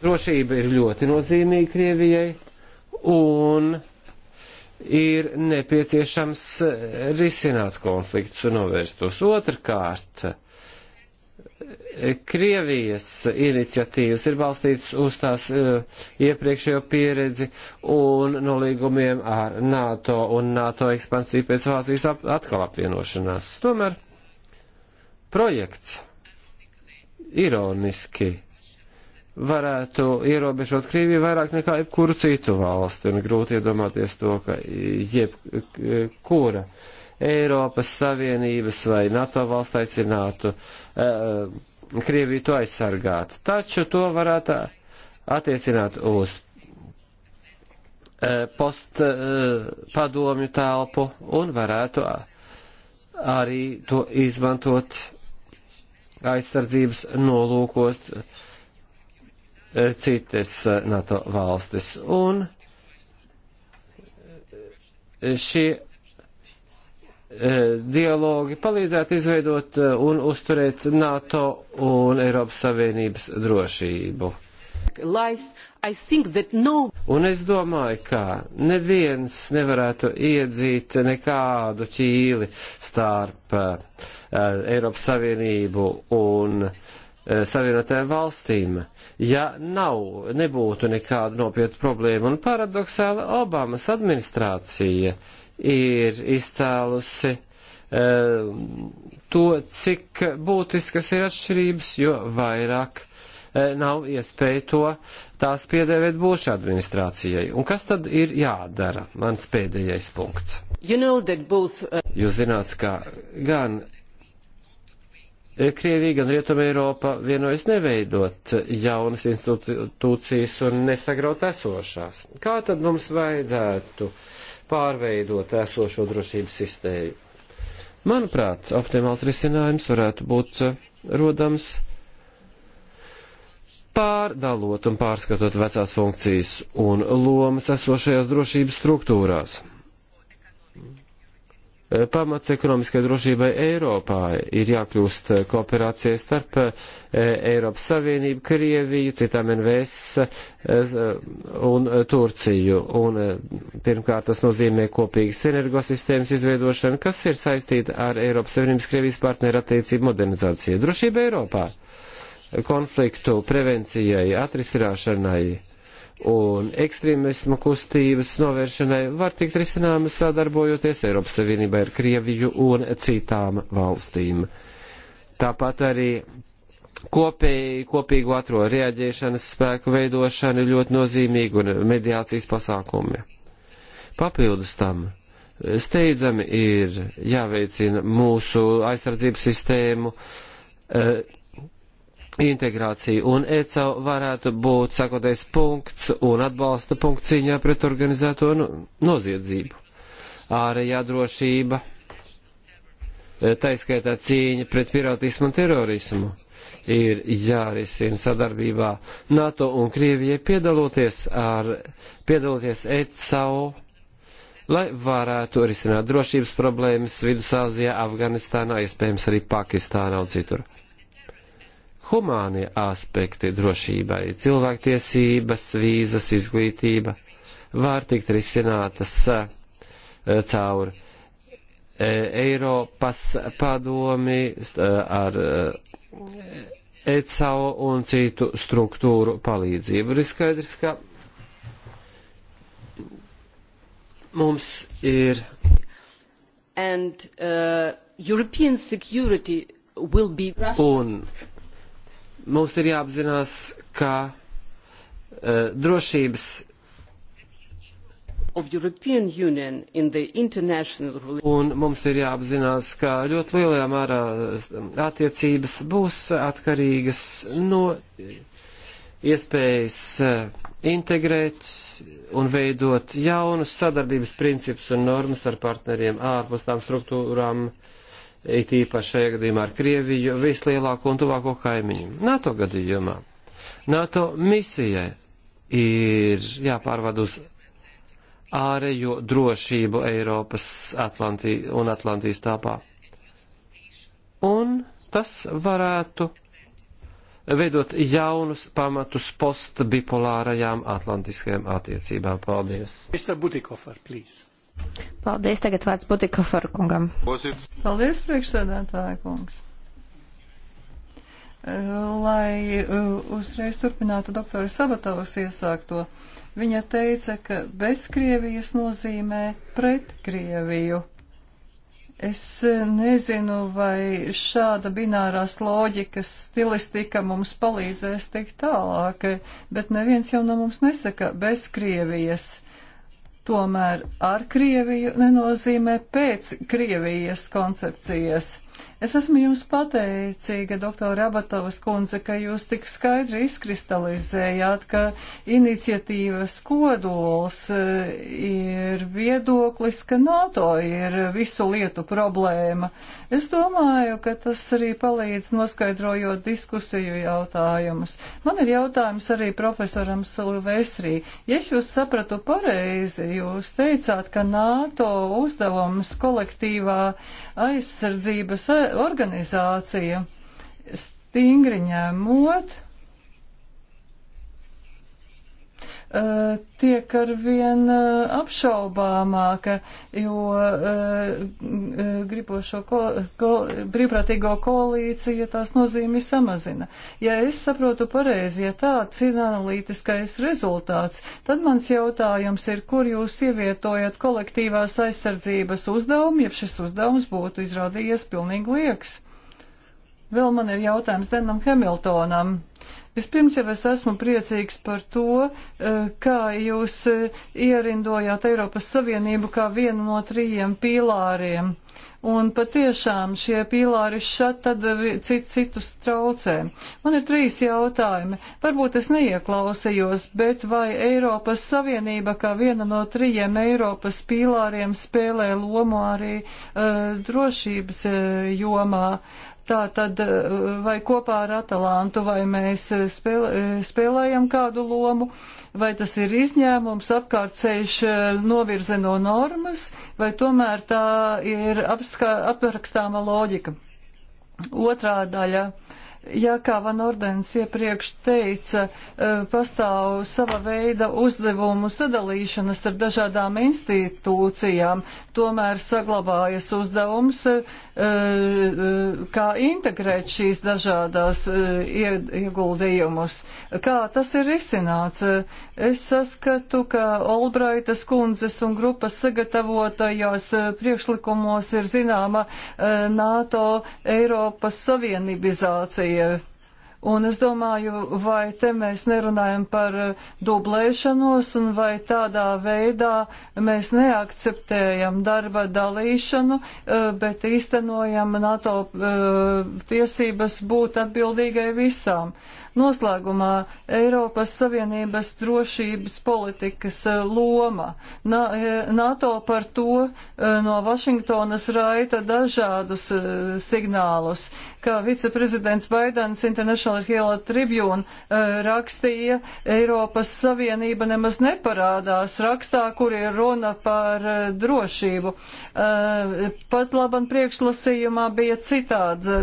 drošība ir ļoti nozīmīga Krievijai un ir nepieciešams e, risināt konfliktus un novērst tos. Otrkārt, Krievijas iniciatīvas ir balstītas uz tās uh, iepriekšējo pieredzi un nolīgumiem ar NATO un NATO ekspansiju pēc Vācijas ap, atkal apvienošanās. Tomēr projekts ironiski varētu ierobežot Krieviju vairāk nekā jebkuru citu valsti un grūti iedomāties to, ka jebkura. Uh, Eiropas Savienības vai NATO valsts aicinātu uh, Krieviju to aizsargāt. Taču to varētu attiecināt uz uh, post uh, padomju telpu un varētu arī to izmantot aizsardzības nolūkos citas NATO valstis. Un šie Eh, dialogi palīdzētu izveidot eh, un uzturēt NATO un Eiropas Savienības drošību. Un es domāju, ka neviens nevarētu iedzīt nekādu ķīli starp uh, Eiropas Savienību un uh, Savienotajām valstīm, ja nav, nebūtu nekādu nopietnu problēmu. Un paradoxāli Obamas administrācija uh, ir izcēlusi eh, to, cik būtiskas ir atšķirības, jo vairāk eh, nav iespēja to tās piedēvēt būšu administrācijai. Un kas tad ir jādara? Mans pēdējais punkts. You know both, uh... Jūs zināt, ka gan eh, Krievija, gan Rietuma Eiropa vienojas neveidot jaunas institūcijas un nesagraut esošās. Kā tad mums vajadzētu uh, pārveidot esošo drošības sistēmu. Manuprāt, optimāls risinājums varētu būt eh, rodams pārdalot un pārskatot vecās funkcijas un lomas esošajās drošības struktūrās. Eh, pamats ekonomiskai drošībai Eiropā ir jākļūst eh, kooperācijai starp eh, Eiropas Savienību, Krieviju, citām NVS un Turciju. Un pirmkārt tas nozīmē kopīgas energosistēmas izveidošanu, kas ir saistīta ar Eiropas Savienības Krievijas partneru attiecību modernizāciju. Drošība Eiropā konfliktu prevencijai, atrisināšanai un ekstrēmismu kustības novēršanai var tikt risināmas sadarbojoties Eiropas Savienībā ar Krieviju un citām valstīm. Tāpat arī kopēji, kopīgu atro reaģēšanas spēku veidošana ir ļoti nozīmīga un mediācijas pasākumi. Papildus tam steidzami ir jāveicina mūsu aizsardzības sistēmu eh, integrācija un ECO varētu būt sakoties punkts un atbalsta punkts cīņā pret organizēto nu, noziedzību. Ārējā drošība, e, taiskaitā cīņa pret pirātismu un terorismu ir jārisina sadarbībā NATO un Krievijai piedaloties ar, piedaloties ECO, lai varētu risināt drošības problēmas Vidusāzijā, Afganistānā, iespējams arī Pakistānā un citur humānie aspekti drošībai, cilvēktiesības, vīzas, izglītība var tikt risinātas eh, caur eh, Eiropas padomi eh, ar ECAO un citu struktūru palīdzību. Ir skaidrs, ka mums ir. And, uh, European security will be. Un Mums ir jāapzinās, ka uh, drošības Un mums ir jāapzinās, ka ļoti lielajā mērā eh, attiecības būs atkarīgas no eh, iespējas integrēt un veidot jaunus sadarbības principus un normas ar partneriem ārpus tām struktūrām, uh, it īpaši šajā gadījumā ar Krieviju, vislielāko un tuvāko kaimiņu. NATO gadījumā. NATO misijai ir jāpārvada uz ārējo drošību Eiropas Atlantī un Atlantijas tāpā. Un tas varētu veidot jaunus pamatus postbipolārajām atlantiskajām attiecībām. Paldies! Mr. Butikofer, please. Paldies, tagad vārds Butikoferu kungam. Paldies, priekšsēdētāja kungs. Lai uh, uzreiz turpinātu doktora Sabatovas iesākto, viņa teica, ka bez Krievijas nozīmē pret Krieviju. Es nezinu, vai šāda binārās loģikas stilistika mums palīdzēs tikt tālāk, bet neviens jau no mums nesaka bez Krievijas tomēr ar Krieviju nenozīmē pēc Krievijas koncepcijas. Es esmu jums pateicīga, doktora Abatovas kundze, ka jūs tik skaidri izkristalizējāt, ka iniciatīvas kodols eh, ir viedoklis, ka NATO ir visu lietu problēma. Es domāju, ka tas arī palīdz noskaidrojot diskusiju jautājumus. Man ir jautājums arī profesoram Silvestrī. Ja es jūs sapratu pareizi, jūs teicāt, ka NATO uzdevums kolektīvā aizsardzības organizācija stingri ņemot Eh, tiek arvien eh, apšaubāmāka, jo eh, gribošo ko, ko, brīvprātīgo koalīcija tās nozīmi samazina. Ja es saprotu pareizi, ja tāds ir analītiskais rezultāts, tad mans jautājums ir, kur jūs ievietojat kolektīvās aizsardzības uzdevumu, ja šis uzdevums būtu izrādījies pilnīgi lieks. Vēl man ir jautājums Denam Hamiltonam. Uh, Vispirms jau es esmu priecīgs par to, eh, kā jūs eh, ierindojāt Eiropas Savienību kā vienu no trījiem pīlāriem. Un patiešām šie pīlāri šat tad cit, citus traucē. Man ir trīs jautājumi. Varbūt es neieklausījos, bet vai Eiropas Savienība kā viena no trījiem Eiropas pīlāriem spēlē lomu arī uh, drošības uh, jomā? Tā tad eh, vai kopā ar Atalantu, vai mēs eh, spēlē, eh, spēlējam kādu lomu, vai tas ir izņēmums, apkārtceļš novirze no normas, vai tomēr tā ir apskā, aprakstāma loģika. Otrā daļa. Uh, Ja kā Van Ordens iepriekš teica, e, pastāv sava veida uzdevumu sadalīšanas starp dažādām institūcijām, tomēr saglabājas uzdevums, e, e, kā integrēt šīs dažādās ieguldījumus. Kā tas ir izcināts? Es saskatu, ka Olbraitas kundzes un grupas sagatavotajās priekšlikumos ir zināma NATO Eiropas Savienibizācija komisija. Un es domāju, vai te mēs nerunājam par eh, dublēšanos, un vai tādā veidā mēs neakceptējam darba dalīšanu, eh, bet īstenojam NATO eh, tiesības būt atbildīgai visām. Noslēgumā Eiropas Savienības drošības politikas eh, loma. Na, eh, NATO par to eh, no Vašingtonas raita dažādus signālus, kā viceprezidents Baidens International Herald Tribune rakstīja, Eiropas Savienība nemaz neparādās rakstā, kur ir runa par drošību. Pat laban priekšlasījumā bija citāda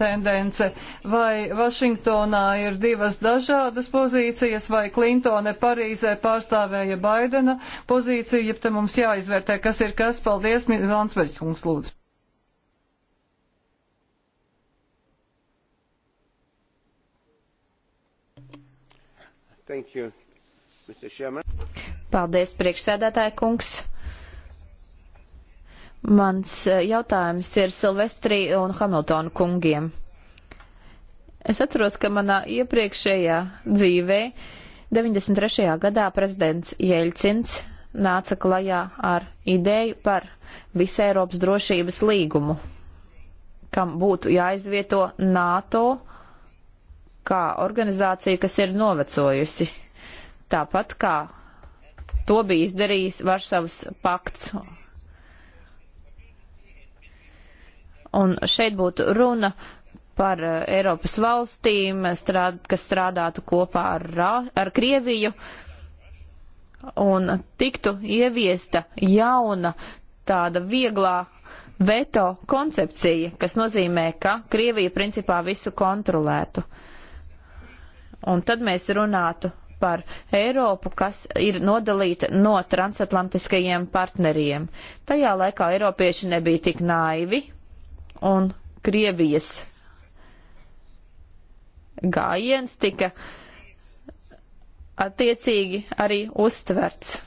tendence, vai Vašingtonā Londonā ir divas dažādas pozīcijas, vai Klintone Parīzē pārstāvēja Baidena pozīciju, ja te mums jāizvērtē, kas ir kas. Paldies, Lansveģkungs, lūdzu. Thank you, Mr. Chairman. Paldies, priekšsēdētāja kungs. Mans eh, jautājums ir Silvestri un Hamiltonu kungiem. Es atceros, ka manā iepriekšējā dzīvē 93. gadā prezidents Jeļcins nāca klajā ar ideju par visu Eiropas drošības līgumu, kam būtu jāizvieto NATO kā organizācija, kas ir novecojusi. Tāpat kā to bija izdarījis Varšavas pakts. Un šeit būtu runa par eh, Eiropas valstīm, strād, kas strādātu kopā ar, ar Krieviju un tiktu ieviesta jauna tāda vieglā veto koncepcija, kas nozīmē, ka Krievija principā visu kontrolētu. Un tad mēs runātu par Eiropu, kas ir nodalīta no transatlantiskajiem partneriem. Tajā laikā Eiropieši nebija tik naivi, un Krievijas gājiens tika attiecīgi arī uztverts.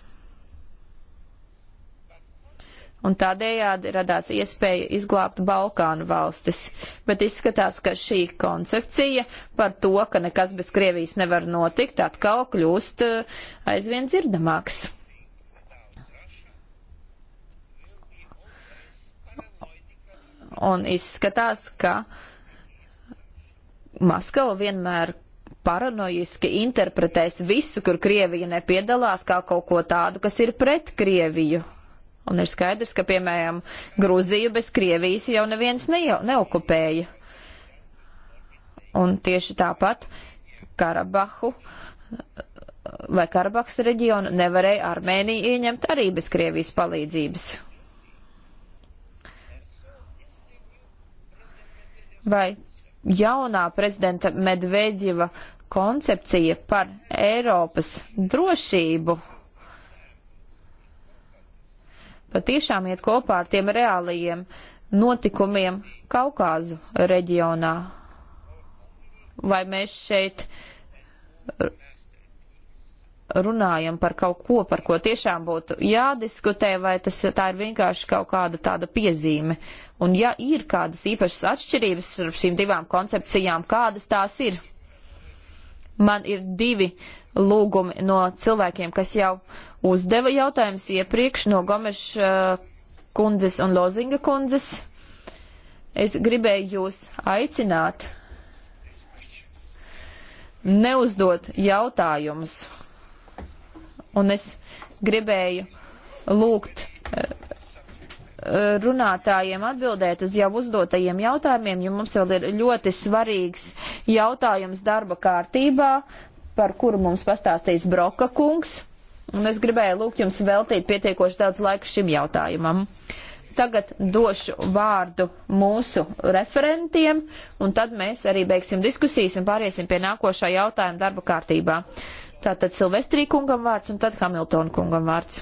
Un tādējādi radās iespēja izglābt Balkānu valstis. Bet izskatās, ka šī koncepcija par to, ka nekas bez Krievijas nevar notikt, atkal kļūst eh, aizvien dzirdamāks. Un izskatās, ka uh, Maskava vienmēr paranoiski interpretēs visu, kur Krievija nepiedalās, kā kaut ko tādu, kas ir pret Krieviju. Un ir skaidrs, ka, piemēram, Grūziju bez Krievijas jau neviens ne, neokupēja. Un tieši tāpat Karabahu vai Karabahas reģionu nevarēja Armēnija ieņemt arī bez Krievijas palīdzības. Vai jaunā prezidenta Medvedjeva koncepcija par Eiropas drošību patiešām iet kopā ar tiem reālajiem notikumiem Kaukāzu reģionā. Vai mēs šeit runājam par kaut ko, par ko tiešām būtu jādiskutē, vai tas, tā ir vienkārši kaut kāda tāda piezīme. Un ja ir kādas īpašas atšķirības starp šīm divām koncepcijām, kādas tās ir? Man ir divi lūgumi no cilvēkiem, kas jau uzdeva jautājumus iepriekš no Gomeša uh, kundzes un Lozinga kundzes. Es gribēju jūs aicināt neuzdot jautājumus un es gribēju lūgt eh, runātājiem atbildēt uz jau uzdotajiem jautājumiem, jo mums vēl ir ļoti svarīgs jautājums darba kārtībā, par kuru mums pastāstīs Broka kungs. Un es gribēju lūgt jums veltīt pietiekoši daudz laika šim jautājumam. Tagad došu vārdu mūsu referentiem, un tad mēs arī beigsim diskusijas un pāriesim pie nākošā jautājuma darba kārtībā. Uh, Tātad Silvestrī kungam vārds un tad Hamiltona kungam vārds.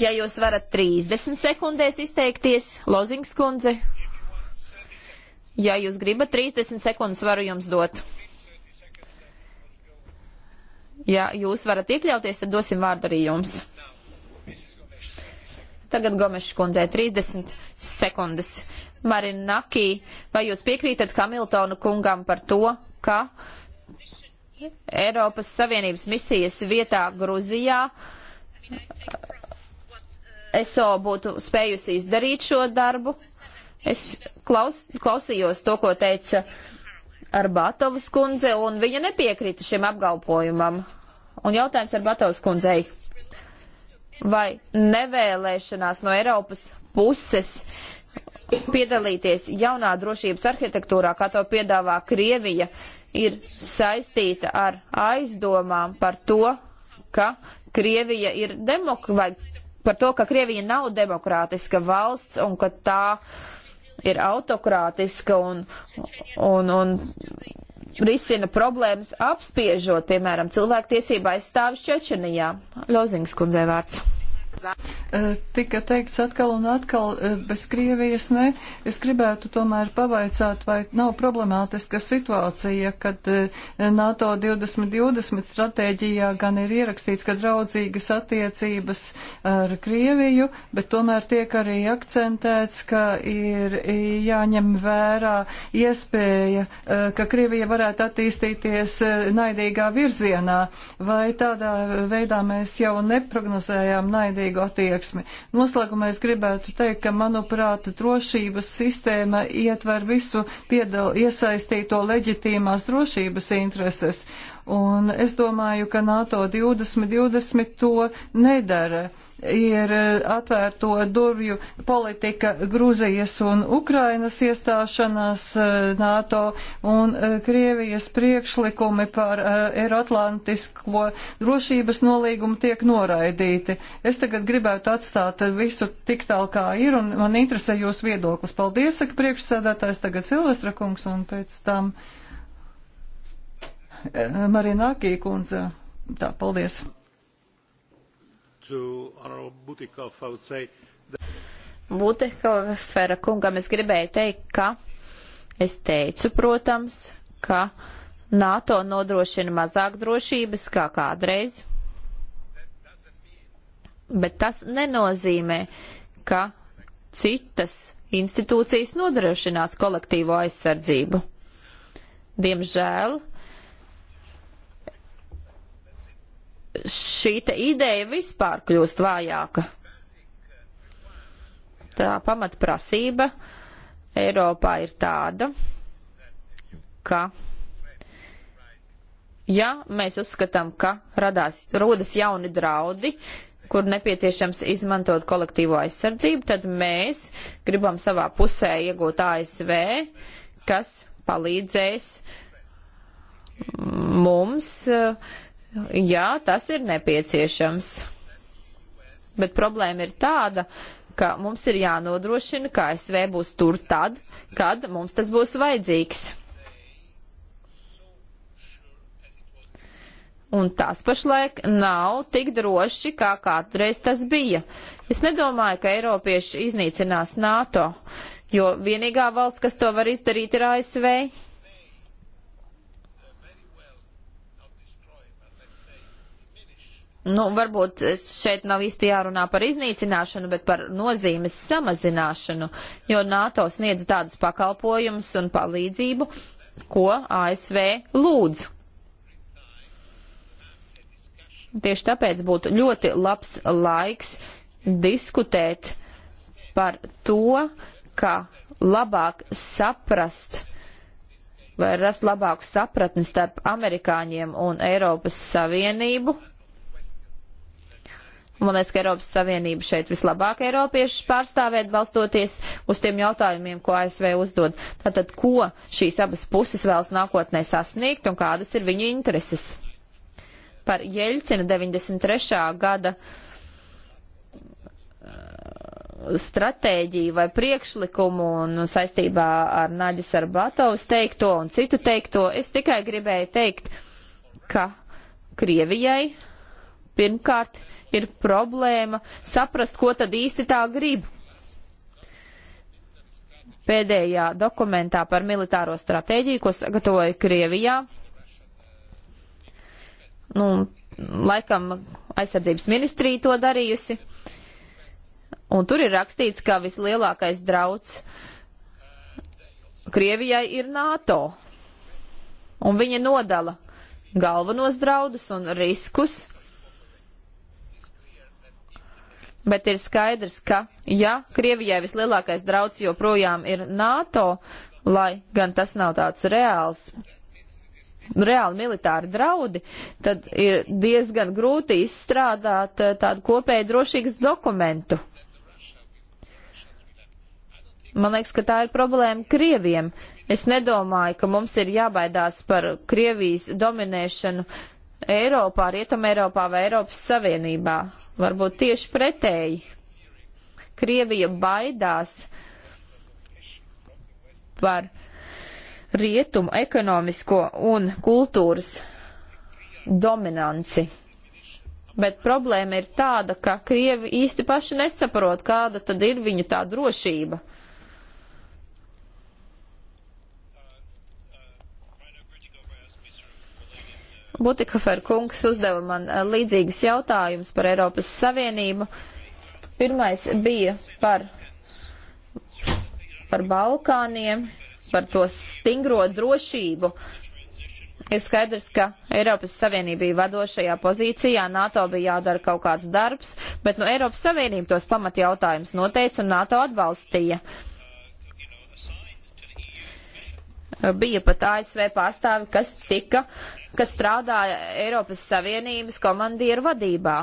Ja jūs varat 30 sekundēs izteikties, Lozings kundze, ja jūs gribat 30 sekundes, varu jums dot. Ja jūs varat iekļauties, tad dosim vārdu arī jums. Tagad Gomeša kundzē 30 sekundes. Marinaki, vai jūs piekrītat Hamiltonu kungam par to, ka Eiropas Savienības misijas vietā Gruzijā ESO būtu spējusi izdarīt šo darbu? Es klaus, klausījos to, ko teica Arbatovas kundze, un viņa nepiekrita šim apgalpojumam. Un jautājums Arbatovas kundzei. Vai nevēlēšanās no Eiropas puses uh, piedalīties jaunā drošības arhitektūrā, kā to piedāvā Krievija, ir saistīta ar aizdomām par to, ka Krievija ir demok vai par to, ka Krievija nav demokrātiska valsts un ka tā ir autokrātiska un, un, un risina problēmas apspiežot, piemēram, cilvēktiesība aizstāvis Čečenijā. Ļozings kundzei vārds. Eh, tika teikts atkal un atkal eh, bez Krievijas ne. Es gribētu tomēr pavaicāt, vai nav problemātiska situācija, kad eh, NATO 2020 stratēģijā gan ir ierakstīts, ka draudzīgas attiecības ar Krieviju, bet tomēr tiek arī akcentēts, ka ir jāņem vērā iespēja, ka Krievija varētu attīstīties naidīgā virzienā. Vai tādā veidā mēs jau neprognozējām naidīgā? vienlīdzīgu attieksmi. Noslēgumā es gribētu teikt, ka, manuprāt, drošības sistēma ietver visu piedal, iesaistīto leģitīmās drošības intereses. Un es domāju, ka NATO 2020 to nedara ir e, atvērto durvju politika Grūzijas un Ukrainas iestāšanās e, NATO un e, Krievijas priekšlikumi par Eiroatlantisko drošības nolīgumu tiek noraidīti. Es tagad gribētu atstāt visu tik tālu, kā ir, un man interesē jūs viedoklis. Paldies, saka priekšsēdētājs, tagad Silvestra kungs, un pēc tam Marinakī kundze. Tā, paldies to Honorable Butikov, I would say that... Butikofera kungam es gribēju teikt, ka es teicu, protams, ka NATO nodrošina mazāk drošības kā kādreiz, bet tas nenozīmē, ka citas institūcijas nodrošinās kolektīvo aizsardzību. Diemžēl šī te ideja vispār kļūst vājāka. Tā pamatprasība Eiropā ir tāda, ka ja mēs uzskatām, ka radās, rodas jauni draudi, kur nepieciešams izmantot kolektīvo aizsardzību, tad mēs gribam savā pusē iegūt ASV, kas palīdzēs mums uh, Jā, tas ir nepieciešams. Bet problēma ir tāda, ka mums ir jānodrošina, ka ASV būs tur tad, kad mums tas būs vajadzīgs. Un tas pašlaik nav tik droši, kā kādreiz tas bija. Es nedomāju, ka Eiropieši iznīcinās NATO, jo vienīgā valsts, kas to var izdarīt, ir ASV. Nu, varbūt šeit nav īsti jārunā par iznīcināšanu, bet par nozīmes samazināšanu, jo NATO sniedz tādus pakalpojumus un palīdzību, ko ASV lūdz. Tieši tāpēc būtu ļoti labs laiks diskutēt par to, kā labāk saprast vai rast labāku sapratni starp amerikāņiem un Eiropas Savienību Un man liekas, ka Eiropas Savienība šeit vislabāk Eiropiešus pārstāvēt, balstoties uz tiem jautājumiem, ko ASV uzdod. Tātad, ko šīs abas puses vēlas nākotnē sasniegt un kādas ir viņu intereses? Par Jeļcina 93. gada uh, stratēģiju vai priekšlikumu un saistībā ar Naģis ar Batovs teikto un citu teikto, es tikai gribēju teikt, ka Krievijai pirmkārt ir problēma saprast, ko tad īsti tā grib. Pēdējā dokumentā par militāro stratēģiju, ko sagatavoja Krievijā, nu, laikam aizsardzības ministrija to darījusi, un tur ir rakstīts, ka vislielākais drauds Krievijai ir NATO, un viņa nodala galvenos draudus un riskus Bet ir skaidrs, ka ja Krievijai vislielākais drauds joprojām ir NATO, lai gan tas nav tāds reāls, reāli militāri draudi, tad ir diezgan grūti izstrādāt eh, tādu kopēju drošības dokumentu. Man liekas, ka tā ir problēma Krieviem. Es nedomāju, ka mums ir jābaidās par Krievijas dominēšanu uh, Eiropā, Rietum Eiropā vai Eiropas Savienībā. Varbūt tieši pretēji. Krievija baidās par rietumu ekonomisko un kultūras dominanci. Bet problēma ir tāda, ka Krievi īsti paši nesaprot, kāda tad ir viņu tā drošība. Uh, Butikofer kungs uzdeva man eh, līdzīgus jautājumus par Eiropas Savienību. Pirmais bija par, par Balkāniem, par to stingro drošību. Ir skaidrs, ka Eiropas Savienība bija vadošajā pozīcijā, NATO bija jādara kaut kāds darbs, bet nu, Eiropas Savienība tos pamatjautājumus noteica un NATO atbalstīja. Uh, Bija pat ASV pārstāvi, kas tika, kas strādāja Eiropas Savienības komandieru vadībā.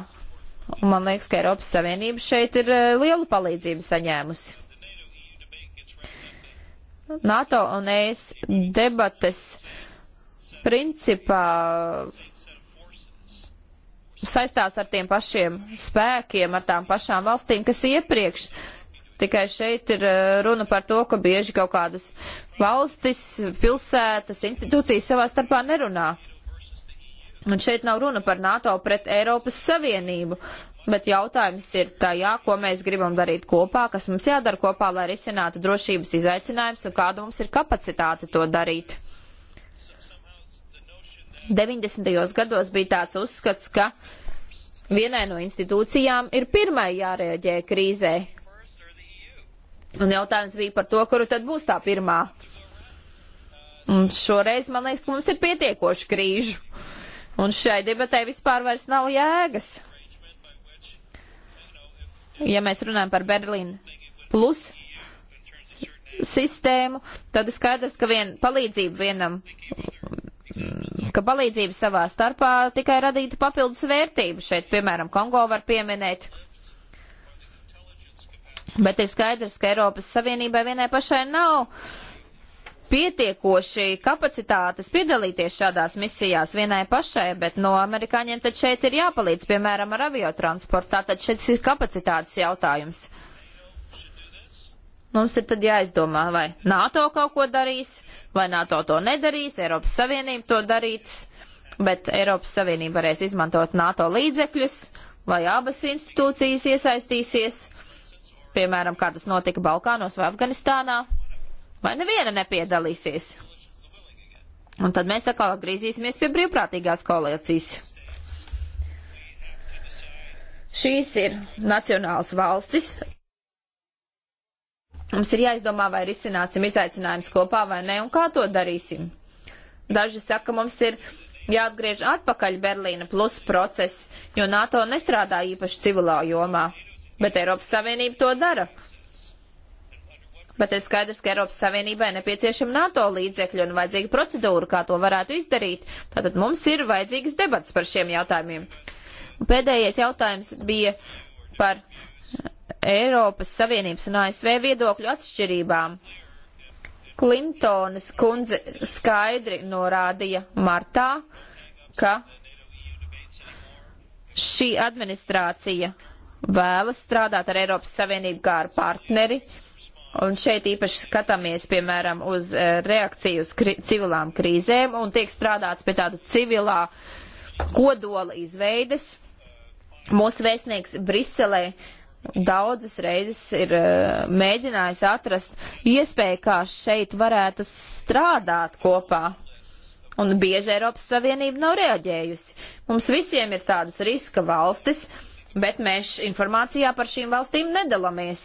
Un man liekas, ka Eiropas Savienība šeit ir eh, lielu palīdzību saņēmusi. NATO un ES debates principā saistās ar tiem pašiem spēkiem, ar tām pašām valstīm, kas iepriekš Tikai šeit ir eh, runa par to, ka bieži kaut kādas valstis, pilsētas, institūcijas savā starpā nerunā. Un šeit nav runa par NATO pret Eiropas Savienību, bet jautājums ir tajā, ko mēs gribam darīt kopā, kas mums jādara kopā, lai risinātu drošības izaicinājumus un kāda mums ir kapacitāte to darīt. 90. gados bija tāds uzskats, ka vienai no institūcijām ir pirmai jārēģē krīzē, Un jautājums bija par to, kuru tad būs tā pirmā. Un šoreiz man liekas, ka mums ir pietiekoši krīžu. Un šai debatē vispār vairs nav jēgas. Ja mēs runājam par Berlīnu plus sistēmu, tad ir skaidrs, ka vien palīdzība vienam, ka palīdzība savā starpā tikai radītu papildus vērtību. Šeit, piemēram, Kongo var pieminēt. Uh, Bet ir skaidrs, ka Eiropas Savienībai vienai pašai nav pietiekoši kapacitātes piedalīties šādās misijās vienai pašai, bet no amerikāņiem tad šeit ir jāpalīdz, piemēram, ar aviotransportu. Tātad šeit ir kapacitātes jautājums. Mums ir tad jāizdomā, vai NATO kaut ko darīs, vai NATO to nedarīs, Eiropas Savienība to darīs, bet Eiropas Savienība varēs izmantot NATO līdzekļus, vai abas institūcijas iesaistīsies piemēram, kā tas notika Balkānos vai Afganistānā, vai neviena nepiedalīsies. Un tad mēs atkal atgriezīsimies pie brīvprātīgās koalīcijas. Šīs ir nacionāls valstis. Mums ir jāizdomā, vai risināsim izaicinājumus kopā vai ne, un kā to darīsim. Daži saka, mums ir jāatgriež atpakaļ Berlīna plus process, jo NATO nestrādā īpaši civilā jomā. Bet Eiropas Savienība to dara. Bet ir skaidrs, ka Eiropas Savienībai nepieciešama NATO līdzekļi un vajadzīga procedūra, kā to varētu izdarīt. Tātad mums ir vajadzīgas debats par šiem jautājumiem. Pēdējais jautājums bija par Eiropas Savienības un ASV viedokļu atšķirībām. Klimtonas kundze skaidri norādīja martā, ka šī administrācija vēlas strādāt ar Eiropas Savienību kā ar partneri. Un šeit īpaši skatāmies, piemēram, uz eh, reakciju uz kri civilām krīzēm un tiek strādāts pie tāda civilā kodola izveides. Mūsu vēstnieks Briselē daudzas reizes ir eh, mēģinājis atrast iespēju, kā šeit varētu strādāt kopā. Un bieži Eiropas Savienība nav reaģējusi. Mums visiem ir tādas riska valstis, uh, bet mēs informācijā par šīm valstīm nedalāmies.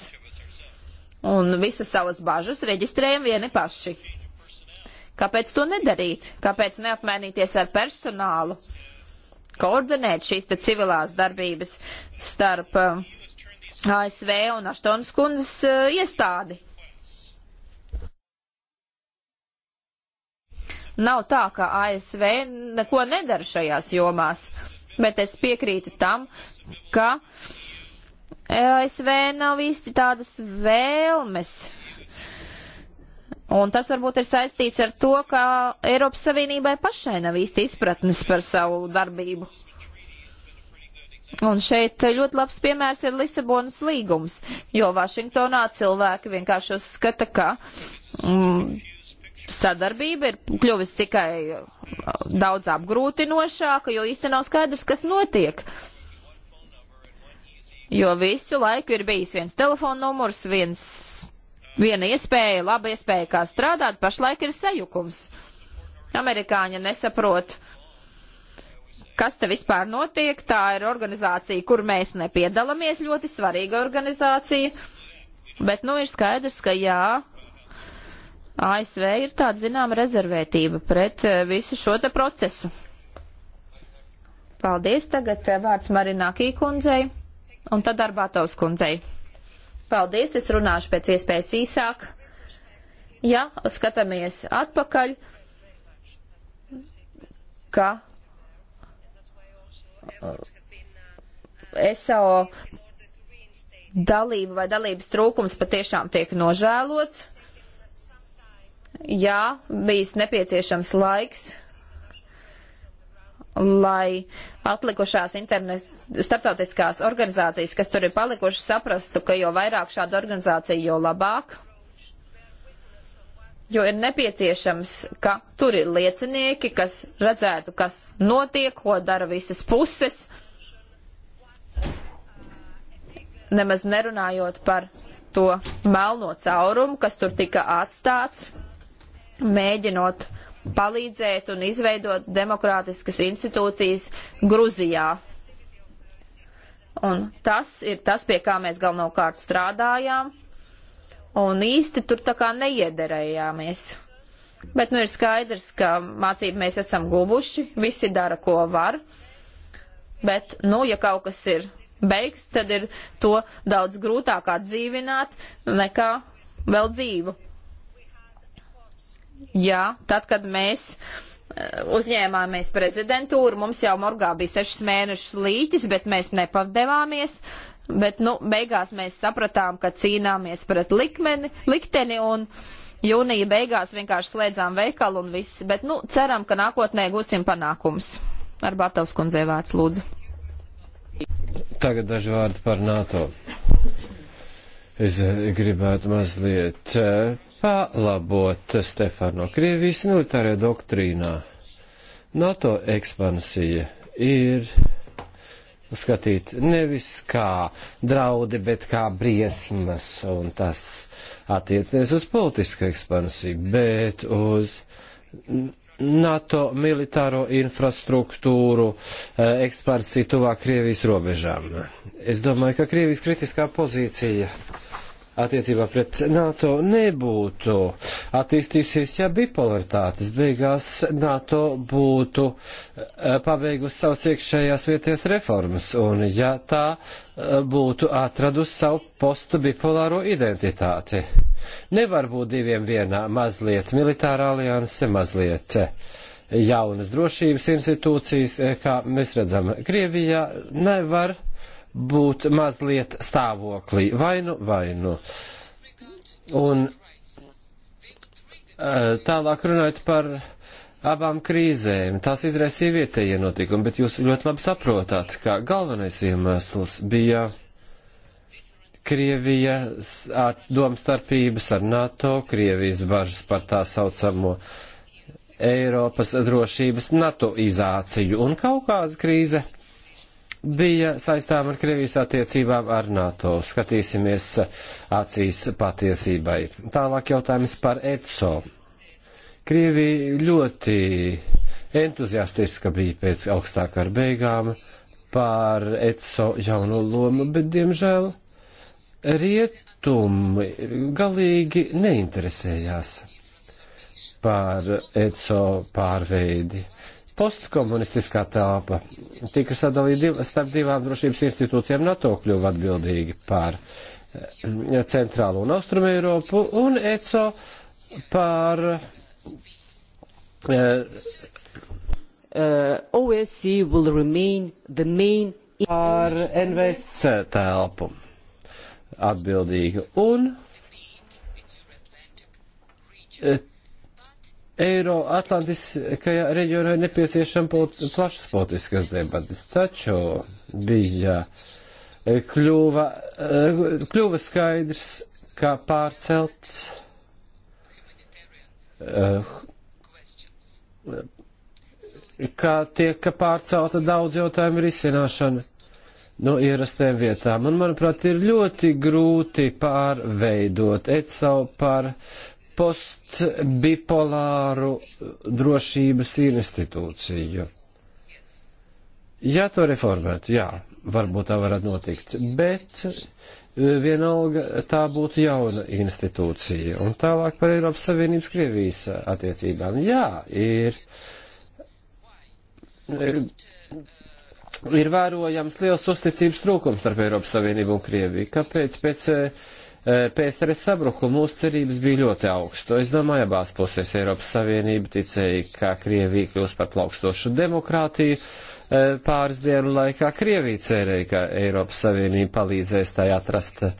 Un visas savas bažas reģistrējam vieni paši. Kāpēc to nedarīt? Kāpēc neapmainīties ar personālu? Koordinēt šīs te civilās darbības starp uh, ASV un Aštonas kundzes uh, iestādi. Nav tā, ka ASV neko nedara šajās jomās, bet es piekrītu tam, ka ASV nav īsti tādas vēlmes. Un tas varbūt ir saistīts ar to, ka Eiropas Savienībai pašai nav īsti izpratnes par savu darbību. Un šeit ļoti labs piemērs ir Lisabonas līgums, jo Vašingtonā cilvēki vienkārši uzskata, ka mm, sadarbība ir kļuvis tikai daudz apgrūtinošāka, jo īsti nav skaidrs, kas notiek. Uh, jo visu laiku ir bijis viens telefona numurs, viens, viena iespēja, laba iespēja, kā strādāt, pašlaik ir sajukums. Amerikāņi nesaprot, kas te vispār notiek, tā ir organizācija, kur mēs nepiedalāmies, ļoti svarīga organizācija, bet nu ir skaidrs, ka jā, ASV ir tāda zināma rezervētība pret eh, visu šo te procesu. Paldies, tagad eh, vārds Marinā Kīkundzei un tad Arbātovs kundzei. Paldies, es runāšu pēc iespējas īsāk. Ja skatāmies atpakaļ, ka uh, SAO dalība vai dalības trūkums patiešām tiek nožēlots. Jā, bijis nepieciešams laiks, lai atlikušās internet, starptautiskās organizācijas, kas tur ir palikušas, saprastu, ka jo vairāk šāda organizācija, jo labāk. Jo ir nepieciešams, ka tur ir liecinieki, kas redzētu, kas notiek, ko dara visas puses, nemaz nerunājot par to melno caurumu, kas tur tika atstāts, mēģinot palīdzēt un izveidot demokrātiskas institūcijas Gruzijā. Un tas ir tas, pie kā mēs galvenokārt strādājām, un īsti tur tā kā neiederējāmies. Bet nu ir skaidrs, ka mācību mēs esam guvuši, visi dara, ko var, bet, nu, ja kaut kas ir beigts, tad ir to daudz grūtāk atdzīvināt nekā vēl dzīvu. Jā, tad, kad mēs eh, uzņēmāmies prezidentūru, mums jau morgā bija sešas mēnešus līķis, bet mēs nepadevāmies. Bet, nu, beigās mēs sapratām, ka cīnāmies pret likmeni, likteni un jūnija beigās vienkārši slēdzām veikalu un viss. Bet, nu, ceram, ka nākotnē gūsim panākums. Ar Batovs kundzei vārds lūdzu. Tagad daži vārdi par NATO. Es gribētu mazliet eh, palabot Stefano Krievijas militārajā doktrīnā. NATO ekspansija ir skatīt nevis kā draudi, bet kā briesmas, un tas attiecnies uz politisku ekspansiju, bet uz NATO militāro infrastruktūru eh, ekspansiju tuvāk Krievijas robežām. Es domāju, ka Krievijas kritiskā pozīcija attiecībā pret NATO nebūtu attīstījusies, ja bipolaritātes beigās NATO būtu eh, pabeigusi savas iekšējās vietas reformas un ja tā eh, būtu atradusi savu postu bipolāro identitāti. Nevar būt diviem vienā mazliet militārā alianse, mazliet eh, jaunas drošības institūcijas, kā mēs redzam Krievijā, nevar būt mazliet stāvoklī. Vainu, vainu. Un eh, tālāk runājot par abām krīzēm, tās izraisīja vietējie notikumi, bet jūs ļoti labi saprotat, ka galvenais iemesls bija Krievijas domstarpības ar NATO, Krievijas bažas par tā saucamo Eiropas drošības NATO izāciju un Kaukāza krīze bija saistām ar Krievijas attiecībām ar NATO. Skatīsimies acīs patiesībai. Tālāk jautājums par ETSO. Krievija ļoti entuziastiska bija pēc augstākā ar beigām par ETSO jauno lomu, bet, diemžēl, rietumi galīgi neinteresējās par ETSO pārveidi. Postkomunistiskā tāpa tika sadalīta div, starp divām drošības institūcijām NATO kļuva atbildīgi par eh, centrālu un austrumu Eiropu un ECO par uh, eh, eh, OSCE will remain the main ar NVS telpu atbildīgu un Eiroatlantiskajā reģionā ir nepieciešama plašas politiskas debatas, taču bija e, kļuva, e, kļuva skaidrs, kā pārcelt e, kā tiek pārcelta daudz jautājumu risināšana no ierastēm vietām. Un, manuprāt, ir ļoti grūti pārveidot ECO par postbipolāru drošības institūciju. Ja to reformētu, jā, varbūt tā varētu notikt, bet e, vienalga tā būtu jauna institūcija. Un tālāk par Eiropas Savienības Krievijas attiecībām. Jā, ir, ir, e, ir vērojams liels uzticības trūkums starp Eiropas Savienību un Krieviju. Kāpēc pēc e, Eh, PSRS sabruku, mūsu cerības bija ļoti augstu. Es domāju, abās pusēs Eiropas Savienība ticēja, ka Krievija kļūs par plaukstošu demokrātiju. Eh, pāris dienu laikā Krievija cerēja, ka Eiropas Savienība palīdzēs tai atrast eh,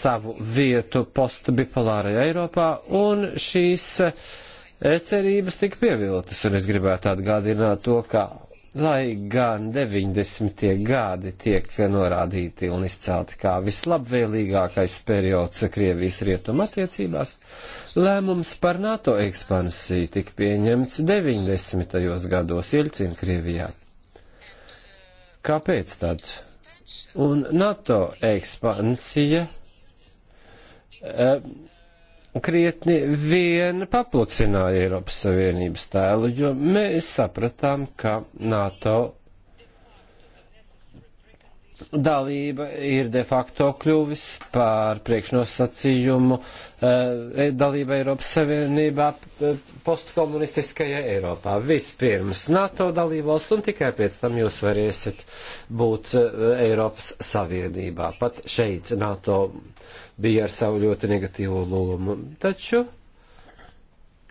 savu vietu postbipolārajā Eiropā, un šīs cerības tika pievilktas, un es gribētu atgādināt to, ka lai gan 90. gadi tiek norādīti un izcelti kā vislabvēlīgākais periods Krievijas rietuma attiecībās, lēmums par NATO ekspansiju tika pieņemts 90. gados Ilcina Krievijā. Kāpēc tad? Un NATO ekspansija. Uh, krietni vien paplucināja Eiropas Savienības tēlu, jo mēs sapratām, ka NATO dalība ir de facto kļuvis par priekšnosacījumu eh, e, dalība Eiropas Savienībā eh, postkomunistiskajā Eiropā. Vispirms NATO dalībvalsts un tikai pēc tam jūs varēsiet būt eh, Eiropas Savienībā. Pat šeit NATO bija ar savu ļoti negatīvo lomu. Taču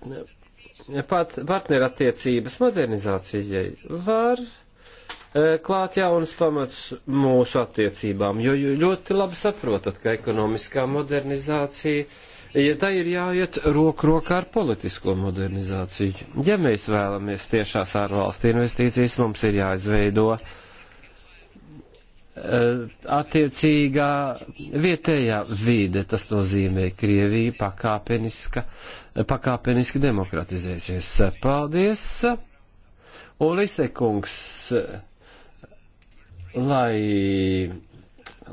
eh, pat partnerattiecības modernizācijai var E, klāt jaunas pamats mūsu attiecībām, jo ļoti labi saprotat, ka ekonomiskā modernizācija, ja tā ir jāiet roku rokā ar politisko modernizāciju. Ja mēs vēlamies tiešās ārvalstu investīcijas, mums ir jāizveido e, attiecīgā vietējā vīde, tas nozīmē Krievija pakāpeniska, pakāpeniski demokratizēsies. Paldies! Ulisekungs! lai,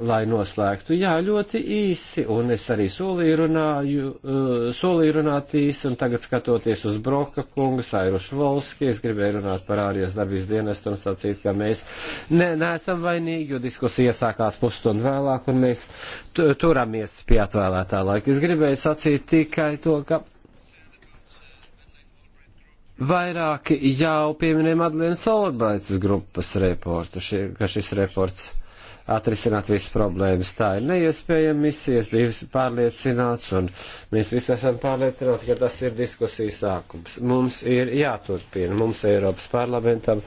lai noslēgtu. Jā, ļoti īsi, un es arī solīju, runāju, uh, solīju runāt īsi, un tagad skatoties uz Broka kungu, Sairušu Volski, es gribēju runāt par ārējās darbības dienestu un sacīt, ka mēs ne, neesam vainīgi, jo diskusija iesākās pusstundu vēlāk, un mēs turamies pie atvēlētā laika. Es gribēju sacīt tikai to, ka Vairāki jau pieminēja Madlienas Solbaitas grupas reportu, šie, ka šis reports atrisināt visas problēmas. Tā ir neiespējama misija, es biju pārliecināts, un mēs visi esam pārliecināti, ka tas ir diskusijas sākums. Mums ir jāturpina, mums Eiropas parlamentam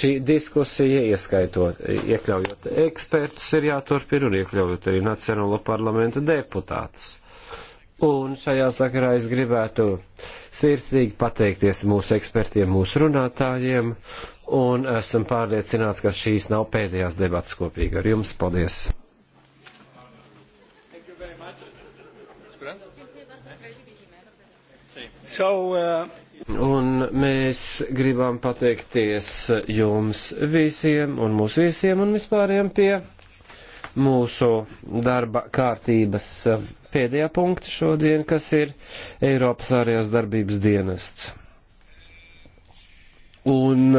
šī diskusija, ieskaitot, iekļaujot ekspertus, ir jāturpina un iekļaujot arī Nacionālo parlamentu deputātus. Un šajā sakarā es gribētu sirsnīgi pateikties mūsu ekspertiem, mūsu runātājiem, un esam pārliecināts, ka šīs nav pēdējās debatas kopīgi ar jums. Paldies! So, uh... Un mēs gribam pateikties jums visiem un mūsu visiem un vispāriem pie mūsu darba kārtības. Uh, pēdējā punkta šodien, kas ir Eiropas ārējās darbības dienests. Un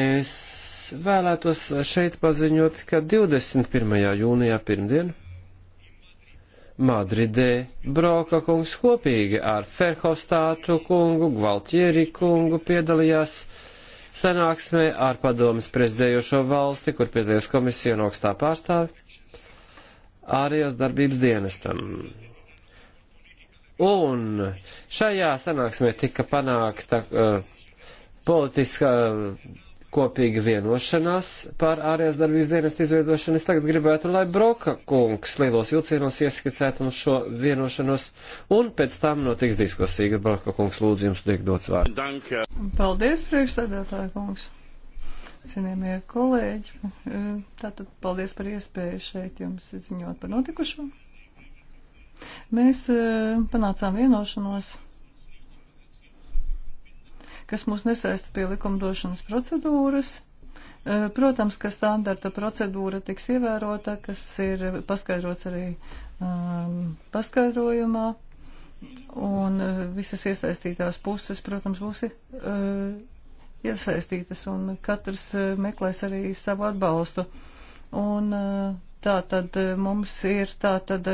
es vēlētos šeit paziņot, ka 21. jūnijā pirmdien Madridē Broka kungs kopīgi ar Ferhostātu kungu, Gvaltieri kungu piedalījās sanāksmē ar padomas prezidējošo valsti, kur piedalījās komisija un augstā pārstāvi ārējās darbības dienestam. Un šajā sanāksmē tika panākta uh, politiska uh, kopīga vienošanās par ārējās darbības dienestu izveidošanu. Es tagad gribētu, lai Broka kungs lielos vilcienos ieskicētu mums šo vienošanos, un pēc tam notiks diskusija. Broka kungs, lūdzu, jums tiek dots vārds. Paldies, priekšsēdētāja kungs. Cienējamie kolēģi, e, tātad paldies par iespēju šeit jums ziņot par notikušo. Mēs e, panācām vienošanos, kas mūs nesaista pie likumdošanas procedūras. E, protams, ka standarta procedūra tiks ievērota, kas ir paskaidrots arī um, paskaidrojumā. Un visas iesaistītās puses, protams, būs uh, iesaistītas un katrs eh, meklēs arī savu atbalstu. Un eh, tā tad eh, mums ir tā tad,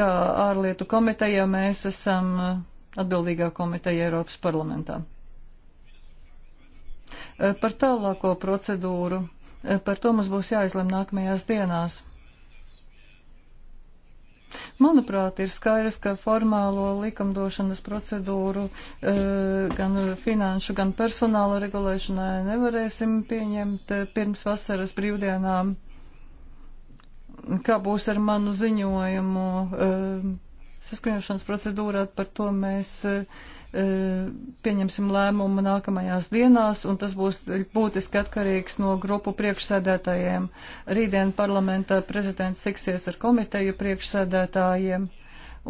kā ārlietu komiteja, mēs esam atbildīgā komiteja Eiropas parlamentā. Par tālāko procedūru, par to mums būs jāizlem nākamajās dienās. Manuprāt, ir skaidrs, ka formālo likumdošanas procedūru eh, gan finanšu, gan personāla regulēšanai nevarēsim pieņemt eh, pirms vasaras brīvdienām. Kā būs ar manu ziņojumu eh, saskaņošanas procedūrā, par to mēs. Uh, E, pieņemsim lēmumu nākamajās dienās, un tas būs būtiski atkarīgs no grupu priekšsēdētājiem. Rītdien parlamentā prezidents tiksies ar komiteju priekšsēdētājiem,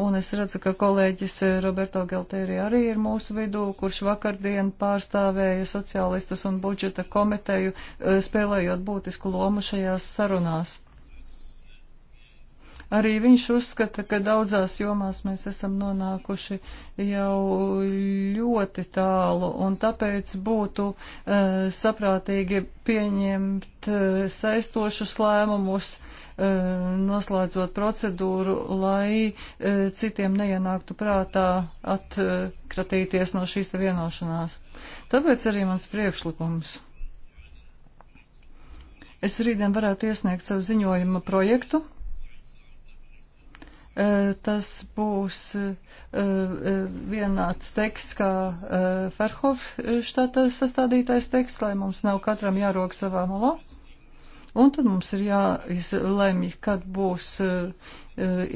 un es redzu, ka kolēģis Roberto Gelteri arī ir mūsu vidū, kurš vakardien pārstāvēja sociālistus un budžeta komiteju, e, spēlējot būtisku lomu šajās sarunās. Arī viņš uzskata, ka daudzās jomās mēs esam nonākuši jau ļoti tālu, un tāpēc būtu uh, saprātīgi pieņemt uh, saistošus lēmumus, uh, noslēdzot procedūru, lai uh, citiem neienāktu prātā atkratīties no šīs te vienošanās. Tāpēc arī mans priekšlikums es rītdien varētu iesniegt savu ziņojumu projektu, Eh, tas būs eh, eh, vienāds teksts kā Ferhofštata sastādītais teksts, lai mums nav katram jārok savā malā. Un tad mums ir jāizlemj, kad būs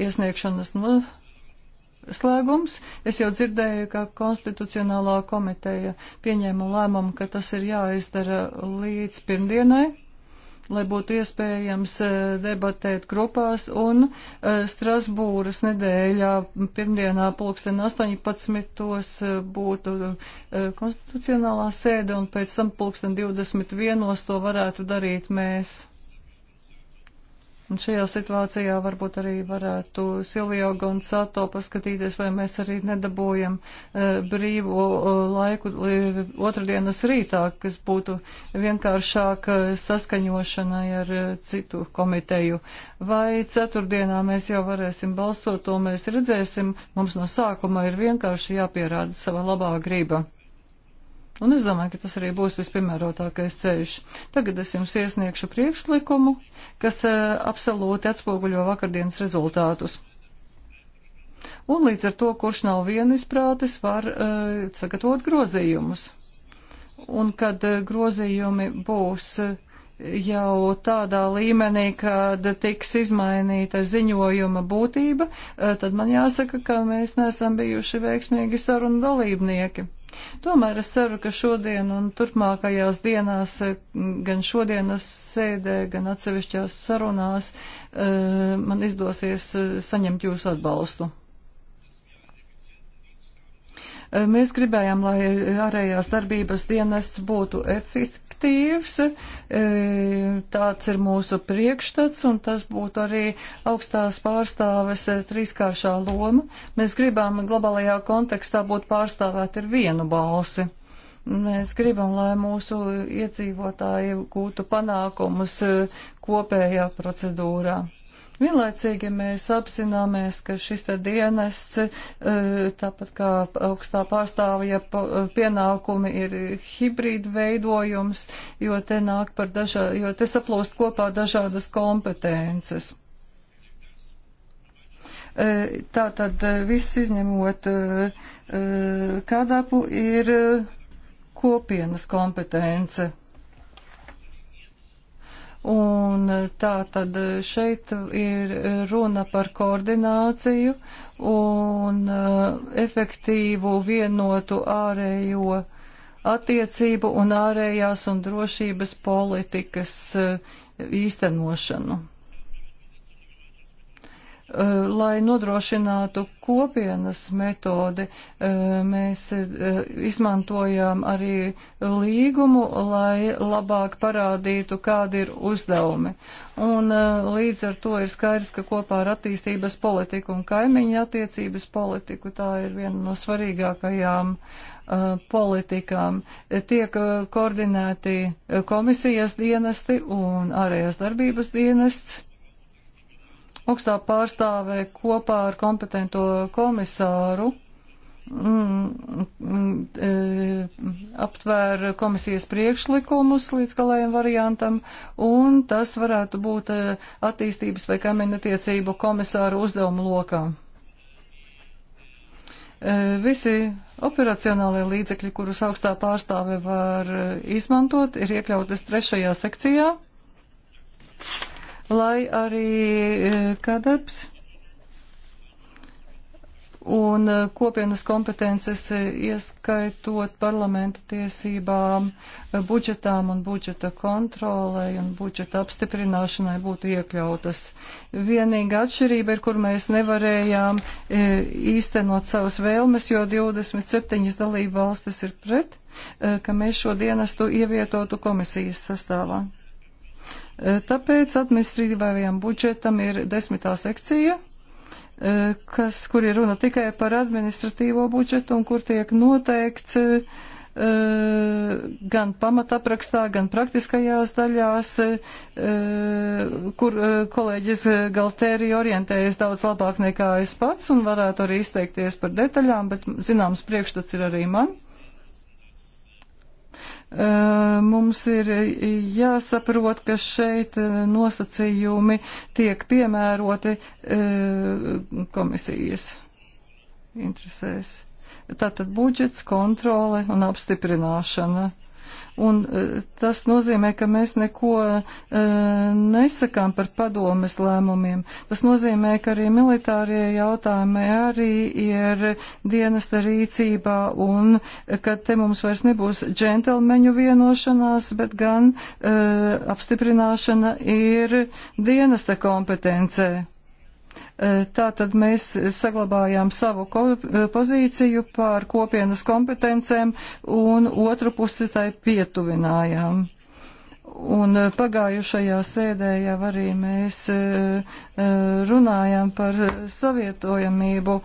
iesniegšanas noslēgums. Es jau dzirdēju, ka Konstitucionālā komiteja pieņēma lēmumu, ka tas ir jāizdara līdz pirmdienai lai būtu iespējams eh, debatēt grupās, un eh, Strasbūras nedēļā pirmdienā pulksten 18. Eh, būtu konstitucionālā sēde, un pēc tam pulksten 21. to varētu darīt mēs. Un šajā situācijā varbūt arī varētu Silvio Goncato paskatīties, vai mēs arī nedabūjam uh, brīvo uh, laiku uh, otrdienas rītā, kas būtu vienkāršāk uh, saskaņošanai ar uh, citu komiteju. Vai ceturtdienā mēs jau varēsim balsot, to mēs redzēsim. Mums no sākuma ir vienkārši jāpierāda sava labā grība. Un es domāju, ka tas arī būs vispiemērotākais ceļš. Tagad es jums iesniegšu priekšlikumu, kas uh, absolūti atspoguļo vakardienas rezultātus. Un līdz ar to, kurš nav vienisprātis, var uh, sagatavot grozījumus. Un kad uh, grozījumi būs uh, jau tādā līmenī, kad tiks izmainīta ziņojuma būtība, uh, tad man jāsaka, ka mēs neesam bijuši veiksmīgi sarunu dalībnieki. Tomēr es ceru, ka šodien un turpmākajās dienās, eh, gan šodienas sēdē, gan atsevišķās sarunās, eh, man izdosies eh, saņemt jūsu atbalstu. Mēs gribējām, lai ārējās darbības dienests būtu efektīvs aktīvs, e, tāds ir mūsu priekšstats un tas būtu arī augstās pārstāves e, trīskāršā loma. Mēs gribam globālajā kontekstā būt pārstāvēt ar vienu balsi. Mēs gribam, lai mūsu iedzīvotāji gūtu panākumus e, kopējā procedūrā. Vienlaicīgi mēs apzināmies, ka šis te dienests, e, tāpat kā augstā pārstāvja e, pienākumi, ir hibrīda veidojums, jo te, nāk par dažā, jo te saplūst kopā dažādas kompetences. E, tātad viss izņemot kādāpu ir kopienas kompetence. Un tā tad šeit ir runa par koordināciju un uh, efektīvu vienotu ārējo attiecību un ārējās un drošības politikas uh, īstenošanu. Eh, lai nodrošinātu kopienas metodi, eh, mēs eh, izmantojām arī līgumu, lai labāk parādītu, kādi ir uzdevumi. Un līdz ar to ir skaidrs, ka kopā ar attīstības politiku un kaimiņa attiecības politiku tā ir viena no svarīgākajām politikām. Tiek koordinēti komisijas dienesti un ārējās darbības dienests augstā pārstāve kopā ar kompetento komisāru mm, mm, e, aptvēra komisijas priekšlikumus līdz galējiem variantam, un tas varētu būt e, attīstības vai kaimiņattiecību komisāru uzdevumu lokā. E, visi operacionālie līdzekļi, kurus augstā pārstāve var izmantot, ir iekļautas trešajā sekcijā lai arī e, kadarbs un e, kopienas kompetences e, ieskaitot parlamenta tiesībām, budžetām un budžeta kontrolei un budžeta apstiprināšanai būtu iekļautas. Vienīga atšķirība ir, kur mēs nevarējām īstenot savas vēlmes, jo 27 dalību valstis ir pret, ka mēs šo dienestu ievietotu komisijas sastāvā. E, tāpēc administratīvajam budžetam ir desmitā sekcija, e, kas, kur ir runa tikai par administratīvo budžetu un kur tiek noteikts e, gan pamataprakstā, gan praktiskajās daļās, kur kolēģis Galtēri orientējas daudz labāk nekā es pats un varētu arī izteikties par detaļām, bet zināms priekšstats ir arī man. Eh, mums ir jāsaprot, ka šeit eh, nosacījumi tiek piemēroti eh, komisijas interesēs. Tātad budžets, kontrole un apstiprināšana. Un e, tas nozīmē, ka mēs neko e, nesakām par padomes lēmumiem. Tas nozīmē, ka arī militārie jautājumi arī ir dienesta rīcībā un ka te mums vairs nebūs džentelmeņu vienošanās, bet gan e, apstiprināšana ir dienesta kompetencē. Eh, Tā tad mēs saglabājām savu eh, pozīciju par kopienas kompetencēm un otru pusi tai pietuvinājām. Un eh, pagājušajā sēdē jau arī mēs runājām par savietojamību.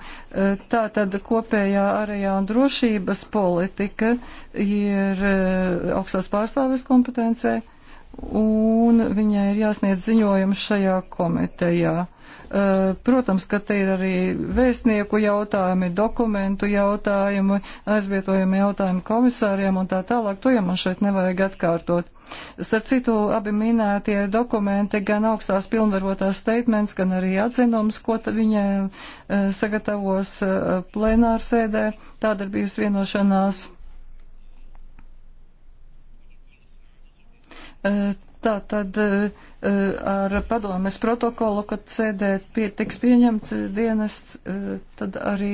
Tā tad kopējā ārējā un drošības politika ir augstās pārstāvis kompetencē, un viņai ir jāsniedz ziņojums šajā komitejā. Eh, protams, ka te ir arī vēstnieku jautājumi, dokumentu jautājumi, aizvietojumi jautājumi komisāriem un tā tālāk. To jau man šeit nevajag atkārtot. Starp citu, abi minētie dokumenti, gan augstās pilnvarotās statements, gan arī atzinums, ko viņa eh, sagatavos eh, plenārsēdē, tāda ir bijusi vienošanās. Tā tad eh, eh, ar padomes protokolu, kad CD pie, tiks pieņemts dienests, eh, tad arī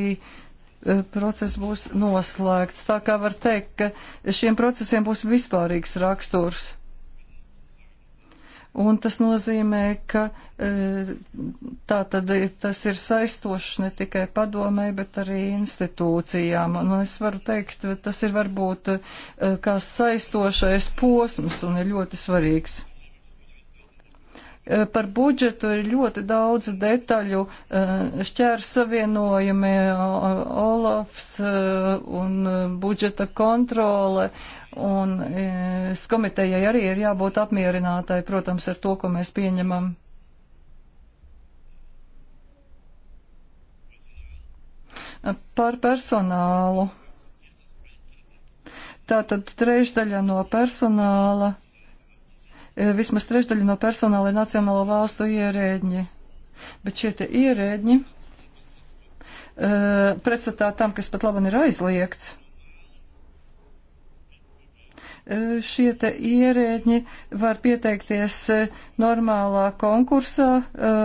process būs noslēgts. Tā kā var teikt, ka šiem procesiem būs vispārīgs raksturs. Un tas nozīmē, ka e, tā tad tas ir saistošs ne tikai padomē, bet arī institūcijām. Un es varu teikt, tas ir varbūt e, kā saistošais posms un ir ļoti svarīgs. E, par budžetu ir ļoti daudz detaļu, šķērs savienojumi, Olafs un budžeta kontrole Un e, es komitejai arī ir jābūt apmierinātai, protams, ar to, ko mēs pieņemam. Par personālu. Tātad trešdaļa no personāla, e, vismaz trešdaļa no personāla ir nacionālo valstu ierēģi. Bet šie te ierēģi e, pretstatā tam, kas pat labi ir aizliegts Eh, šie te ierēģi var pieteikties eh, normālā konkursā, eh,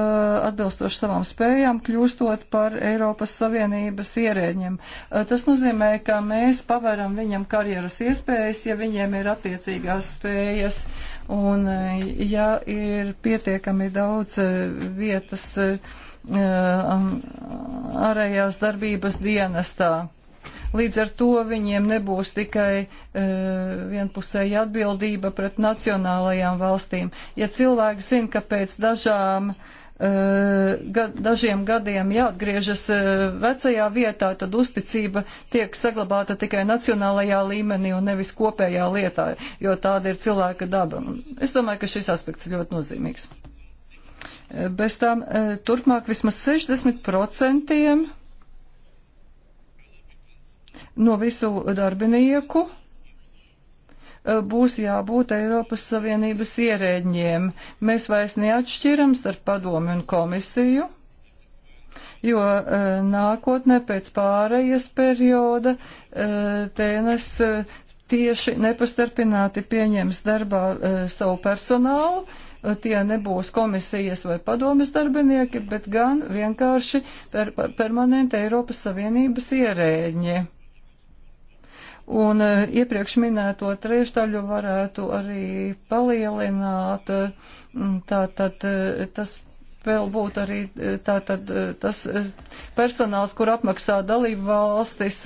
atbilstoši savām spējām, kļūstot par Eiropas Savienības ierēģiem. Tas nozīmē, ka mēs pavaram viņam karjeras iespējas, ja viņiem ir attiecīgās spējas. Un ja ir pietiekami daudz vietas ārējās darbības dienestā. Līdz ar to viņiem nebūs tikai e, vienpusēja atbildība pret nacionālajām valstīm. Ja cilvēki zina, ka pēc dažām e, gad, dažiem gadiem jāatgriežas e, vecajā vietā, tad uzticība tiek saglabāta tikai nacionālajā līmenī un nevis kopējā lietā, jo tāda ir cilvēka daba. Es domāju, ka šis aspekts ir ļoti nozīmīgs. Bez tām turpmāk vismaz 60% no visu darbinieku eh, būs jābūt Eiropas Savienības ierēģiem. Mēs vairs neatšķiram starp padomi un komisiju, jo eh, nākotnē pēc pārējas perioda eh, tēnes tieši nepastarpināti pieņems darbā savu personālu. Tie nebūs komisijas vai padomas darbinieki, bet gan vienkārši per, permanenti Eiropas Savienības ierēģi. Un e, iepriekš minēto trešdaļu varētu arī palielināt, e, tātad e, tas vēl būtu arī tātad tas personāls, kur apmaksā dalību valstis,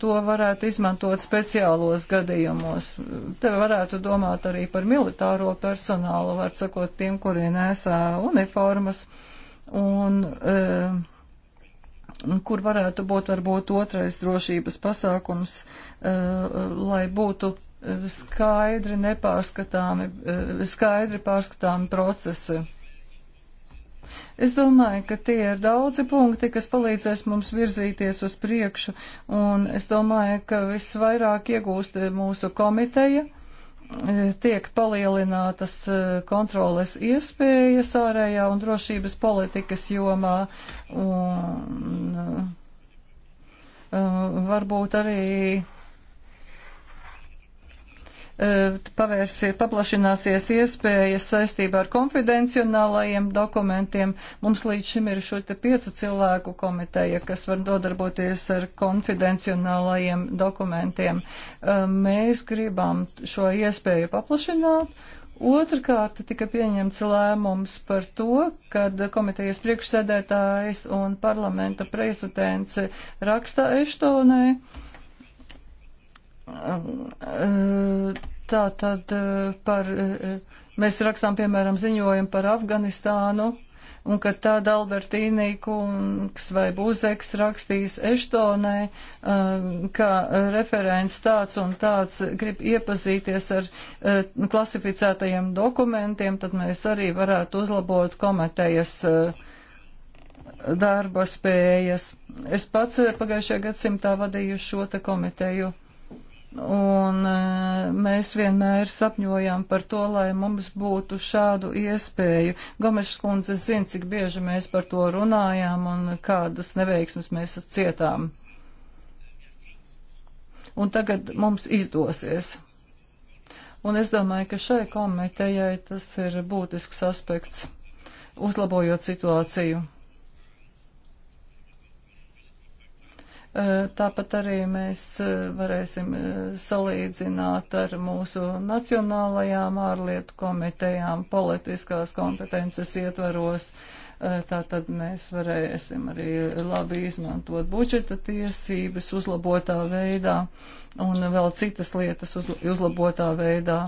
to varētu izmantot speciālos gadījumos. Te varētu domāt arī par militāro personālu, var sakot, tiem, kuri nesā uniformas. Un, uh, kur varētu būt varbūt otrais drošības pasākums Eh, lai būtu eh, skaidri nepārskatāmi, eh, skaidri pārskatāmi procesi. Es domāju, ka tie ir daudzi punkti, kas palīdzēs mums virzīties uz priekšu, un es domāju, ka visvairāk iegūst mūsu komiteja, tiek palielinātas kontroles iespējas ārējā un drošības politikas jomā, un varbūt arī Eh, pavērs, paplašināsies iespējas saistībā ar konfidencionālajiem dokumentiem. Mums līdz šim ir šo te piecu cilvēku komiteja, kas var dodarboties ar konfidencionālajiem dokumentiem. Eh, mēs gribam šo iespēju paplašināt Otrakārt tika pieņemts lēmums par to, kad komitejas priekšsēdētājs un parlamenta prezidents raksta Eštonai Tā tad eh, par, eh, mēs rakstām, piemēram, ziņojumu par Afganistānu, un ka tad Albertīnī kungs vai Buzeks rakstīs Eštonē, eh, ka referents tāds un tāds grib iepazīties ar klasificētajiem dokumentiem, tad mēs arī varētu uzlabot komitejas darba spējas. Es pats pagājušajā gadsimtā vadīju šo te komiteju. Un e, mēs vienmēr sapņojam par to, lai mums būtu šādu iespēju. Gomešs kundze zina, cik bieži mēs par to runājām un kādas neveiksmes mēs cietām. Un tagad mums izdosies. Un es domāju, ka šai komitejai tas ir būtisks aspekts, uzlabojot situāciju. Eh, tāpat arī mēs eh, varēsim eh, salīdzināt ar mūsu nacionālajām ārlietu komitejām politiskās kompetences ietvaros. Tātad mēs varēsim arī labi izmantot budžeta tiesības uzlabotā veidā un vēl citas lietas uzlabotā veidā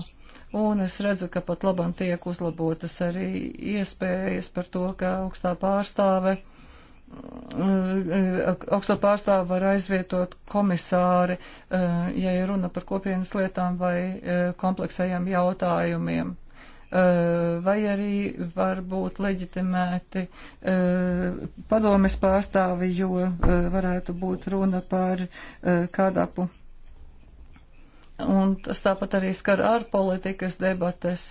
un es redzu, ka pat labam tiek uzlabotas arī iespējas par to, ka augstā pārstāve augsto pārstāvu var aizvietot komisāri, eh, ja ir runa par kopienas lietām vai eh, kompleksējiem jautājumiem. Eh, vai arī var būt leģitimēti padomes pārstāvi, jo varētu būt runa par kādapu. Un tas tāpat arī skar ārpolitikas debates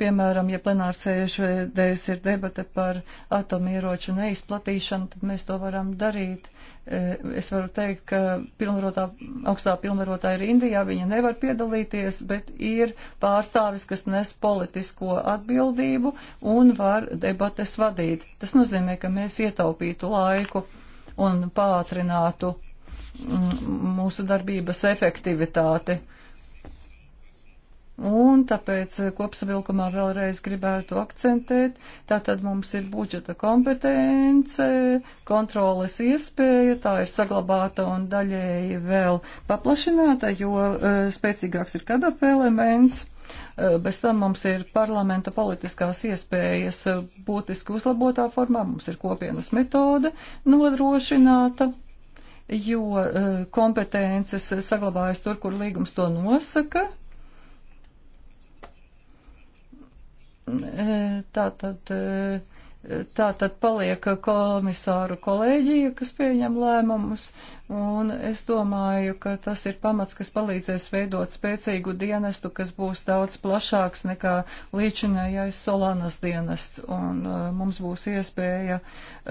Piemēram, ja plenārsēžēdēs ir debata par atomieroču neizplatīšanu, tad mēs to varam darīt. E, es varu teikt, ka pilnvarotā, augstā pilnvarotā ir Indijā, viņa nevar piedalīties, bet ir pārstāvis, kas nes politisko atbildību un var debates vadīt. Tas nozīmē, ka mēs ietaupītu laiku un pātrinātu mūsu darbības efektivitāti. Uh, Un tāpēc eh, kopsavilkumā vēlreiz gribētu akcentēt, tātad mums ir budžeta kompetence, kontroles iespēja, tā ir saglabāta un daļēji vēl paplašināta, jo uh, spēcīgāks ir kadapa elements. Uh, bez tam mums ir parlamenta politiskās iespējas uh, būtiski uzlabotā formā, mums ir kopienas metode nodrošināta, jo kompetences saglabājas tur, kur līgums to nosaka tātad, tātad paliek komisāru kolēģija, kas pieņem lēmumus, un es domāju, ka tas ir pamats, kas palīdzēs veidot spēcīgu dienestu, kas būs daudz plašāks nekā līdzinājais Solanas dienests, un uh, mums būs iespēja uh,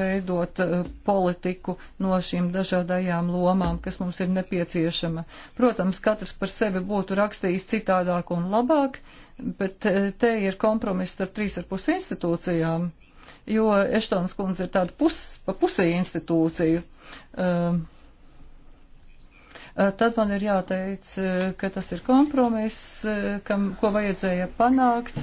veidot uh, politiku no šīm dažādajām lomām, kas mums ir nepieciešama. Protams, katrs par sevi būtu rakstījis citādāk un labāk, bet eh, te ir kompromiss ar trīs ar pus institūcijām, jo Eštons kundze ir tāda pus, pa pusē institūciju. Um, tad man ir jāteic, eh, ka tas ir kompromiss, kam, ko vajadzēja panākt.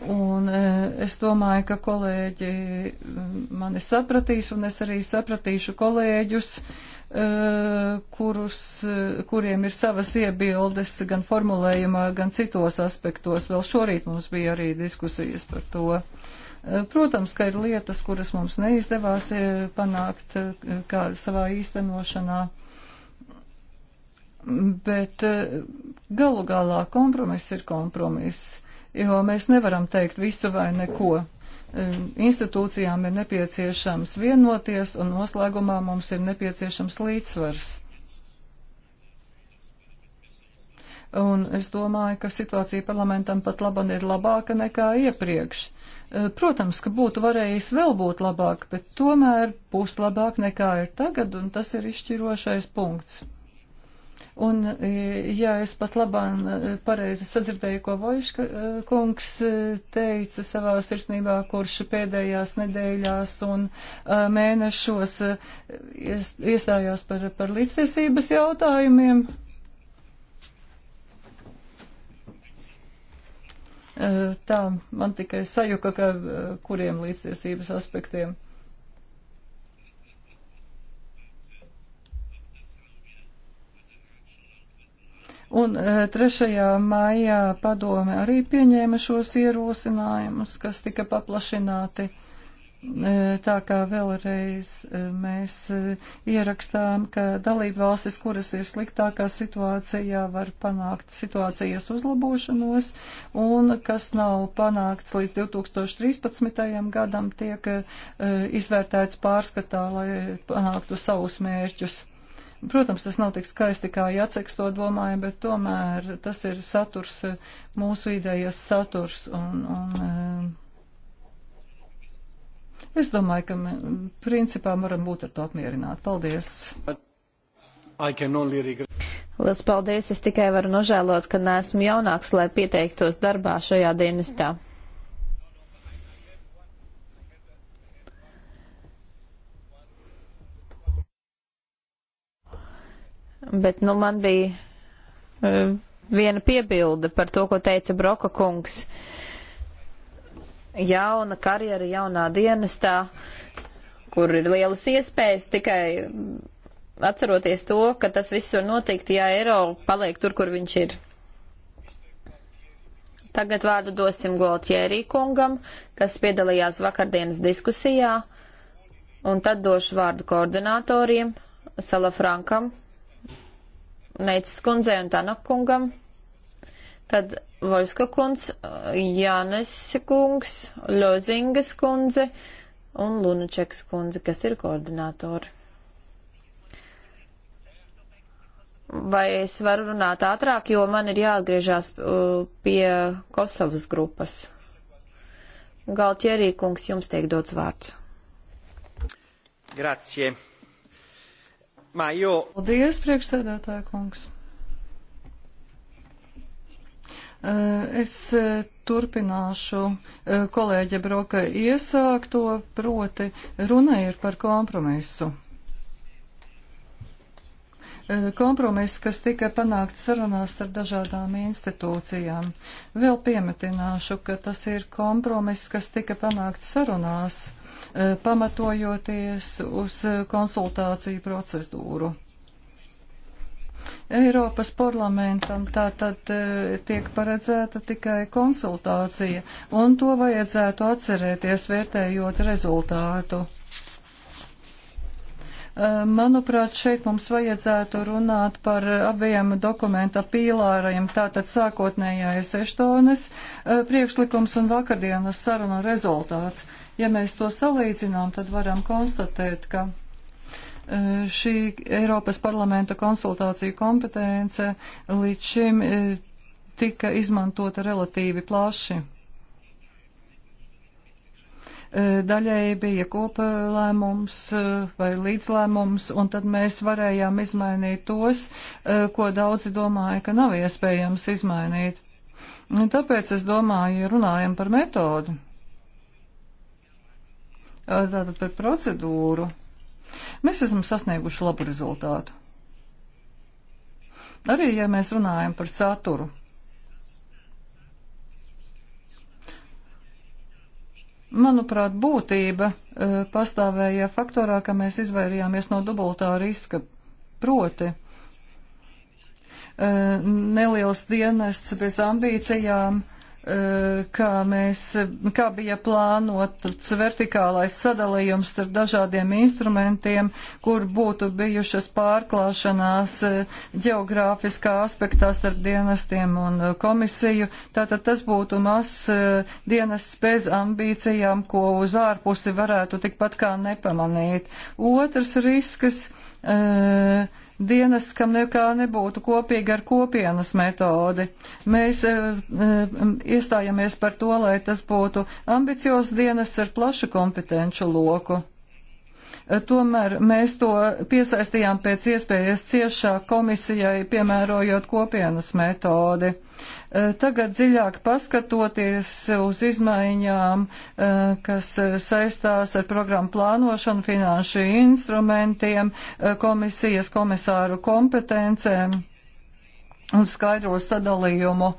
Un es domāju, ka kolēģi mm, mani sapratīs, un es arī sapratīšu kolēģus, uh, Eh, kurus, eh, kuriem ir savas iebildes gan formulējumā, gan citos aspektos. Vēl šorīt mums bija arī diskusijas par to. Eh, protams, ka ir lietas, kuras mums neizdevās panākt kā savā īstenošanā, bet galu galā kompromiss ir kompromiss, jo mēs nevaram teikt visu vai neko. Um, institūcijām ir nepieciešams vienoties un noslēgumā mums ir nepieciešams līdzsvars. Un es domāju, ka situācija parlamentam pat laban ir labāka nekā iepriekš. Uh, protams, ka būtu varējis vēl būt labāk, bet tomēr būs labāk nekā ir tagad, un tas ir izšķirošais punkts. Un, eh, ja es pat labāk eh, pareizi sadzirdēju, ko Vojiška eh, kungs teica savā sirsnībā, kurš pēdējās nedēļās un mēnešos iestājās par, par līdztiesības jautājumiem, tā man tikai sajuka, ka kuriem līdztiesības aspektiem. Un 3. E, maijā padome arī pieņēma šos ierosinājumus, kas tika paplašināti. E, tā kā vēlreiz e, mēs ierakstām, ka dalība valstis, kuras ir sliktākā situācijā, var panākt situācijas uzlabošanos, un kas nav panākts līdz 2013. gadam, tiek izvērtēts pārskatā, lai panāktu savus mērķus. Protams, tas nav tik skaisti, kā Jaceks to domāja, bet tomēr tas ir saturs, eh, mūsu idejas saturs. Un, un, eh, es domāju, ka principā varam būt ar to apmierināti. Paldies! Lielas paldies! Es tikai varu nožēlot, ka neesmu jaunāks, lai pieteiktos darbā šajā dienestā. bet nu man bija eh, viena piebilde par to, ko teica Broka kungs. Jauna karjera, jaunā dienestā, kur ir lielas iespējas, tikai atceroties to, ka tas viss var notikt, ja eiro paliek tur, kur viņš ir. Tagad vārdu dosim Goltjērī kungam, kas piedalījās vakardienas diskusijā, un tad došu vārdu koordinatoriem, Salafrankam, Neits kundzei un Tanakungam. Tad Vojska kungs, Jānes kungs, Lozingas kundze un Lunačeks kundze, kas ir koordinātori. Vai es varu runāt ātrāk, jo man ir jāatgriežās uh, pie Kosovas grupas? Galtjerī kungs, jums tiek dots vārds. Grazie. Ma io... Paldies, priekšsēdētāja kungs. Eh, es eh, turpināšu eh, kolēģa Broka iesākto, proti runa ir par kompromisu kompromiss, kas tika panākts sarunās ar dažādām institūcijām. Vēl piemetināšu, ka tas ir kompromiss, kas tika panākts sarunās E, pamatojoties uz konsultāciju procedūru. Eiropas parlamentam tā tad e, tiek paredzēta tikai konsultācija, un to vajadzētu atcerēties vērtējot rezultātu. E, manuprāt, šeit mums vajadzētu runāt par abiem dokumenta pīlāriem, tātad sākotnējais Eštones priekšlikums un vakardienas sarunu rezultāts. Ja mēs to salīdzinām, tad varam konstatēt, ka e, šī Eiropas parlamenta konsultāciju kompetence līdz šim e, tika izmantota relatīvi plaši e, daļēji bija kopalēmums vai līdzlēmums, un tad mēs varējām izmainīt tos, ko daudzi domāja, ka nav iespējams izmainīt. Tāpēc es domāju, runājam par metodu. Tātad par procedūru. Mēs esam sasnieguši labu rezultātu. Arī, ja mēs runājam par saturu. Manuprāt, būtība pastāvēja faktorā, ka mēs izvairījāmies no dubultā riska. Proti, neliels dienests bez ambīcijām, uh, Eh, kā, mēs, kā bija plānots vertikālais sadalījums starp dažādiem instrumentiem, kur būtu bijušas pārklāšanās eh, geogrāfiskā aspektā starp dienestiem un eh, komisiju. Tātad tas būtu mazs dienests bez ambīcijām, ko uz ārpusi varētu tikpat kā nepamanīt. Otrs risks. Uh, dienas, kam nekā nebūtu kopīga ar kopienas metodi. Mēs e, iestājamies par to, lai tas būtu ambiciozs dienas ar plašu kompetenču loku. Tomēr mēs to piesaistījām pēc iespējas ciešāk komisijai, piemērojot kopienas metodi. Eh, tagad dziļāk paskatoties uz izmaiņām, eh, kas saistās ar programmu plānošanu, finanšu instrumentiem, eh, komisijas komisāru kompetencēm un skaidro sadalījumu.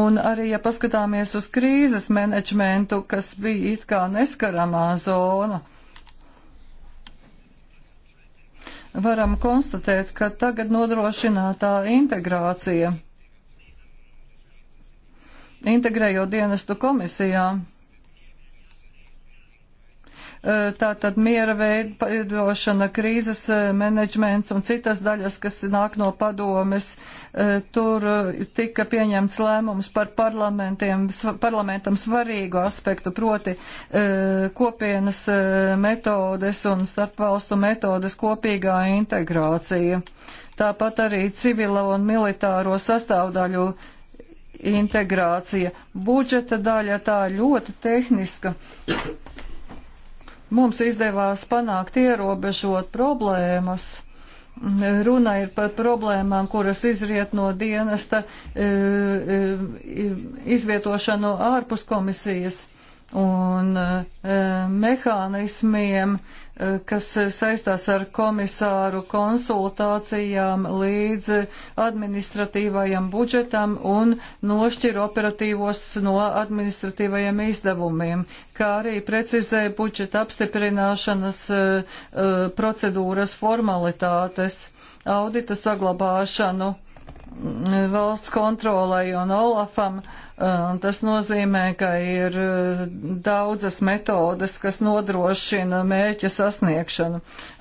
Un arī, ja paskatāmies uz krīzes menedžmentu, kas bija it kā neskaramā zona, uh, varam konstatēt, ka tagad nodrošinātā integrācija, integrējot dienestu komisijā, Eh, tātad miera veidošana, krīzes eh, menedžments un citas daļas, kas nāk no padomes. Eh, tur tika pieņemts lēmums par parlamentam svarīgu aspektu, proti kopienas metodes un starpvalstu metodes kopīgā integrācija. Tāpat arī civilo un militāro sastāvdaļu integrācija. Budžeta daļa tā ļoti tehniska. Mums izdevās panākt ierobežot problēmas. Runa ir par problēmām, kuras izriet no dienesta eh, eh, izvietošanu ārpus komisijas un uh, mehānismiem, uh, kas saistās ar komisāru konsultācijām līdz administratīvajam budžetam un nošķir operatīvos no administratīvajiem izdevumiem, kā arī precizē budžeta apstiprināšanas uh, procedūras formalitātes, audita saglabāšanu valsts kontrolai un Olafam. Eh, un tas nozīmē, ka ir eh, daudzas metodes, kas nodrošina mērķa sasniegšanu.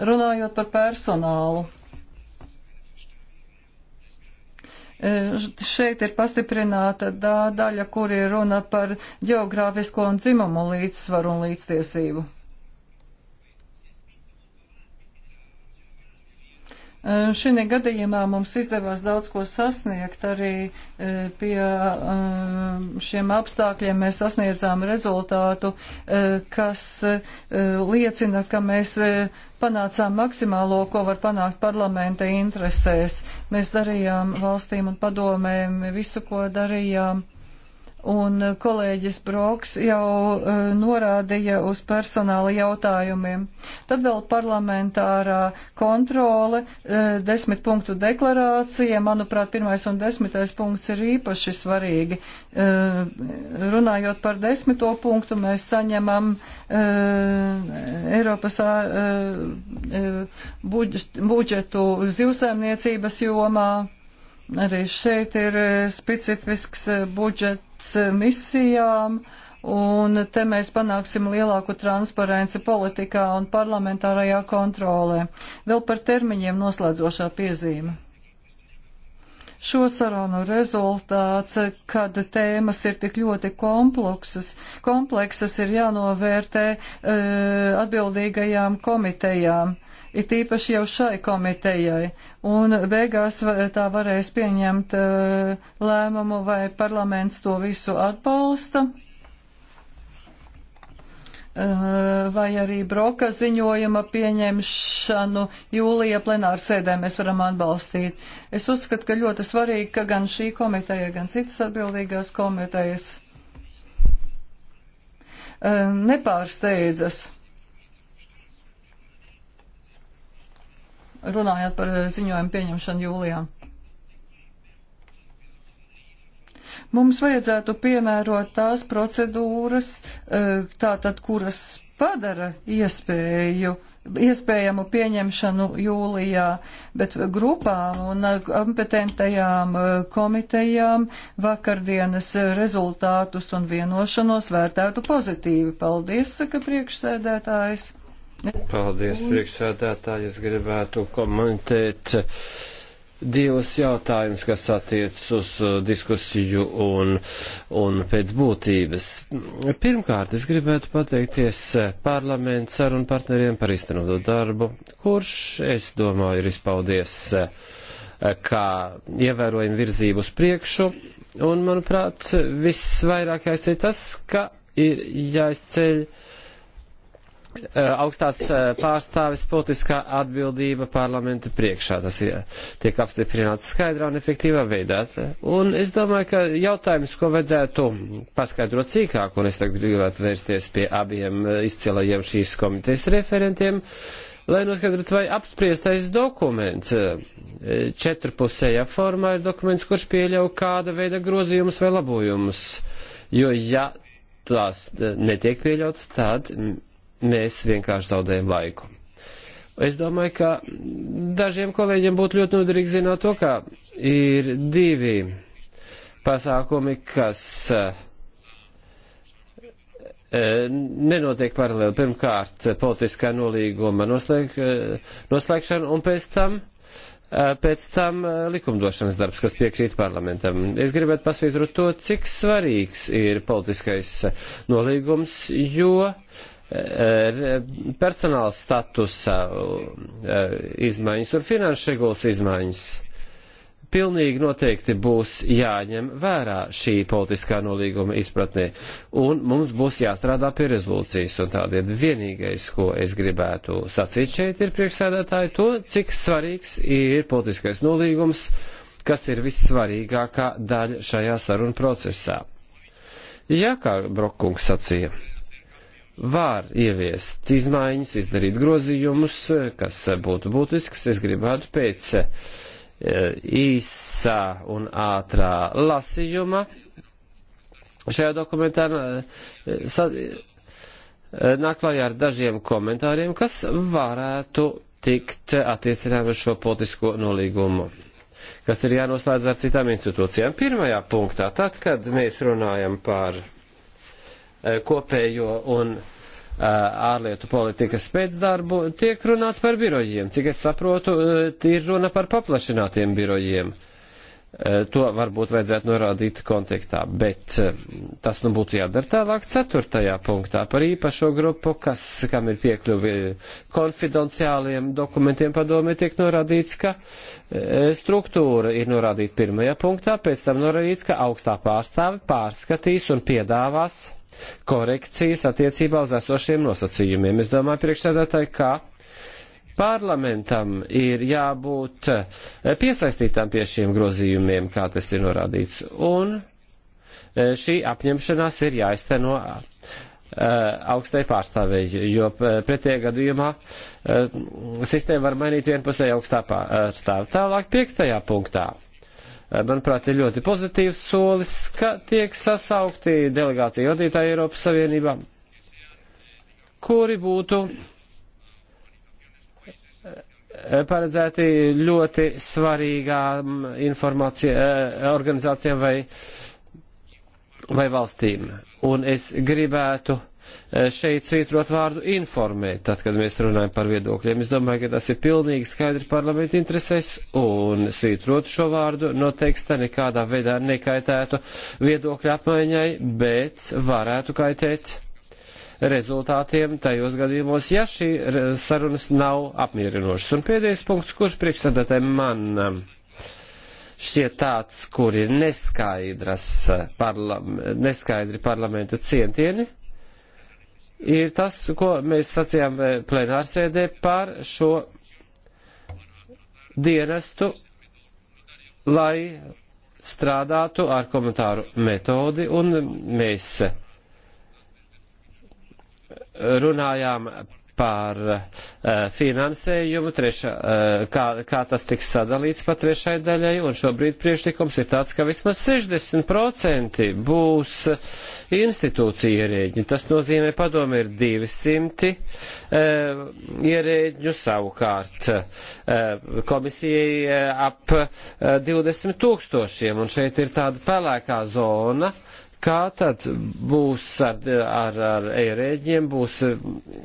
Runājot par personālu. Eh, šeit ir pastiprināta tā daļa, kur ir runa par geogrāfisko un dzimumu līdzsvaru un līdztiesību. Šī gadījumā mums izdevās daudz ko sasniegt, arī pie šiem apstākļiem mēs sasniedzām rezultātu, kas liecina, ka mēs panācām maksimālo, ko var panākt parlamenta interesēs. Mēs darījām valstīm un padomēm visu, ko darījām un eh, kolēģis Broks jau uh, norādīja uz personāla jautājumiem. Tad vēl parlamentārā kontrole, uh, desmit punktu deklarācija, manuprāt, pirmais un desmitais punkts ir īpaši svarīgi. Uh, runājot par desmito punktu, mēs saņemam Eiropas budžetu zivsēmniecības jomā. Arī šeit ir specifisks budžets misijām, un te mēs panāksim lielāku transparenci politikā un parlamentārajā kontrolē. Vēl par termiņiem noslēdzošā piezīme šo sarunu rezultāts, kad tēmas ir tik ļoti kompleksas, kompleksas ir jānovērtē e, atbildīgajām komitejām, it īpaši jau šai komitejai. Un beigās tā varēs pieņemt e, lēmumu, vai parlaments to visu atbalsta Eh, vai arī broka ziņojuma pieņemšanu jūlija plenāru sēdē mēs varam atbalstīt. Es uzskatu, ka ļoti svarīgi, ka gan šī komiteja, gan citas atbildīgās komitejas eh, nepārsteidzas. Runājot par ziņojumu pieņemšanu jūlijā. Mums vajadzētu piemērot tās procedūras, e, tātad, kuras padara iespēju iespējamu pieņemšanu jūlijā, bet grupām un kompetentajām e, komitejām vakardienas rezultātus un vienošanos vērtētu pozitīvi. Paldies, saka priekšsēdētājs. Paldies, priekšsēdētāji. Es gribētu komentēt divas jautājumas, kas attiecas uz uh, diskusiju un, un pēc būtības. Pirmkārt, es gribētu pateikties uh, parlaments ar un partneriem par iztenoto darbu, kurš, es domāju, ir izpaudies uh, kā ievērojami virzību uz priekšu. Un, manuprāt, visvairāk jāizceļ tas, ka ir jāizceļ uh, Eh, augstās eh, pārstāvis politiskā atbildība parlamenta priekšā. Tas ir, tiek apstiprināts skaidrā un efektīvā veidā. Un es domāju, ka jautājums, ko vajadzētu paskaidrot cīkāk, un es tagad gribētu vērsties pie abiem eh, izcilajiem šīs komitejas referentiem, lai noskaidrotu, vai apspriestais dokuments četrpusējā formā ir dokuments, kurš pieļauj kāda veida grozījumus vai labojumus. Jo, ja tās netiek pieļautas, tad mēs vienkārši zaudējam laiku. Es domāju, ka dažiem kolēģiem būtu ļoti noderīgi zināt to, ka ir divi pasākumi, kas eh, nenotiek paralēli. Pirmkārt, politiskā nolīguma noslēg, eh, noslēgšana un pēc tam, eh, pēc tam likumdošanas darbs, kas piekrīt parlamentam. Es gribētu pasvītrot to, cik svarīgs ir politiskais nolīgums, jo uh, Eh, eh, personāla statusa eh, izmaiņas un finanšu regulas izmaiņas. Pilnīgi noteikti būs jāņem vērā šī politiskā nolīguma izpratnē, un mums būs jāstrādā pie rezolūcijas, un tādēļ vienīgais, ko es gribētu sacīt šeit, ir priekšsēdētāji to, cik svarīgs ir politiskais nolīgums, kas ir vissvarīgākā daļa šajā sarunu procesā. Jā, kā Brokkungs sacīja var ieviest izmaiņas, izdarīt grozījumus, kas būtu būtisks. Es gribētu pēc e, īsā un ātrā lasījuma šajā dokumentā e, e, nāk klajā ar dažiem komentāriem, kas varētu tikt attiecināmi uz šo politisko nolīgumu kas ir jānoslēdz ar citām institūcijām. Pirmajā punktā, tad, kad mēs runājam par Eh, kopējo un eh, ārlietu politikas pēcdarbu, tiek runāts par birojiem. Cik es saprotu, eh, ir runa par paplašinātiem birojiem. To varbūt vajadzētu norādīt kontekstā, bet tas nu būtu jādara tālāk ceturtajā punktā par īpašo grupu, kas, kam ir piekļuvi konfidenciāliem dokumentiem padomē, tiek norādīts, ka struktūra ir norādīta pirmajā punktā, pēc tam norādīts, ka augstā pārstāve pārskatīs un piedāvās korekcijas attiecībā uz esošiem nosacījumiem. Es domāju, priekšsēdētāji, ka parlamentam ir jābūt eh, piesaistītām pie šiem grozījumiem, kā tas ir norādīts. Un eh, šī apņemšanās ir jāizteno eh, augstai pārstāvēji, jo pretējā gadījumā sistēma var mainīt vienpusēji augstā pārstāv. Tālāk piektajā punktā Eh, manuprāt, ir ļoti pozitīvs solis, ka tiek sasaukti delegācija vadītāji Eiropas Savienībā, kuri būtu eh, paredzēti ļoti svarīgām eh, organizācijām vai, vai valstīm. Un es gribētu Eh, šeit svītrot vārdu informēt, tad, kad mēs runājam par viedokļiem. Es domāju, ka tas ir pilnīgi skaidri parlamenta interesēs un svītrot šo vārdu no teksta nekādā veidā nekaitētu viedokļu apmaiņai, bet varētu kaitēt rezultātiem tajos gadījumos, ja šī sarunas nav apmierinošas. Un pēdējais punkts, kurš priekšsēdētājiem man um, šie tāds, kur ir neskaidras, eh, parlam, neskaidri parlamenta cientieni, ir tas, ko mēs sacījām eh, plenārsēdē par šo dienestu, lai strādātu ar komentāru metodi, un mēs runājām par uh, finansējumu, trešā, uh, eh, kā, kā tas tiks sadalīts pa trešai daļai, un šobrīd priekšlikums ir tāds, ka vismaz 60% būs uh, institūciju ierēģi. Tas nozīmē padomi ir 200 e, eh, ierēģu savukārt e, komisijai e, ap e, 20 tūkstošiem, un šeit ir tāda pelēkā zona, kā tad būs ar, ar, ar ierēģiem, būs. E,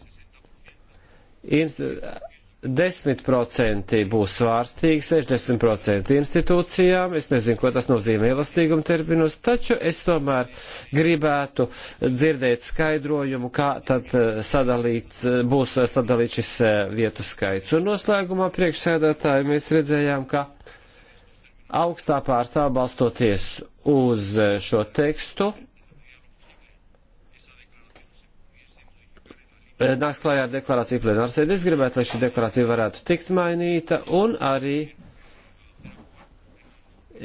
inst, 10% būs svārstīgi, 60% institūcijām. Es nezinu, ko tas nozīmē elastīguma terminus, taču es tomēr gribētu dzirdēt skaidrojumu, kā tad eh, sadalīts, būs sadalīts šis eh, vietu skaits. Un noslēgumā priekšsēdētāji mēs redzējām, ka augstā pārstāv balstoties uz eh, šo tekstu Eh, nāks klājā ar deklarāciju plenārsēdē. Es gribētu, lai šī deklarācija varētu tikt mainīta un arī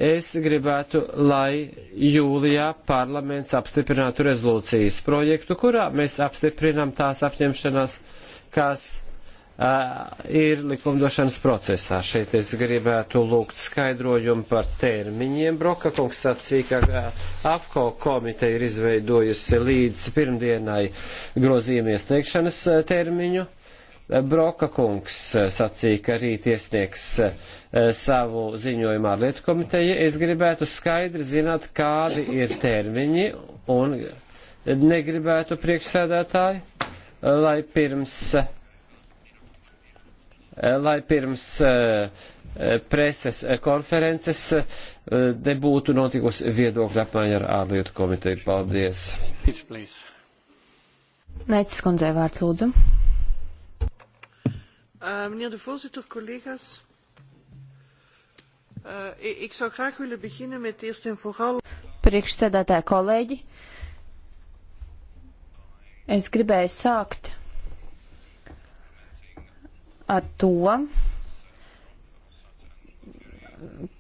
es gribētu, lai jūlijā parlaments apstiprinātu rezolūcijas projektu, kurā mēs apstiprinām tās apņemšanās, kas ir likumdošanas procesā. Šeit es gribētu lūgt skaidrojumu par termiņiem. Broka kungs sacīja, ka AFCO komiteja ir izveidojusi līdz pirmdienai grozījuma iesniegšanas termiņu. Broka kungs sacīja, ka rīt iesniegs savu ziņojumu ārlietu komiteja. Es gribētu skaidri zināt, kādi ir termiņi un negribētu priekšsēdētāji, lai pirms Eh, lai pirms eh, eh, preses konferences nebūtu notikusi viedokļa apmaiņa ar ārlietu komiteju. Paldies! Necis kundzei vārds lūdzu. Uh, meneer de voorzitter, collega's. Uh, ik zou graag willen beginnen met eerst en vooral. Priekšsēdētāji kolēģi, es gribēju sākt ar to,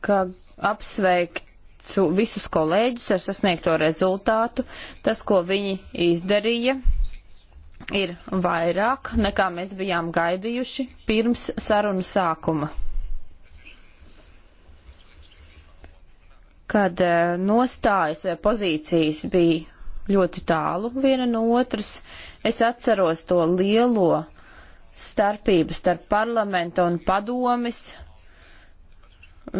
ka apsveiktu visus kolēģus ar sasniegto rezultātu. Tas, ko viņi izdarīja, ir vairāk nekā mēs bijām gaidījuši pirms sarunu sākuma. Kad eh, nostājas vai pozīcijas bija ļoti tālu viena no otras, es atceros to lielo starpību starp parlamenta un padomis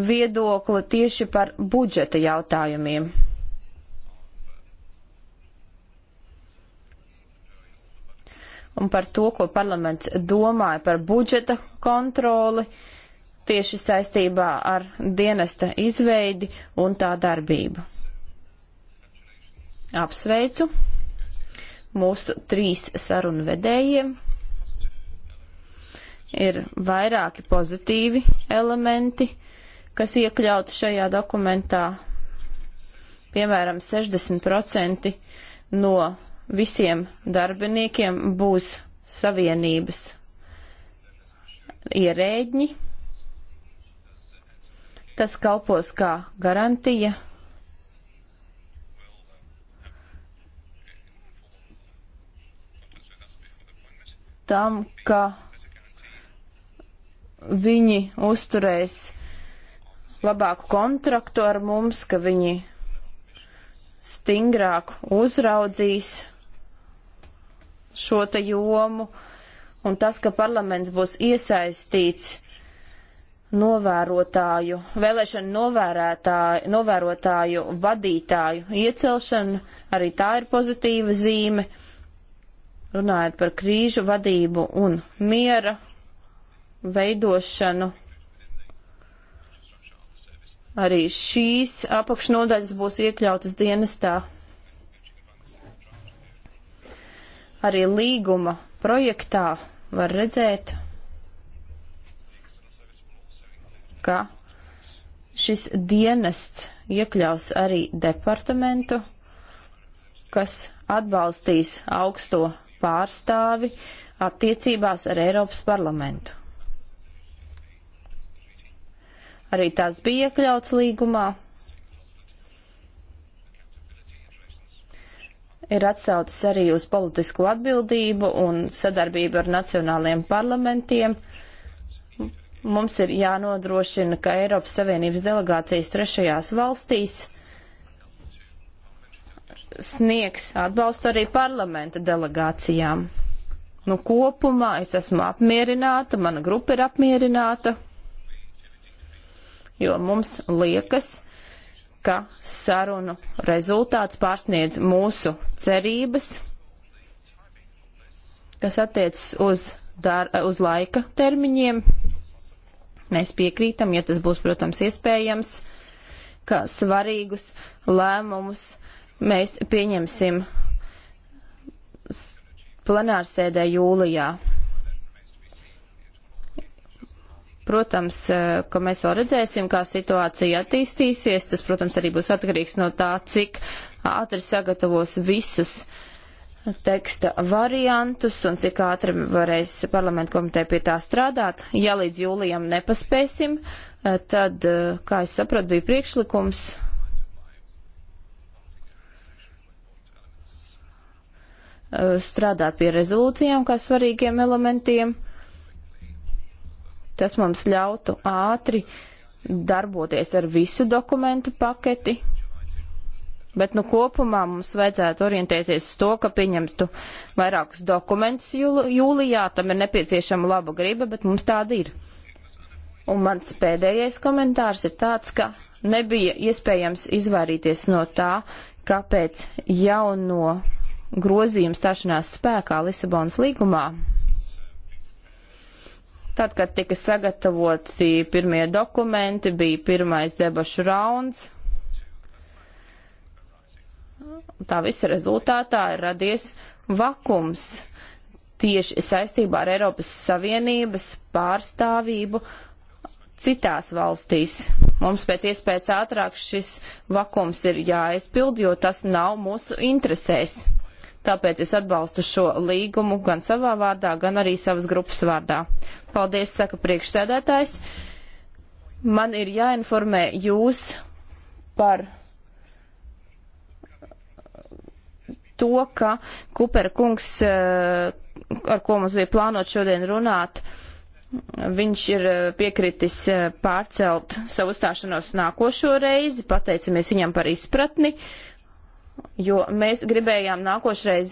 viedokli tieši par budžeta jautājumiem. Un par to, ko parlaments domāja par budžeta kontroli tieši saistībā ar dienesta izveidi un tā darbību. Apsveicu mūsu trīs sarunu vedējiem ir vairāki pozitīvi elementi, kas iekļauti šajā dokumentā. Piemēram, 60% no visiem darbiniekiem būs savienības ierēģi. Tas kalpos kā garantija. Tam, ka viņi uzturēs labāku kontraktu ar mums, ka viņi stingrāk uzraudzīs šo te jomu, un tas, ka parlaments būs iesaistīts novērotāju, vēlēšanu novērētāju, novērotāju vadītāju iecelšanu, arī tā ir pozitīva zīme. Runājot par krīžu vadību un miera veidošanu. Arī šīs apakšnodaļas būs iekļautas dienestā. Arī līguma projektā var redzēt, ka šis dienests iekļaus arī departamentu, kas atbalstīs augsto pārstāvi attiecībās ar Eiropas parlamentu arī tās bija iekļauts līgumā. Ir atsaucis arī uz politisko atbildību un sadarbību ar nacionāliem parlamentiem. Mums ir jānodrošina, ka Eiropas Savienības delegācijas trešajās valstīs sniegs atbalstu arī parlamenta delegācijām. Nu, kopumā es esmu apmierināta, mana grupa ir apmierināta jo mums liekas, ka sarunu rezultāts pārsniedz mūsu cerības, kas attiecas uz, dar, uz laika termiņiem. Mēs piekrītam, ja tas būs, protams, iespējams, ka svarīgus lēmumus mēs pieņemsim plenārsēdē jūlijā. Protams, eh, ka mēs vēl redzēsim, kā situācija attīstīsies. Tas, protams, arī būs atkarīgs no tā, cik ātri sagatavos visus teksta variantus un cik ātri varēs parlamentu komiteja pie tā strādāt. Ja līdz jūlijam nepaspēsim, eh, tad, eh, kā es sapratu, bija priekšlikums. strādāt pie rezolūcijām kā svarīgiem elementiem. Tas mums ļautu ātri darboties ar visu dokumentu paketi, bet nu kopumā mums vajadzētu orientēties uz to, ka pieņems tu vairākus dokumentus jūlijā, tam ir nepieciešama laba griba, bet mums tāda ir. Un mans pēdējais komentārs ir tāds, ka nebija iespējams izvairīties no tā, kāpēc jauno grozījumu stāšanās spēkā Lisabonas līgumā Tad, kad tika sagatavoti pirmie dokumenti, bija pirmais debašu rauns. Tā visa rezultātā ir radies vakums tieši saistībā ar Eiropas Savienības pārstāvību citās valstīs. Mums pēc iespējas ātrāk šis vakums ir jāaizpild, jo tas nav mūsu interesēs tāpēc es atbalstu šo līgumu gan savā vārdā, gan arī savas grupas vārdā. Paldies, saka priekšsēdētājs. Man ir jāinformē jūs par to, ka Kupera kungs, eh, ar ko mums bija plānot šodien runāt, Viņš ir eh, piekritis eh, pārcelt savu uzstāšanos nākošo reizi, pateicamies viņam par izpratni, jo mēs gribējām nākošreiz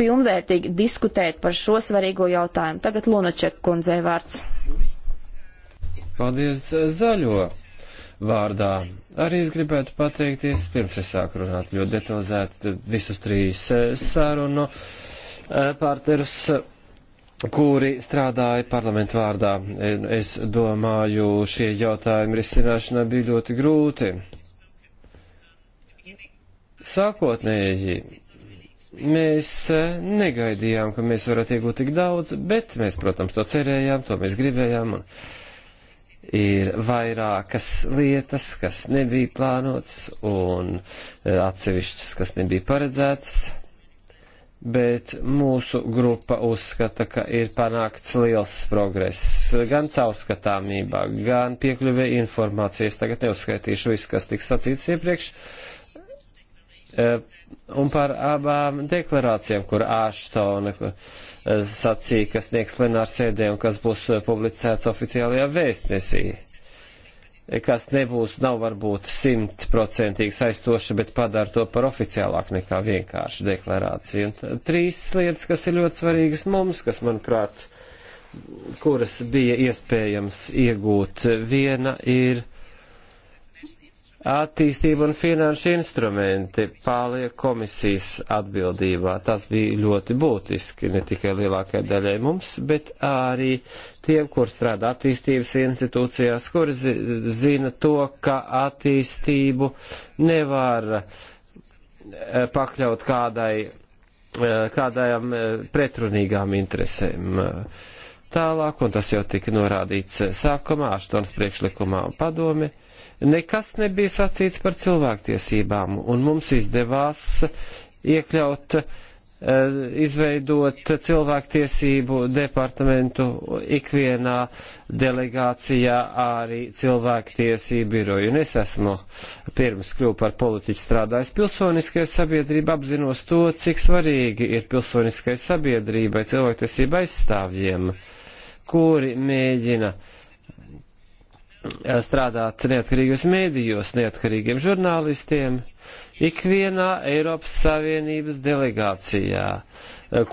pilnvērtīgi diskutēt par šo svarīgo jautājumu. Tagad Lunaček kundzei vārds. Paldies eh, zaļo vārdā. Arī es gribētu pateikties, pirms es sāku runāt ļoti detalizēti visus trīs eh, sarunu eh, pārterus kuri strādāja parlamentu vārdā. Es domāju, šie jautājumi risināšanā bija ļoti grūti. Sākotnēji mēs eh, negaidījām, ka mēs varat iegūt tik daudz, bet mēs, protams, to cerējām, to mēs gribējām. Un ir vairākas lietas, kas nebija plānotas un eh, atsevišķas, kas nebija paredzētas bet mūsu grupa uzskata, ka ir panākts liels progress gan caurskatāmībā, gan piekļuvē informācijas. Tagad neuzskaitīšu visu, kas tiks sacīts iepriekš. Uh, Eh, un par abām deklarācijām, kur Āštona eh, sacīja, kas sniegs plenārsēdē un kas būs eh, publicēts oficiālajā vēstnesī kas nebūs, nav varbūt simtprocentīgi saistoša, bet padara to par oficiālāku nekā vienkārši deklarāciju. Un trīs lietas, kas ir ļoti svarīgas mums, kas, manuprāt, kuras bija iespējams iegūt. Viena ir attīstība un finanšu instrumenti paliek komisijas atbildībā. Tas bija ļoti būtiski ne tikai lielākajai daļai mums, bet arī tiem, kur strādā attīstības institūcijās, kur zina to, ka attīstību nevar eh, pakļaut kādai, eh, kādām eh, pretrunīgām interesēm tālāk, un tas jau tika norādīts sākumā, Aštons priekšlikumā un padomi, uh, nekas nebija sacīts par cilvēktiesībām, un mums izdevās iekļaut, eh, izveidot cilvēktiesību departamentu ikvienā delegācijā arī cilvēktiesību biroju. Un es esmu pirms kļuvu par politiķu strādājis pilsoniskajai sabiedrībai, apzinos to, cik svarīgi ir pilsoniskajai sabiedrībai cilvēktiesība aizstāvjiem, kuri mēģina uh, strādāt neatkarīgos mēdījos, neatkarīgiem žurnālistiem, ikvienā Eiropas Savienības delegācijā,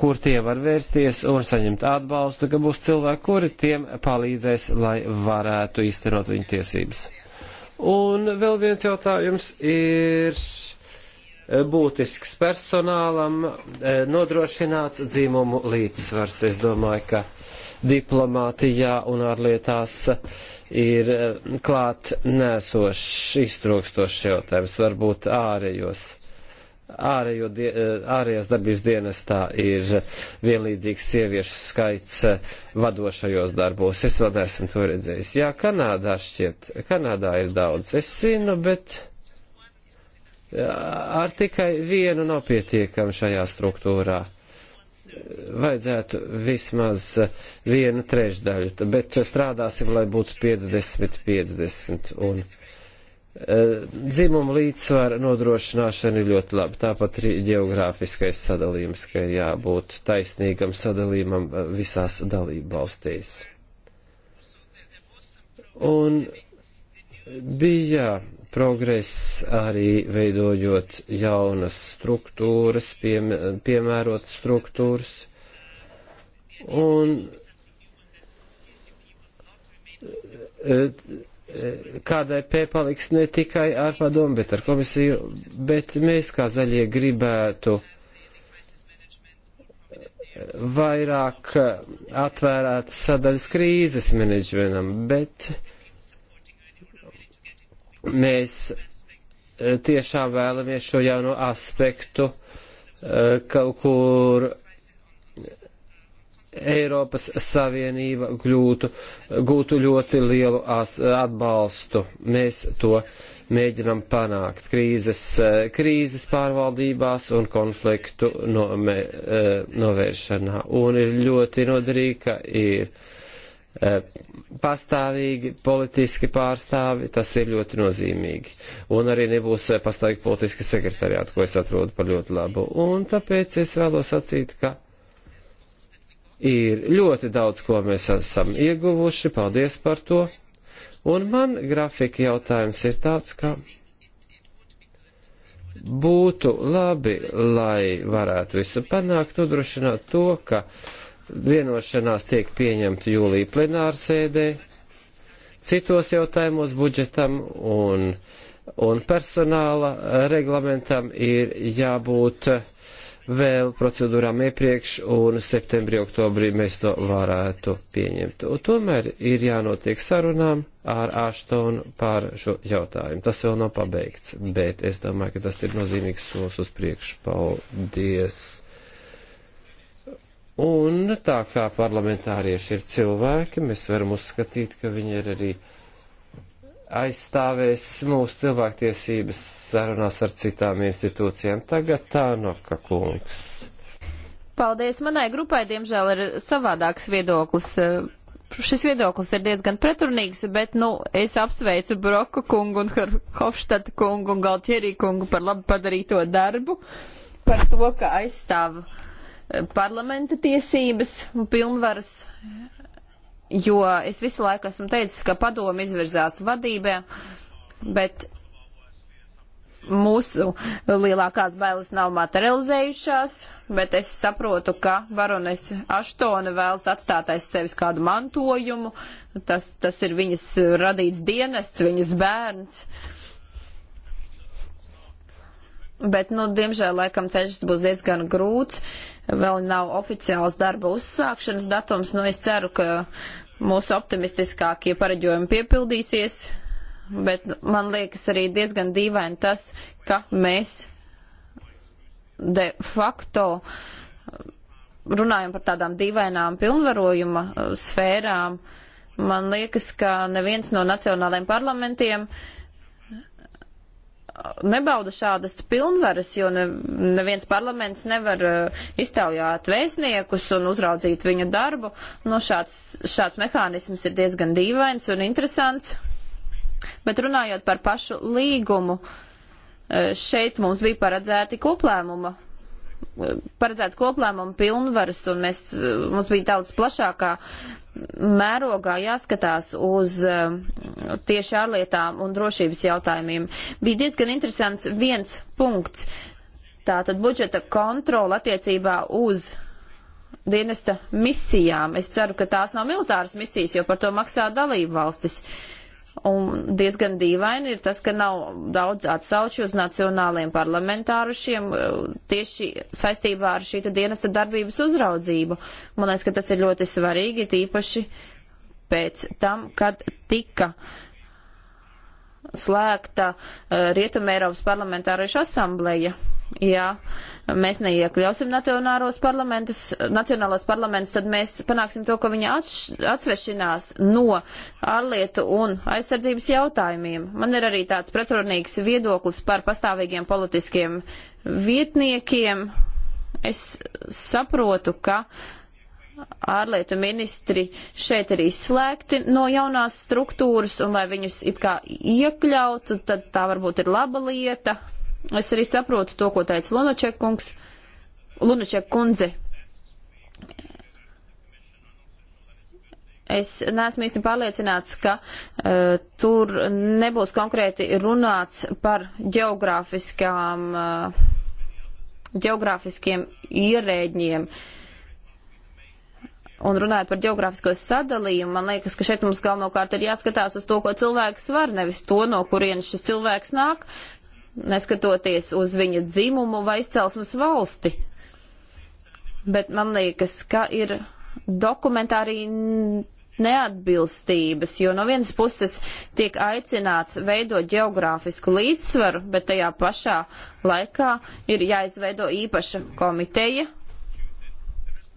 kur tie var vērsties un saņemt atbalstu, ka būs cilvēki, kuri tiem palīdzēs, lai varētu īstenot viņu tiesības. Un vēl viens jautājums ir būtisks personālam eh, nodrošināts dzīmumu līdzsvars. Es domāju, ka diplomātijā un ārlietās ir eh, klāt nēsošs, iztrūkstošs jautājums, varbūt ārējos. Ārējo, eh, ārējās darbības dienestā ir vienlīdzīgs sieviešu skaits eh, vadošajos darbos. Es vēl neesmu to redzējis. Jā, Kanādā šķiet, Kanādā ir daudz. Es zinu, bet ar tikai vienu nav pietiekami šajā struktūrā. Uh, vajadzētu vismaz vienu trešdaļu, bet strādāsim, lai būtu 50-50. Un e, dzimumu līdzsvara nodrošināšana ir ļoti laba. Tāpat arī geogrāfiskais sadalījums, ka jābūt taisnīgam sadalījumam visās dalību valstīs. Un bija progress arī veidojot jaunas struktūras, piem, piemērot struktūras. Un e, e, KDP paliks ne tikai ar padomu, bet ar komisiju, bet mēs kā zaļie gribētu vairāk atvērāt sadaļas krīzes menedžmenam, bet uh, Mēs e, tiešām vēlamies šo jauno aspektu e, kaut kur Eiropas Savienība gļūtu, gūtu ļoti lielu atbalstu. Mēs to mēģinam panākt krīzes, e, krīzes pārvaldībās un konfliktu no, me, novēršanā. Un ir ļoti noderīgi, ka ir Eh, pastāvīgi politiski pārstāvi, tas ir ļoti nozīmīgi. Un arī nebūs eh, pastāvīgi politiski sekretariāti, ko es atrodu par ļoti labu. Un tāpēc es vēlos sacīt, ka ir ļoti daudz, ko mēs esam ieguvuši. Paldies par to. Un man grafika jautājums ir tāds, ka būtu labi, lai varētu visu panākt, nodrošināt to, ka uh, Vienošanās tiek pieņemta jūlija plenārsēdē, citos jautājumos budžetam un, un personāla reglamentam ir jābūt vēl procedūrām iepriekš, un septembrī, oktobrī mēs to varētu pieņemt. Un tomēr ir jānotiek sarunām ar Aštonu par šo jautājumu. Tas vēl nav pabeigts, bet es domāju, ka tas ir nozīmīgs solis uz priekšu. Paldies! Un tā kā parlamentārieši ir cilvēki, mēs varam uzskatīt, ka viņi ir arī aizstāvēs mūsu cilvēktiesības sarunās ar citām institūcijām. Tagad tā noka kungs. Paldies. Manai grupai, diemžēl, ir savādāks viedoklis. Šis viedoklis ir diezgan pretrunīgs, bet, nu, es apsveicu Broku kungu un Hofštata kungu un Galtjerī kungu par labi padarīto darbu, par to, ka aizstāvu parlamenta tiesības un pilnvaras, jo es visu laiku esmu teicis, ka padomi izvirzās vadībā, bet mūsu lielākās bailes nav materializējušās, bet es saprotu, ka barones Aštone vēlas atstāt aiz sevis kādu mantojumu, tas, tas ir viņas radīts dienests, viņas bērns. Uh, Bet, nu, diemžēl, laikam ceļš būs diezgan grūts. Vēl nav oficiāls darba uzsākšanas datums. Nu, es ceru, ka mūsu optimistiskākie pareģojumi piepildīsies. Bet man liekas arī diezgan dīvaini tas, ka mēs de facto runājam par tādām dīvainām pilnvarojuma eh, sfērām. Man liekas, ka neviens no nacionālajiem parlamentiem uh, nebauda šādas pilnvaras, jo ne, neviens parlaments nevar uh, iztaujāt vēstniekus un uzraudzīt viņu darbu. Nu, šāds, šāds mehānisms ir diezgan dīvains un interesants. Bet runājot par pašu līgumu, uh, šeit mums bija paredzēti koplēmuma paredzēts koplēmumu pilnvaras, un mēs, mums bija daudz plašākā mērogā jāskatās uz eh, tieši ārlietām un drošības jautājumiem. Bija diezgan interesants viens punkts. Tātad budžeta kontrola attiecībā uz dienesta misijām. Es ceru, ka tās nav militāras misijas, jo par to maksā dalību valstis. Uh, Un diezgan dīvaini ir tas, ka nav daudz atsauču uz nacionāliem parlamentārušiem e, tieši saistībā ar šīta dienesta darbības uzraudzību. Man liekas, ka tas ir ļoti svarīgi, tīpaši pēc tam, kad tika slēgta e, Rietuma Eiropas parlamentāruša asambleja ja mēs neiekļausim nacionālos parlamentus, nacionālos parlamentus, tad mēs panāksim to, ka viņi atš, atsvešinās no ārlietu un aizsardzības jautājumiem. Man ir arī tāds pretrunīgs viedoklis par pastāvīgiem politiskiem vietniekiem. Es saprotu, ka ārlietu ministri šeit ir izslēgti no jaunās struktūras, un lai viņus it kā iekļautu, tad tā varbūt ir laba lieta, Es arī saprotu to, ko teica Lunaček kungs, Lunaček kundze. Es neesmu īsti pārliecināts, ka uh, tur nebūs konkrēti runāts par geogrāfiskām, uh, geogrāfiskiem ierēģiem. Un runājot par geogrāfisko sadalījumu, man liekas, ka šeit mums galvenokārt ir jāskatās uz to, ko cilvēks var, nevis to, no kurienes šis cilvēks nāk, neskatoties uz viņa dzimumu vai izcelsmes valsti. Bet man liekas, ka ir dokumentā arī neatbilstības, jo no vienas puses tiek aicināts veidot geogrāfisku līdzsvaru, bet tajā pašā laikā ir jāizveido īpaša komiteja.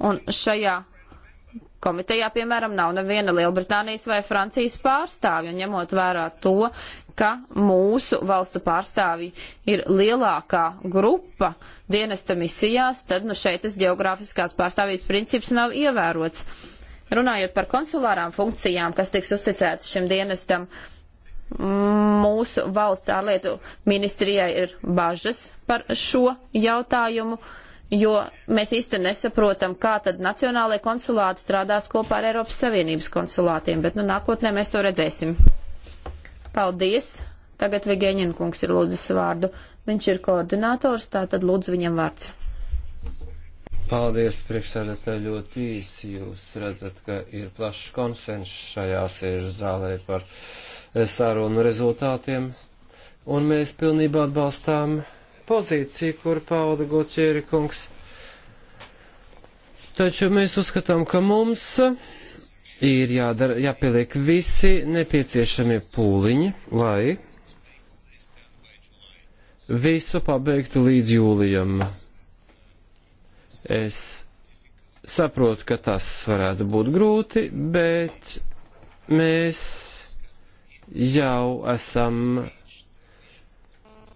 Un šajā Komitejā, piemēram, nav neviena Lielbritānijas vai Francijas pārstāvja, un ņemot vērā to, ka mūsu valstu pārstāvji ir lielākā grupa dienesta misijās, tad nu šeit tas geogrāfiskās pārstāvības princips nav ievērots. Runājot par konsulārām funkcijām, kas tiks uzticētas šim dienestam, mūsu valsts ārlietu ministrijai ir bažas par šo jautājumu. Uh, jo mēs īsti nesaprotam, kā tad nacionālajie konsulāti strādās kopā ar Eiropas Savienības konsulātiem, bet nu nākotnē mēs to redzēsim. Paldies! Tagad Vigēņina kungs ir lūdzis vārdu. Viņš ir koordinators, tā tad lūdzu viņam vārds. Paldies, priekšsēdētāji, ļoti īsi. Jūs redzat, ka ir plašs konsens šajā sēžu zālē par sarunu rezultātiem, un mēs pilnībā atbalstām pozīciju, kur pauda Gutjeri kungs. Taču mēs uzskatām, ka mums ir jādara, jāpieliek visi nepieciešamie pūliņi, lai visu pabeigtu līdz jūlijam. Es saprotu, ka tas varētu būt grūti, bet mēs jau esam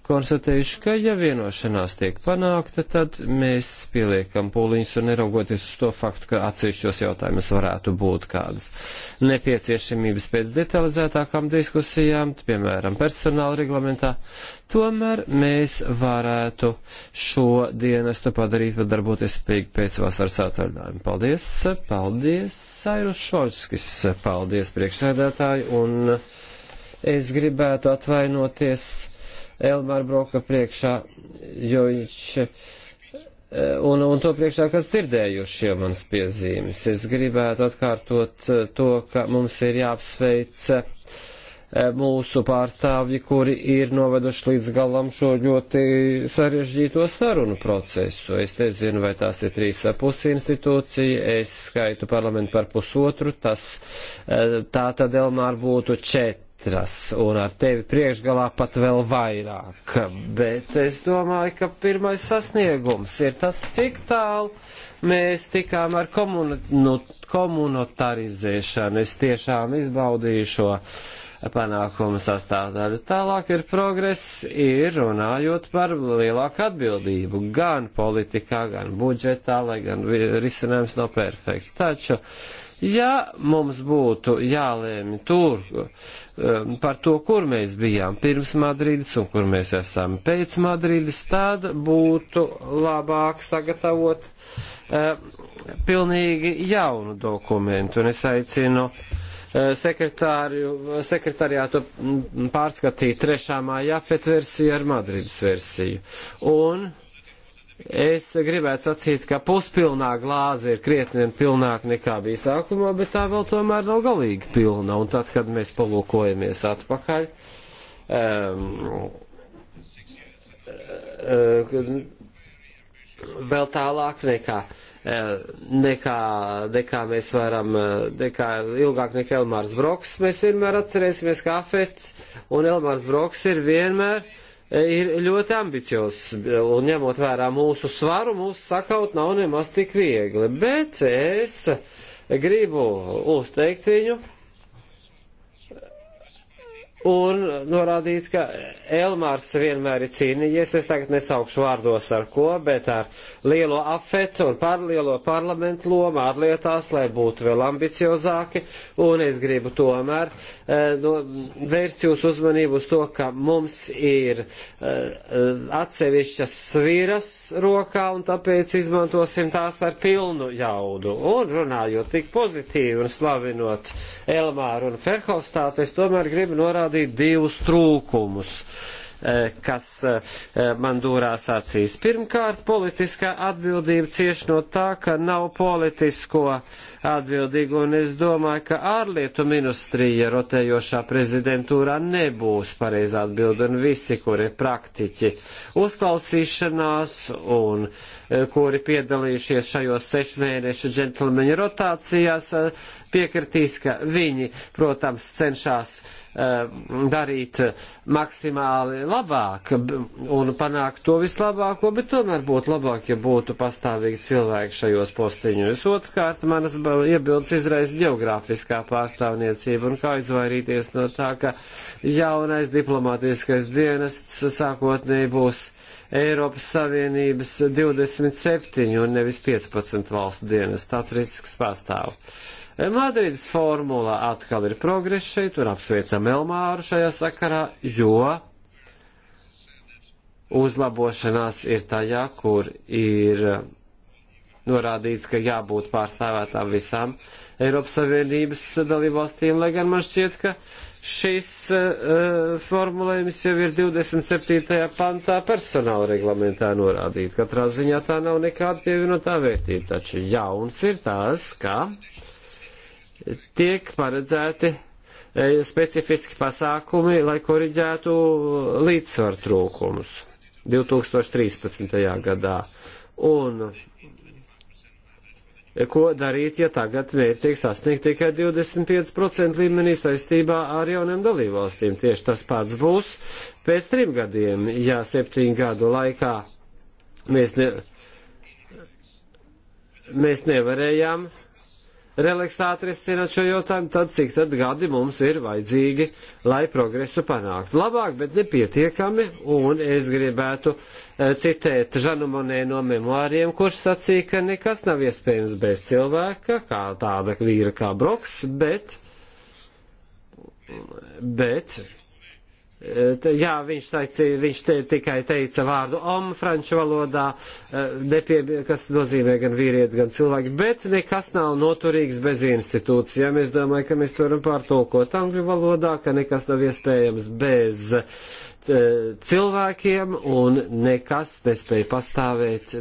konstatējuši, ka ja vienošanās tiek panākta, tad mēs pieliekam pūliņus un neraugoties uz to faktu, ka atsevišķos jautājumus varētu būt kādas nepieciešamības pēc detalizētākām diskusijām, piemēram, personāla reglamentā, tomēr mēs varētu šo dienestu padarīt pat darboties spējīgi pēc vasaras atvaļinājuma. Paldies, paldies, Sairus Šolskis, paldies priekšsēdētāji un es gribētu atvainoties Elmāra Broka priekšā, jo viņš e, un, un to priekšā, kas dzirdējušie manas piezīmes. Es gribētu atkārtot e, to, ka mums ir jāapsveic e, mūsu pārstāvji, kuri ir noveduši līdz galam šo ļoti sarežģīto sarunu procesu. Es nezinu, vai tās ir trīs pusi institūcija, es skaitu parlamentu par pusotru, tas tā tad Elmār būtu četri četras, un ar tevi priekšgalā pat vēl vairāk. Bet es domāju, ka pirmais sasniegums ir tas, cik tālu mēs tikām ar komunu, nu, komunitarizēšanu. Es tiešām izbaudīju šo panākumu sastāvdaļu. Tālāk ir progress, ir runājot par lielāku atbildību gan politikā, gan budžetā, lai gan risinājums nav perfekts. Taču Ja mums būtu jālēmi tur um, par to, kur mēs bijām pirms Madrīdas un kur mēs esam pēc Madrīdas, tad būtu labāk sagatavot uh, pilnīgi jaunu dokumentu. Un es aicinu uh, sekretariātu pārskatīt 3. māja FET versiju ar Madrīdas versiju. Un Es gribētu sacīt, ka puspilnā glāze ir krietni pilnāka nekā bija sākumā, bet tā vēl tomēr nav galīgi pilna. Un tad, kad mēs palūkojamies atpakaļ, um, vēl tālāk nekā, ehm, nekā, nekā mēs varam, nekā ilgāk nekā Elmārs Broks, mēs vienmēr atcerēsimies, ka Afets un Elmārs Broks ir vienmēr ir ļoti ambiciozs, un ņemot vērā mūsu svaru, mūsu sakaut nav nemaz tik viegli, bet es gribu uzteikt viņu un norādīt, ka Elmārs vienmēr ir cīnījies, es tagad nesaukšu vārdos ar ko, bet ar lielo afetu un par lielo parlamentu lomu ārlietās, lai būtu vēl ambiciozāki, un es gribu tomēr eh, no, vērst jūsu uzmanību uz to, ka mums ir eh, atsevišķas sviras rokā, un tāpēc izmantosim tās ar pilnu jaudu. Un runājot tik pozitīvi un slavinot Elmāru un Ferhofstātu, es tomēr gribu norādīt, norādīt divus trūkumus eh, kas eh, man dūrās acīs. Pirmkārt, politiskā atbildība cieši no tā, ka nav politisko atbildīgu, un es domāju, ka ārlietu ministrija rotējošā prezidentūrā nebūs pareizā atbildi, un visi, kuri praktiķi uzklausīšanās un eh, kuri piedalījušies šajos sešmēnešu džentlmeņu rotācijās, piekritīs, ka viņi, protams, cenšas eh, darīt maksimāli labāk un panākt to vislabāko, bet tomēr būtu labāk, ja būtu pastāvīgi cilvēki šajos postiņos. Otrkārt, manas iebildes izraisa geogrāfiskā pārstāvniecība un kā izvairīties no tā, ka jaunais diplomātiskais dienests sākotnēji būs Eiropas Savienības 27 un nevis 15 valstu dienas. Tāds risks pastāv. Madrides formula atkal ir progress šeit, un apsveicam Elmāru šajā sakarā, jo uzlabošanās ir tajā, kur ir norādīts, ka jābūt pārstāvētām visām Eiropas Savienības dalībvalstīm, lai gan man šķiet, ka šis uh, formulējums jau ir 27. pantā personāla reglamentā norādīt. Katrā ziņā tā nav nekāda pievienotā vērtība, taču jauns ir tas, ka tiek paredzēti e, specifiski pasākumi, lai koriģētu līdzsvaru trūkumus 2013. gadā. Un e, ko darīt, ja tagad mērķi tiek sasniegt tikai 25% līmenī saistībā ar jauniem dalībvalstīm. Tieši tas pats būs pēc trim gadiem, ja septiņu gadu laikā mēs, ne, mēs nevarējām uh, relaksēti risināt šo jautājumu, tad cik tad gadi mums ir vajadzīgi, lai progresu panāktu. Labāk, bet nepietiekami, un es gribētu eh, citēt Žanu Monē no memoāriem, kurš sacīja, ka nekas nav iespējams bez cilvēka, kā tāda vīra kā Broks, bet, bet Jā, viņš, teica, viņš te, tikai teica vārdu om franču valodā, eh, nepie, kas nozīmē gan vīrieti, gan cilvēki, bet nekas nav noturīgs bez institūcijām. Es domāju, ka mēs to varam pārtulkot angļu valodā, ka nekas nav iespējams bez eh, cilvēkiem un nekas nespēja pastāvēt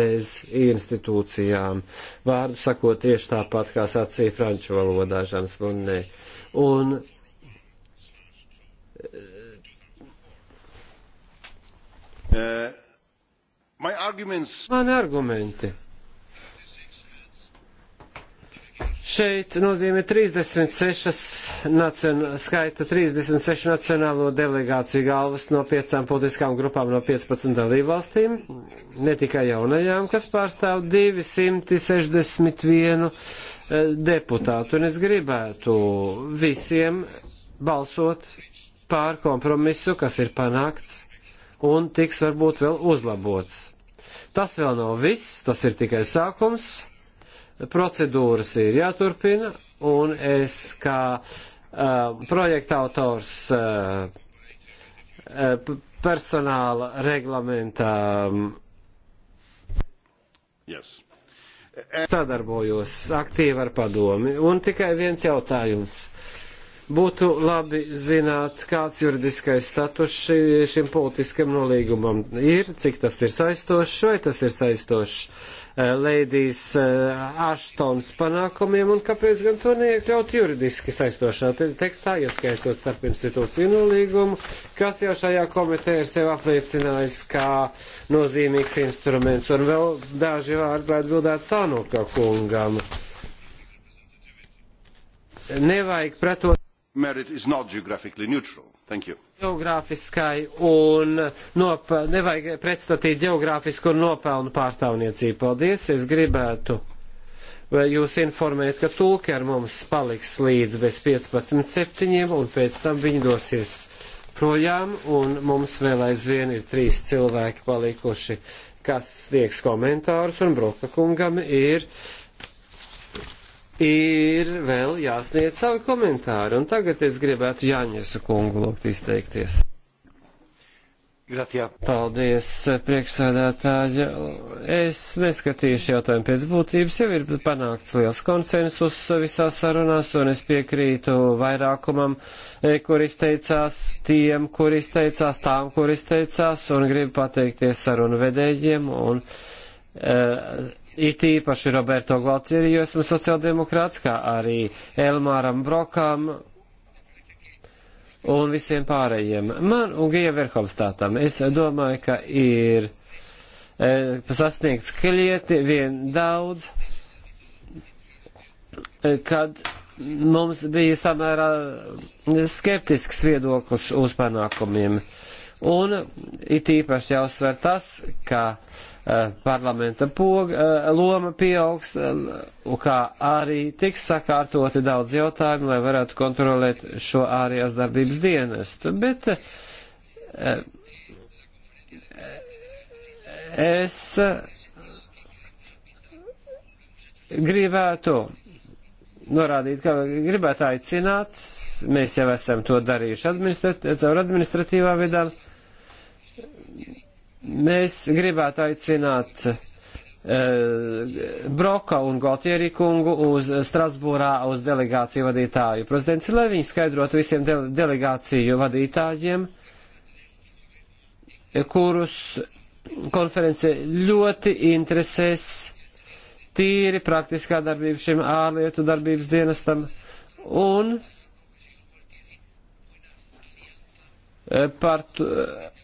bez institūcijām. Vārdu sakot tieši tāpat, kā sacīja franču valodā Žans Munnē. Un, un Uh, arguments... Mani argumenti. Šeit nozīmē 36 nacion... skaita 36 nacionālo delegāciju galvas no piecām politiskām grupām no 15 dalībvalstīm, ne tikai jaunajām, kas pārstāv 261 eh, deputātu. Un es gribētu visiem balsot pār kompromisu, kas ir panākts un tiks varbūt vēl uzlabots. Tas vēl nav viss, tas ir tikai sākums. Procedūras ir jāturpina, un es kā uh, projekta autors uh, uh, personāla reglamentā um, yes. sadarbojos aktīvi ar padomi. Un tikai viens jautājums. Uh, Būtu labi zināt, kāds juridiskais status ši, šim politiskam nolīgumam ir, cik tas ir saistošs, vai tas ir saistošs eh, Leidijas eh, Aštons panākumiem, un kāpēc gan to neiekļaut juridiski saistošā tekstā, ieskaitot starp institūciju nolīgumu, kas jau šajā komitē ir sev apliecinājis kā nozīmīgs instruments, un vēl daži vārdi, lai atbildētu Tanuka kungam nevajag pretot merit is not geographically neutral. Thank you. Geogrāfiskai un nop, nevajag pretstatīt geogrāfisku un nopelnu pārstāvniecību. Paldies, es gribētu jūs informēt, ka tulki ar mums paliks līdz bez 15.7 un pēc tam viņi dosies projām un mums vēl aizvien ir trīs cilvēki palikuši, kas sniegs komentārus un Broka kungam ir ir vēl jāsniedz savi komentāri, un tagad es gribētu Jāņesu kungu lūgt izteikties. Grazie. Paldies, priekšsēdētāji. Es neskatīšu jautājumu pēc būtības, jau ir panākts liels konsensus visās sarunās, un es piekrītu vairākumam, e, kur izteicās tiem, kur izteicās tām, kur izteicās, un gribu pateikties sarunu vedējiem. Un, uh, It īpaši Roberto Galtieri, jo esmu sociāldemokrāts, kā arī Elmāram Brokam un visiem pārējiem. Man un Gija Verhofstātam es domāju, ka ir e, sasniegts klieti vien daudz, e, kad mums bija samērā skeptisks viedoklis uz panākumiem. E, Un it īpaši jāuzsver tas, ka uh, parlamenta pog, uh, loma pieaugs, uh, kā arī tiks sakārtoti daudz jautājumu, lai varētu kontrolēt šo ārējās darbības dienestu. Bet uh, es gribētu norādīt, ka gribētu aicināt, mēs jau esam to darījuši administrat caur administratīvā vidā. Uh, Mēs gribētu aicināt eh, Broka un Galtieri kungu uz Strasbūrā uz delegāciju vadītāju prezidents, lai viņi skaidrotu visiem de delegāciju vadītājiem, kurus konference ļoti interesēs tīri praktiskā darbība šim ārlietu darbības dienestam un eh, par to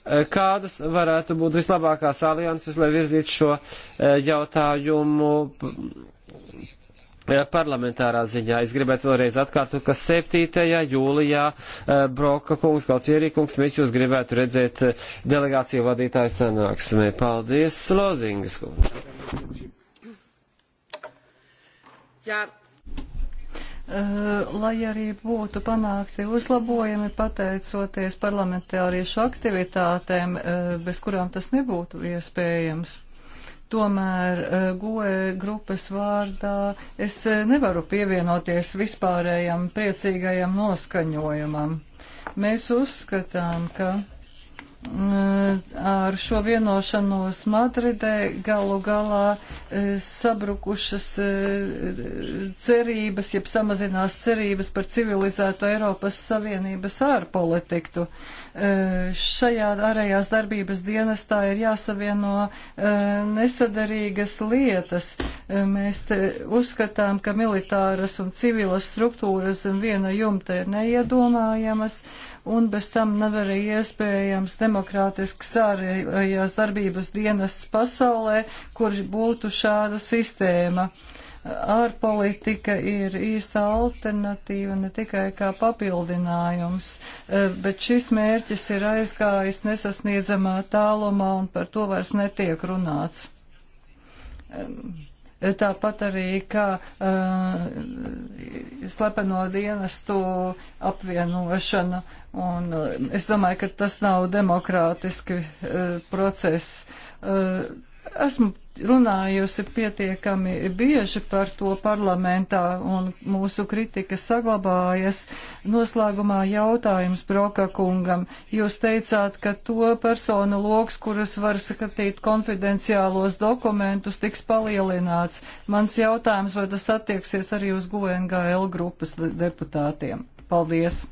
Eh, kādas varētu būt vislabākās alianses, lai virzītu šo eh, jautājumu eh, parlamentārā ziņā. Es gribētu vēlreiz atkārtot, ka 7. jūlijā Broka kungs, Galtierī kungs, mēs jūs gribētu redzēt delegāciju vadītāju sanāksmē. Paldies, Lozingas kungs. Jā, Eh, lai arī būtu panākti uzlabojumi pateicoties parlamentāriešu aktivitātēm, eh, bez kurām tas nebūtu iespējams. Tomēr eh, GOE grupas vārdā es nevaru pievienoties vispārējam priecīgajam noskaņojumam. Mēs uzskatām, ka Mm, ar šo vienošanos Madridē galu galā e, sabrukušas e, cerības, jeb samazinās cerības par civilizēto Eiropas Savienības ārpolitiku. Eh, šajā ārējās darbības dienestā ir jāsavieno eh, nesadarīgas lietas. Eh, mēs uzskatām, ka militāras un civilas struktūras zem viena jumta ir neiedomājamas, un bez tam nav arī iespējams demokrātisks ārējās darbības dienests pasaulē, kur būtu šāda sistēma. Uh, ārpolitika ir īsta alternatīva ne tikai kā papildinājums, e, bet šis mērķis ir aizgājis nesasniedzamā tālumā un par to vairs netiek runāts. Tāpat arī, kā uh, slepeno dienestu apvienošana, un uh, es domāju, ka tas nav demokrātiski uh, process. Uh, esmu runājusi pietiekami bieži par to parlamentā un mūsu kritika saglabājas. Noslēgumā jautājums Broka kungam. Jūs teicāt, ka to personu loks, kuras var skatīt konfidenciālos dokumentus, tiks palielināts. Mans jautājums, vai tas attieksies arī uz GNGL grupas deputātiem? Paldies!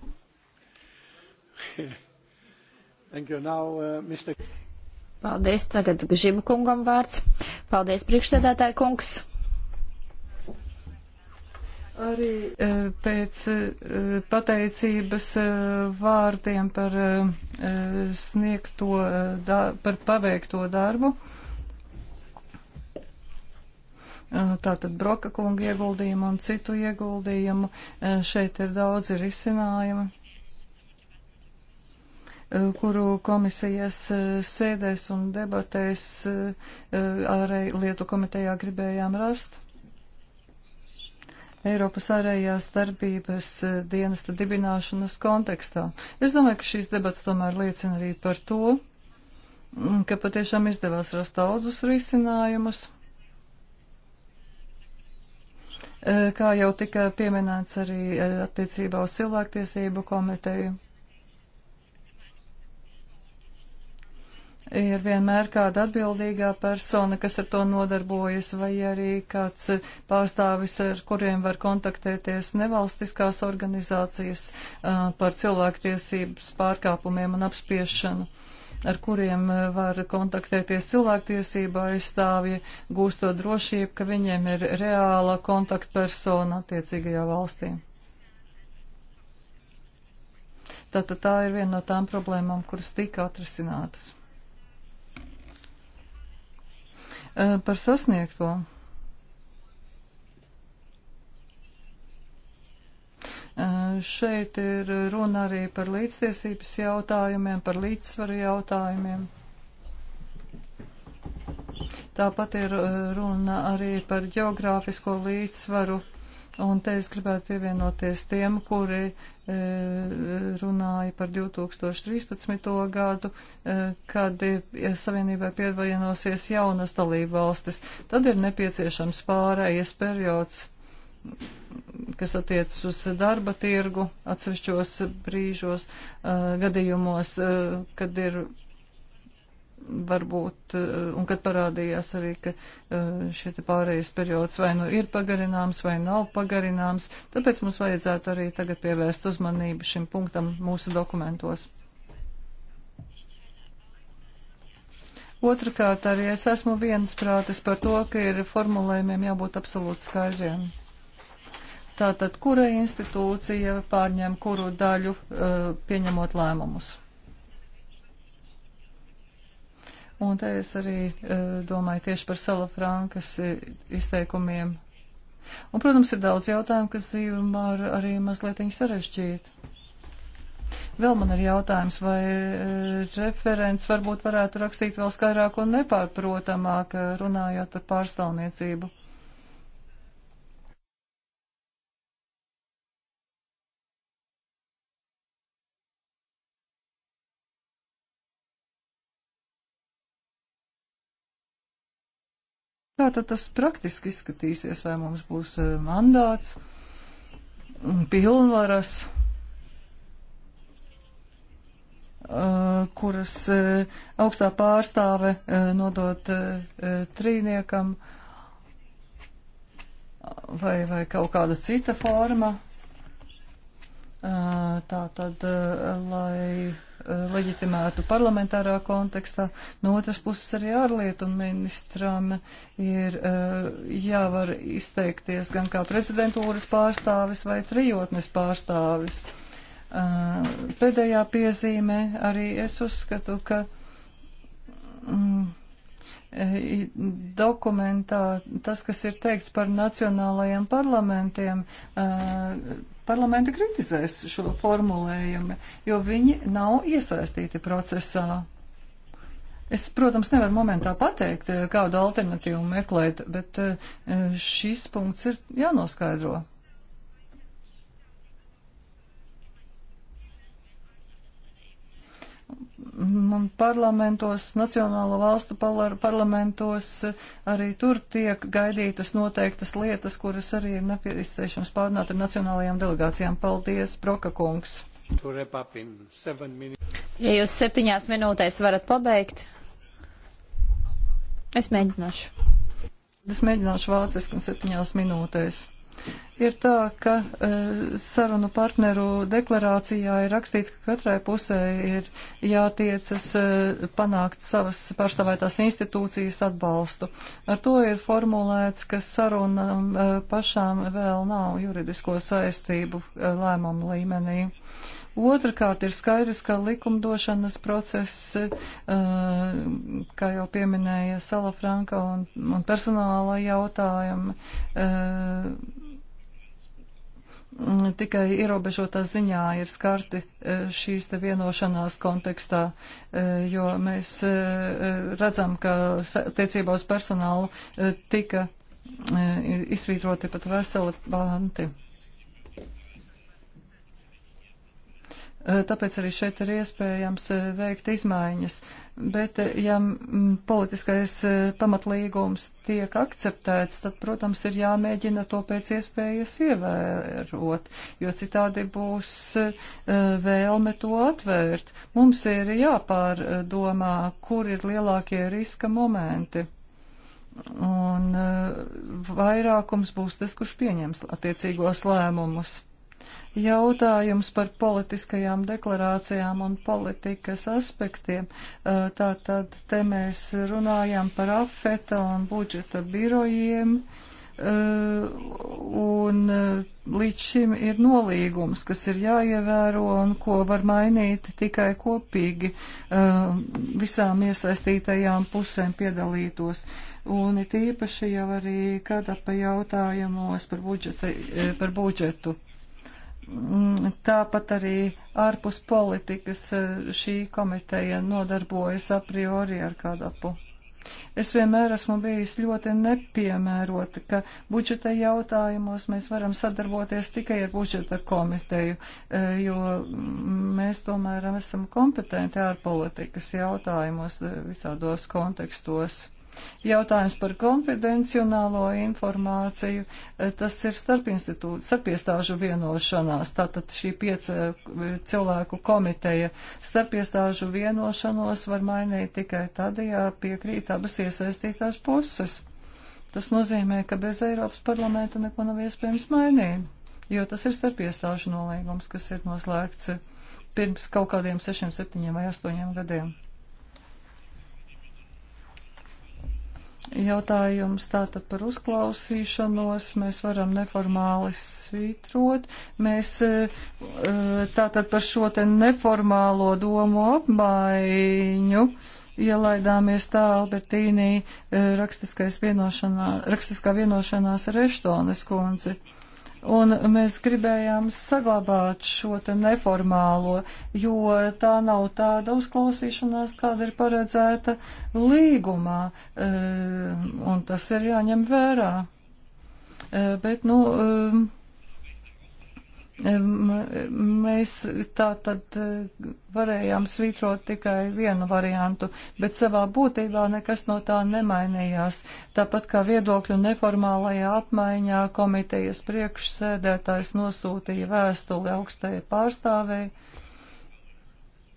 Thank you. Now, uh, Mr. Paldies. Tagad Gžim kungam vārds. Paldies, priekšsēdētāji kungs! Arī e, pēc e, pateicības e, vārdiem par sniegto, par paveikto darbu. Tātad Broka kunga ieguldījumu un citu ieguldījumu. Šeit ir daudzi risinājumi. Eh, kuru komisijas eh, sēdēs un debatēs eh, ārēj lietu komitejā gribējām rast. Eiropas ārējās darbības dienesta dibināšanas kontekstā. Es domāju, ka šīs debats tomēr liecina arī par to, mm, ka patiešām izdevās rast daudzus risinājumus. Kā jau tika pieminēts arī attiecībā uz cilvēktiesību komiteju ir vienmēr kāda atbildīgā persona, kas ar to nodarbojas, vai arī kāds pārstāvis, ar kuriem var kontaktēties nevalstiskās organizācijas par cilvēktiesības pārkāpumiem un apspiešanu ar kuriem var kontaktēties cilvēktiesība aizstāvji, gūstot drošību, ka viņiem ir reāla kontaktpersona attiecīgajā valstī. Tātad tā ir viena no tām problēmām, kuras tika atrisinātas. Eh, par sasniegto. Eh, šeit ir runa arī par līdztiesības jautājumiem, par līdzsvaru jautājumiem. Tāpat ir eh, runa arī par geogrāfisko līdzsvaru Un te es gribētu pievienoties tiem, kuri e, runāja par 2013. gadu, e, kad Savienībai pievienosies jaunas dalību valstis. Tad ir nepieciešams pārējais periods, kas attiecas uz darba tirgu atsevišķos brīžos, e, gadījumos, kad ir varbūt, eh, un kad parādījās arī, ka eh, šie pārējais periods vai nu ir pagarināms, vai nav pagarināms, tāpēc mums vajadzētu arī tagad pievērst uzmanību šim punktam mūsu dokumentos. Otrakārt, arī es esmu viensprātis par to, ka ir formulējumiem jābūt absolūti skaidriem. Tātad, kura institūcija pārņem kuru daļu, eh, pieņemot lēmumus? Un te es arī eh, domāju tieši par Sala Frankas eh, izteikumiem. Un, protams, ir daudz jautājumu, kas dzīvumā ar, arī mazliet sarežģīt. Vēl man ir jautājums, vai eh, referents varbūt varētu rakstīt vēl skaidrāk un nepārprotamāk, runājot par pārstāvniecību. Kā tad tas praktiski izskatīsies, vai mums būs eh, mandāts, pilnvaras, eh, kuras eh, augstā pārstāve nodot trīniekam, vai, vai kaut kāda cita forma. Tā tad, lai leģitimētu parlamentārā kontekstā. No otras puses arī ārlietu ministram ir eh, jāvar izteikties gan kā prezidentūras pārstāvis vai trijotnes pārstāvis. Eh, pēdējā piezīme arī es uzskatu, ka mm, eh, dokumentā tas, kas ir teikts par nacionālajiem parlamentiem, parlamenti kritizēs šo formulējumu, jo viņi nav iesaistīti procesā. Es, protams, nevaru momentā pateikt, eh, kādu alternatīvu meklēt, bet eh, šis punkts ir jānoskaidro. parlamentos, nacionālo valstu parlamentos arī tur tiek gaidītas noteiktas lietas, kuras arī ir nepieciešams pārnāt ar nacionālajām delegācijām. Paldies, Broka kungs! Ja jūs septiņās minūtēs varat pabeigt, es mēģināšu. Es mēģināšu vāciski un septiņās minūtēs ir tā, ka e, sarunu partneru deklarācijā ir rakstīts, ka katrai pusē ir jātiecas e, panākt savas pārstāvētās institūcijas atbalstu. Ar to ir formulēts, ka sarunam e, pašām vēl nav juridisko saistību lēmumu līmenī. Otrakārt ir skaidrs, ka likumdošanas process, kā jau pieminēja Salafranka un, un personāla jautājumi, Mm, tikai ierobežotā ziņā ir skarti e, šīs te vienošanās kontekstā, e, jo mēs e, redzam, ka attiecībā uz personālu tika izsvītroti pat veseli panti. Tāpēc arī šeit ir iespējams veikt izmaiņas. Uh, Bet, eh, ja mm, politiskais eh, pamatlīgums tiek akceptēts, tad, protams, ir jāmēģina to pēc iespējas ievērot, jo citādi būs eh, vēlme to atvērt. Mums ir jāpārdomā, kur ir lielākie riska momenti. Un vairākums būs tas, kurš pieņems attiecīgos lēmumus. Jautājums par politiskajām deklarācijām un politikas aspektiem. Tātad te mēs runājam par afeta un budžeta birojiem. Un līdz šim ir nolīgums, kas ir jāievēro un ko var mainīt tikai kopīgi visām iesaistītajām pusēm piedalītos. Un it īpaši jau arī kāda pa jautājumos par, budžeta, par budžetu. Mm, tāpat arī ārpus politikas e, šī komiteja nodarbojas a priori ar kādapu. Es vienmēr esmu bijis ļoti nepiemērota, ka budžeta jautājumos mēs varam sadarboties tikai ar budžeta komiteju, e, jo mēs tomēr esam kompetenti ārpolitikas jautājumos e, visādos kontekstos. Jautājums par konfidencionālo informāciju, eh, tas ir starp, starp iestāžu vienošanās, tātad šī pieca eh, cilvēku komiteja. Starp iestāžu vienošanos var mainīt tikai tad, ja piekrīt abas iesaistītās puses. Tas nozīmē, ka bez Eiropas parlamenta neko nav iespējams mainīt, jo tas ir starp iestāžu nolīgums, kas ir noslēgts eh, pirms kaut kādiem sešiem, septiņiem vai astoņiem gadiem. jautājums tātad par uzklausīšanos. Mēs varam neformāli svītrot. Mēs eh, tātad par šo te neformālo domu apmaiņu ielaidāmies tā Albertīnī eh, rakstiskā vienošanās ar Eštones kundzi. Un mēs gribējām saglabāt šo te neformālo, jo tā nav tāda uzklausīšanās, kāda ir paredzēta līgumā, eh, un tas ir jāņem vērā. Eh, bet, nu, eh, Mēs tā tad eh, varējām svītrot tikai vienu variantu, bet savā būtībā nekas no tā nemainījās. Tāpat kā viedokļu neformālajā apmaiņā komitejas priekšsēdētājs nosūtīja vēstuli augstajai pārstāvēji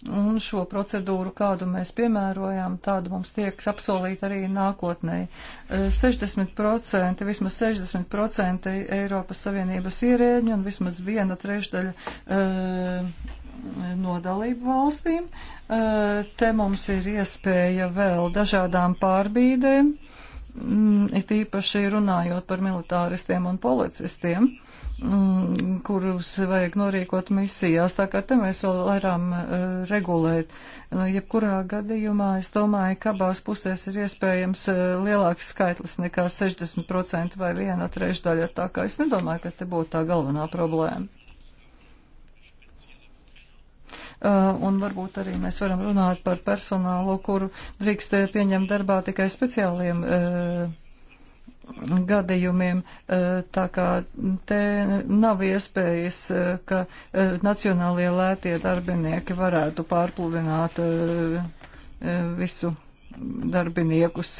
Un šo procedūru, kādu mēs piemērojam, tādu mums tiek apsolīta arī nākotnē. 60%, eh, vismaz 60% Eiropas Savienības ierēģi un vismaz viena trešdaļa eh, no dalību valstīm. Eh, te mums ir iespēja vēl dažādām pārbīdēm, mm, it īpaši runājot par militāristiem un policistiem Mm, kurus vajag norīkot misijās, tā kā te mēs vēl varam uh, regulēt. Nu, jebkurā gadījumā es domāju, ka abās pusēs ir iespējams uh, lielāks skaitlis nekā 60% vai viena trešdaļa, tā kā es nedomāju, ka te būtu tā galvenā problēma. Uh, un varbūt arī mēs varam runāt par personālu, kuru drīkst pieņemt darbā tikai speciāliem uh, gadījumiem, eh, tā kā te nav iespējas, eh, ka eh, nacionālie lētie darbinieki varētu pārpludināt visu darbiniekus.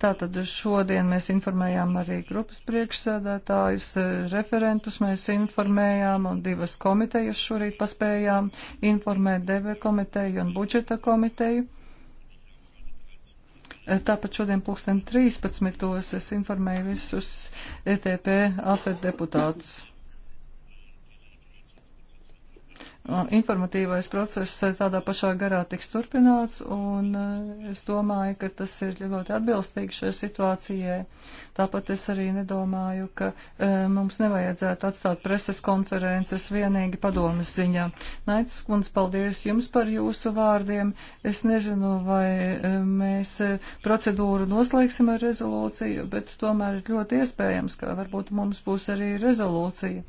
Tātad šodien mēs informējām arī grupas priekšsēdētājus, referentus mēs informējām un divas komitejas šorīt paspējām informēt DV komiteju un budžeta komiteju Tāpat šodien pulksten 13. es informēju visus ETP afet deputātus. informatīvais process eh, tādā pašā garā tiks turpināts, un eh, es domāju, ka tas ir ļoti atbilstīgi šai situācijai. Tāpat es arī nedomāju, ka eh, mums nevajadzētu atstāt preses konferences vienīgi padomas ziņā. Naits kundz, paldies jums par jūsu vārdiem. Es nezinu, vai mēs procedūru noslēgsim ar rezolūciju, bet tomēr ir ļoti iespējams, ka varbūt mums būs arī rezolūcija,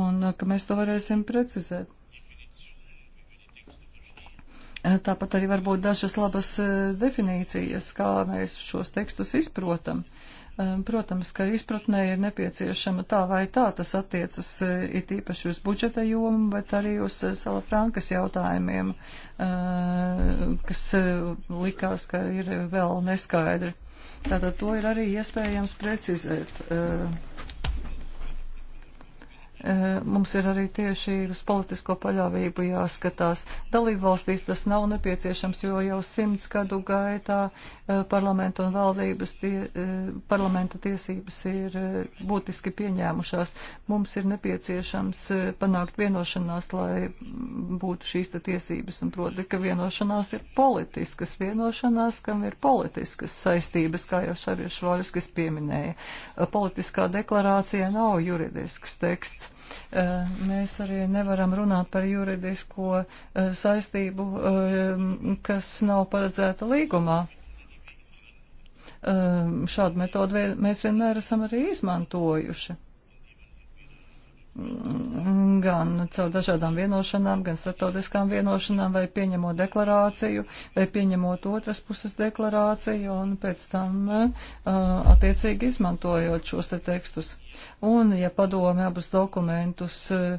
un ka mēs to varēsim precizēt. Tāpat arī varbūt dažas labas e, definīcijas, kā mēs šos tekstus izprotam. E, protams, ka izpratnē ir nepieciešama tā vai tā, tas attiecas e, it īpaši uz budžeta jomu, bet arī uz Sala Frankas jautājumiem, kas likās, ka ir vēl neskaidri. Tātad to ir arī iespējams precizēt. Uh, Eh, mums ir arī tieši uz politisko paļāvību jāskatās. Dalībvalstīs tas nav nepieciešams, jo jau simts gadu gaitā eh, parlamenta un valdības tie, eh, parlamenta tiesības ir būtiski pieņēmušās. Mums ir nepieciešams panākt vienošanās, lai būtu šīs tiesības, un proti, ka vienošanās ir politiskas vienošanās, kam ir politiskas saistības, kā jau Šariešu Roļskis pieminēja. Politiskā deklarācija nav juridisks teksts Eh, mēs arī nevaram runāt par juridisko eh, saistību, eh, kas nav paredzēta līgumā šādu metodu mēs vienmēr esam arī izmantojuši. Mm, gan caur dažādām vienošanām, gan startautiskām vienošanām, vai pieņemot deklarāciju, vai pieņemot otras puses deklarāciju, un pēc tam attiecīgi izmantojot šos te tekstus. Un, ja padome abus dokumentus eh,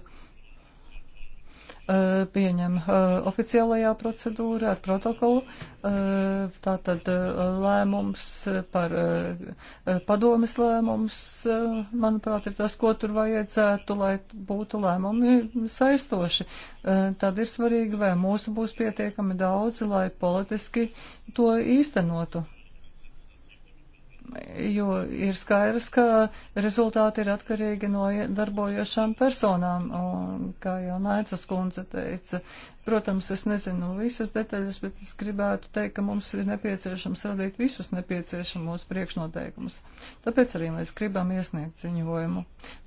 eh, pieņem eh, oficiālajā procedūra ar protokolu. Tātad lēmums par padomis lēmums, manuprāt, ir tas, ko tur vajadzētu, lai būtu lēmumi saistoši. Tad ir svarīgi, vai mūsu būs pietiekami daudzi, lai politiski to īstenotu jo ir skaidrs, ka rezultāti ir atkarīgi no darbojošām personām, un, kā jau Naicas kundze teica, Protams, es nezinu visas detaļas, bet es gribētu teikt, ka mums ir nepieciešams radīt visus nepieciešamos priekšnoteikumus. Tāpēc arī mēs gribam iesniegt ziņojumu.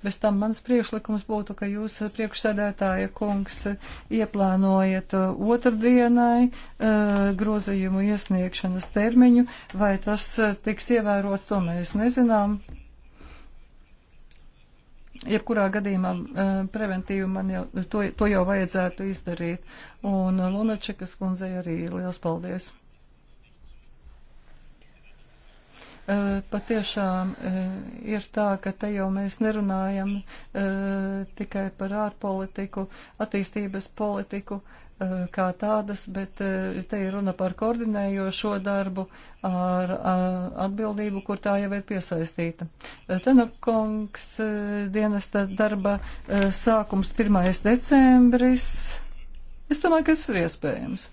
Bez tam mans priekšlikums būtu, ka jūs eh, priekšsēdētāja kungs ieplānojat eh, otrdienai eh, grozījumu iesniegšanas termiņu, vai tas tiks ievērots, to mēs nezinām jebkurā gadījumā eh, preventīvi man jau, to, to jau vajadzētu izdarīt. Un Lunačekas kundzei arī liels paldies! Eh, patiešām eh, ir tā, ka te jau mēs nerunājam eh, tikai par ārpolitiku, attīstības politiku kā tādas, bet te ir runa par koordinējošo darbu ar atbildību, kur tā jau ir piesaistīta. Tenokongs dienesta darba sākums 1. decembris. Es domāju, ka tas ir iespējams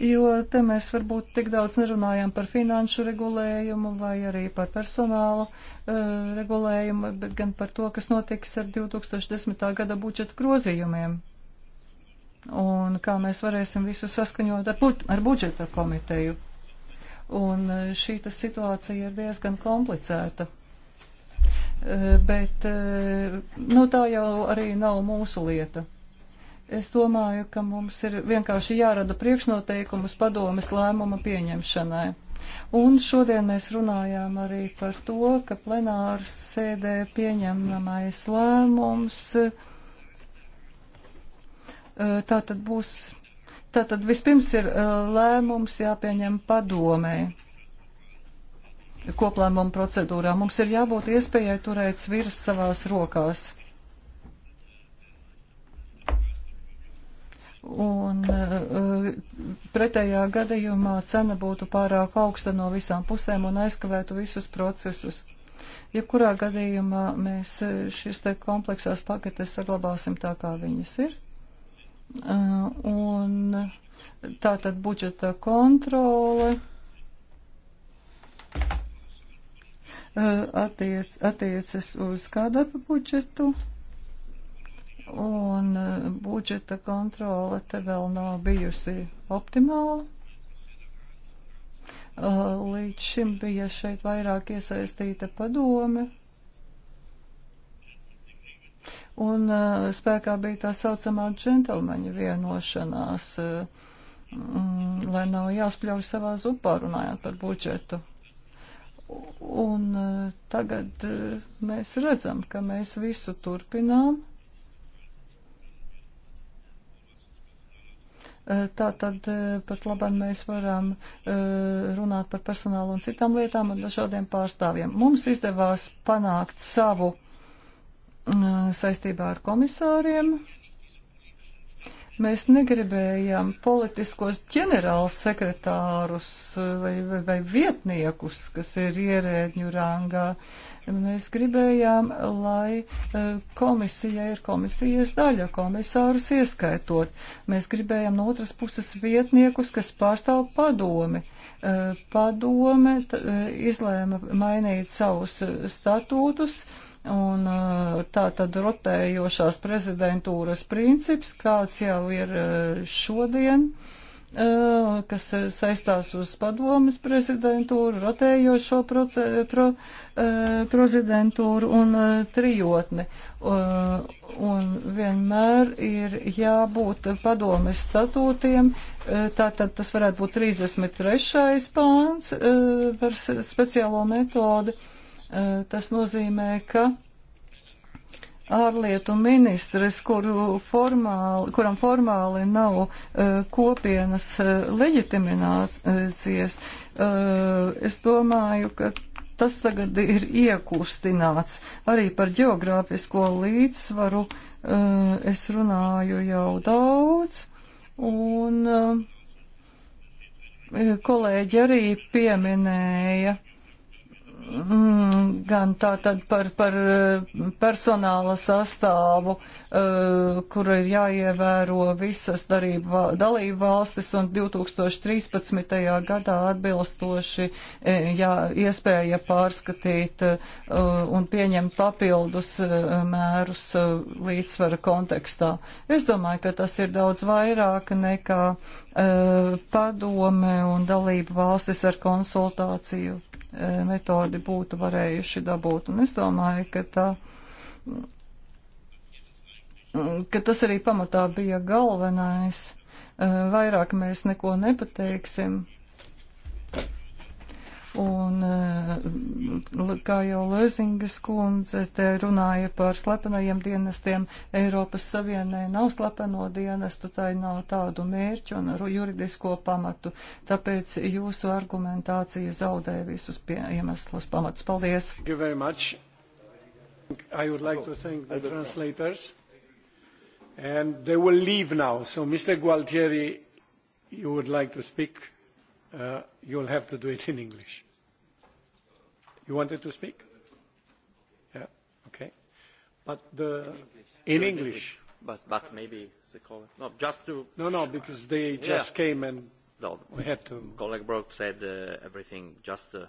jo te mēs varbūt tik daudz nerunājām par finanšu regulējumu vai arī par personālu uh, regulējumu, bet gan par to, kas notiks ar 2010. gada budžeta grozījumiem. Un kā mēs varēsim visu saskaņot ar, buģ ar budžeta komiteju. Un eh, šī situācija ir diezgan komplicēta. Eh, bet nu, tā jau arī nav mūsu lieta. Es domāju, ka mums ir vienkārši jārada priekšnoteikumus padomes lēmuma pieņemšanai. Un šodien mēs runājām arī par to, ka plenārs sēdē pieņemamais lēmums e, tātad būs. Tātad vispirms ir e, lēmums jāpieņem padomē koplēmuma procedūrā. Mums ir jābūt iespējai turēt sviras savās rokās. Un uh, pretējā gadījumā cena būtu pārāk augsta no visām pusēm un aizkavētu visus procesus. Jebkurā gadījumā mēs eh, šīs te kompleksās paketes saglabāsim tā, kā viņas ir. Uh, un tātad budžeta kontrole attiec, attiecas uz kādu budžetu un e, budžeta kontrole te vēl nav bijusi optimāla. E, līdz šim bija šeit vairāk iesaistīta padome, un uh, spēkā bija tā saucamā džentlmeņa vienošanās, uh, mm, lai nav jāspļauj savā zupā runājot par budžetu. Un uh, tagad uh, mēs redzam, ka mēs visu turpinām, Eh, tā tad eh, pat labāk mēs varam eh, runāt par personālu un citām lietām ar dažādiem pārstāvjiem. Mums izdevās panākt savu saistībā ar komisāriem. Mēs negribējām politiskos ģenerāls sekretārus vai, vai, vai vietniekus, kas ir ierēģņu rangā. Uh, Mēs gribējām, lai e, komisija ir komisijas daļa, komisārus ieskaitot. Mēs gribējām no otras puses vietniekus, kas pārstāv padomi. E, padome e, izlēma mainīt savus statūtus. Un tā tad rotējošās prezidentūras princips, kāds jau ir šodien, uh, Eh, kas saistās uz padomas prezidentūru, rotējošo proce, pro, eh, prezidentūru un eh, trijotni. Un, un vienmēr ir jābūt padomes statūtiem. Tātad tas varētu būt 33. pāns par speciālo metodi. Tas nozīmē, ka ārlietu ministres, kuru formāli, kuram formāli nav eh, kopienas eh, leģitiminācijas. Eh, es domāju, ka tas tagad ir iekustināts arī par geogrāfisko līdzsvaru. Es runāju jau daudz, un kolēģi arī pieminēja Mm, gan tātad par, par eh, personāla sastāvu, eh, kura ir jāievēro visas darība, dalību valstis un 2013. gadā atbilstoši eh, jā, iespēja pārskatīt un pieņemt papildus mērus līdzsvara kontekstā. Es domāju, ka tas ir daudz vairāk nekā padome un dalību valstis ar konsultāciju E, metodi būtu varējuši dabūt. Un es domāju, ka tā ka tas arī pamatā bija galvenais. E, vairāk mēs neko nepateiksim un eh, kā jau Lēzingas kundze te runāja par slepenajiem dienestiem, Eiropas Savienē nav slepeno dienestu, tai nav tādu mērķu un juridisko pamatu, tāpēc jūsu argumentācija zaudē visus pie, iemeslus pamatus. Paldies! I would like to thank the translators, and they will leave now. So, Mr. Gualtieri, you would like to speak? uh, you'll have to do it in English. You wanted to speak? Yeah, okay. But the... In English. In English. But, but maybe the colleague... No, just to... No, no, because they just yeah. came and no, we had to... Colleague Brock said uh, everything. Just uh,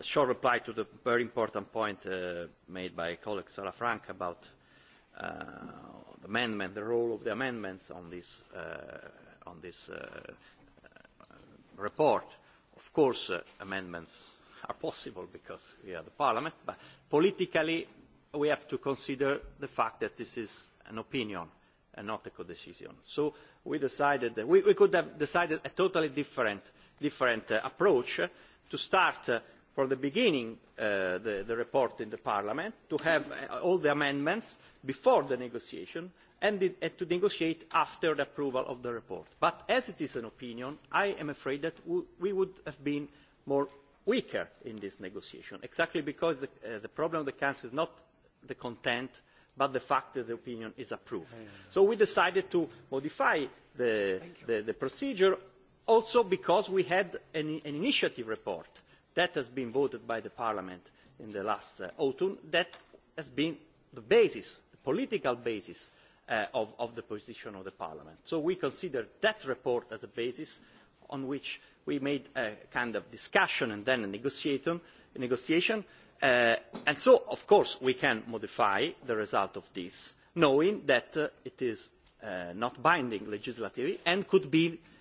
a short reply to the very important point uh, made by colleague Sarah Frank about uh, the amendment, the role of the amendments on this, uh, on this uh, report. Of course, uh, amendments are possible because we are the parliament, but politically we have to consider the fact that this is an opinion and not a co-decision. So we decided that we, we could have decided a totally different, different uh, approach uh, to start uh, from the beginning uh, the, the report in the Parliament, to have uh, all the amendments before the negotiation, and uh, to negotiate after the approval of the report. But as it is an opinion, I am afraid that we would have been more weaker in this negotiation, exactly because the, uh, the problem of the Council is not the content, but the fact that the opinion is approved. So we decided to modify the, the, the procedure also because we had an, an initiative report that has been voted by the Parliament in the last uh, autumn that has been the basis, the political basis uh, of, of the position of the Parliament. So we consider that report as a basis on which we made a kind of discussion and then a negotiation. A negotiation. Uh, and so, of course, we can modify the result of this, knowing that uh, it is uh, not binding legislatively and could be uh,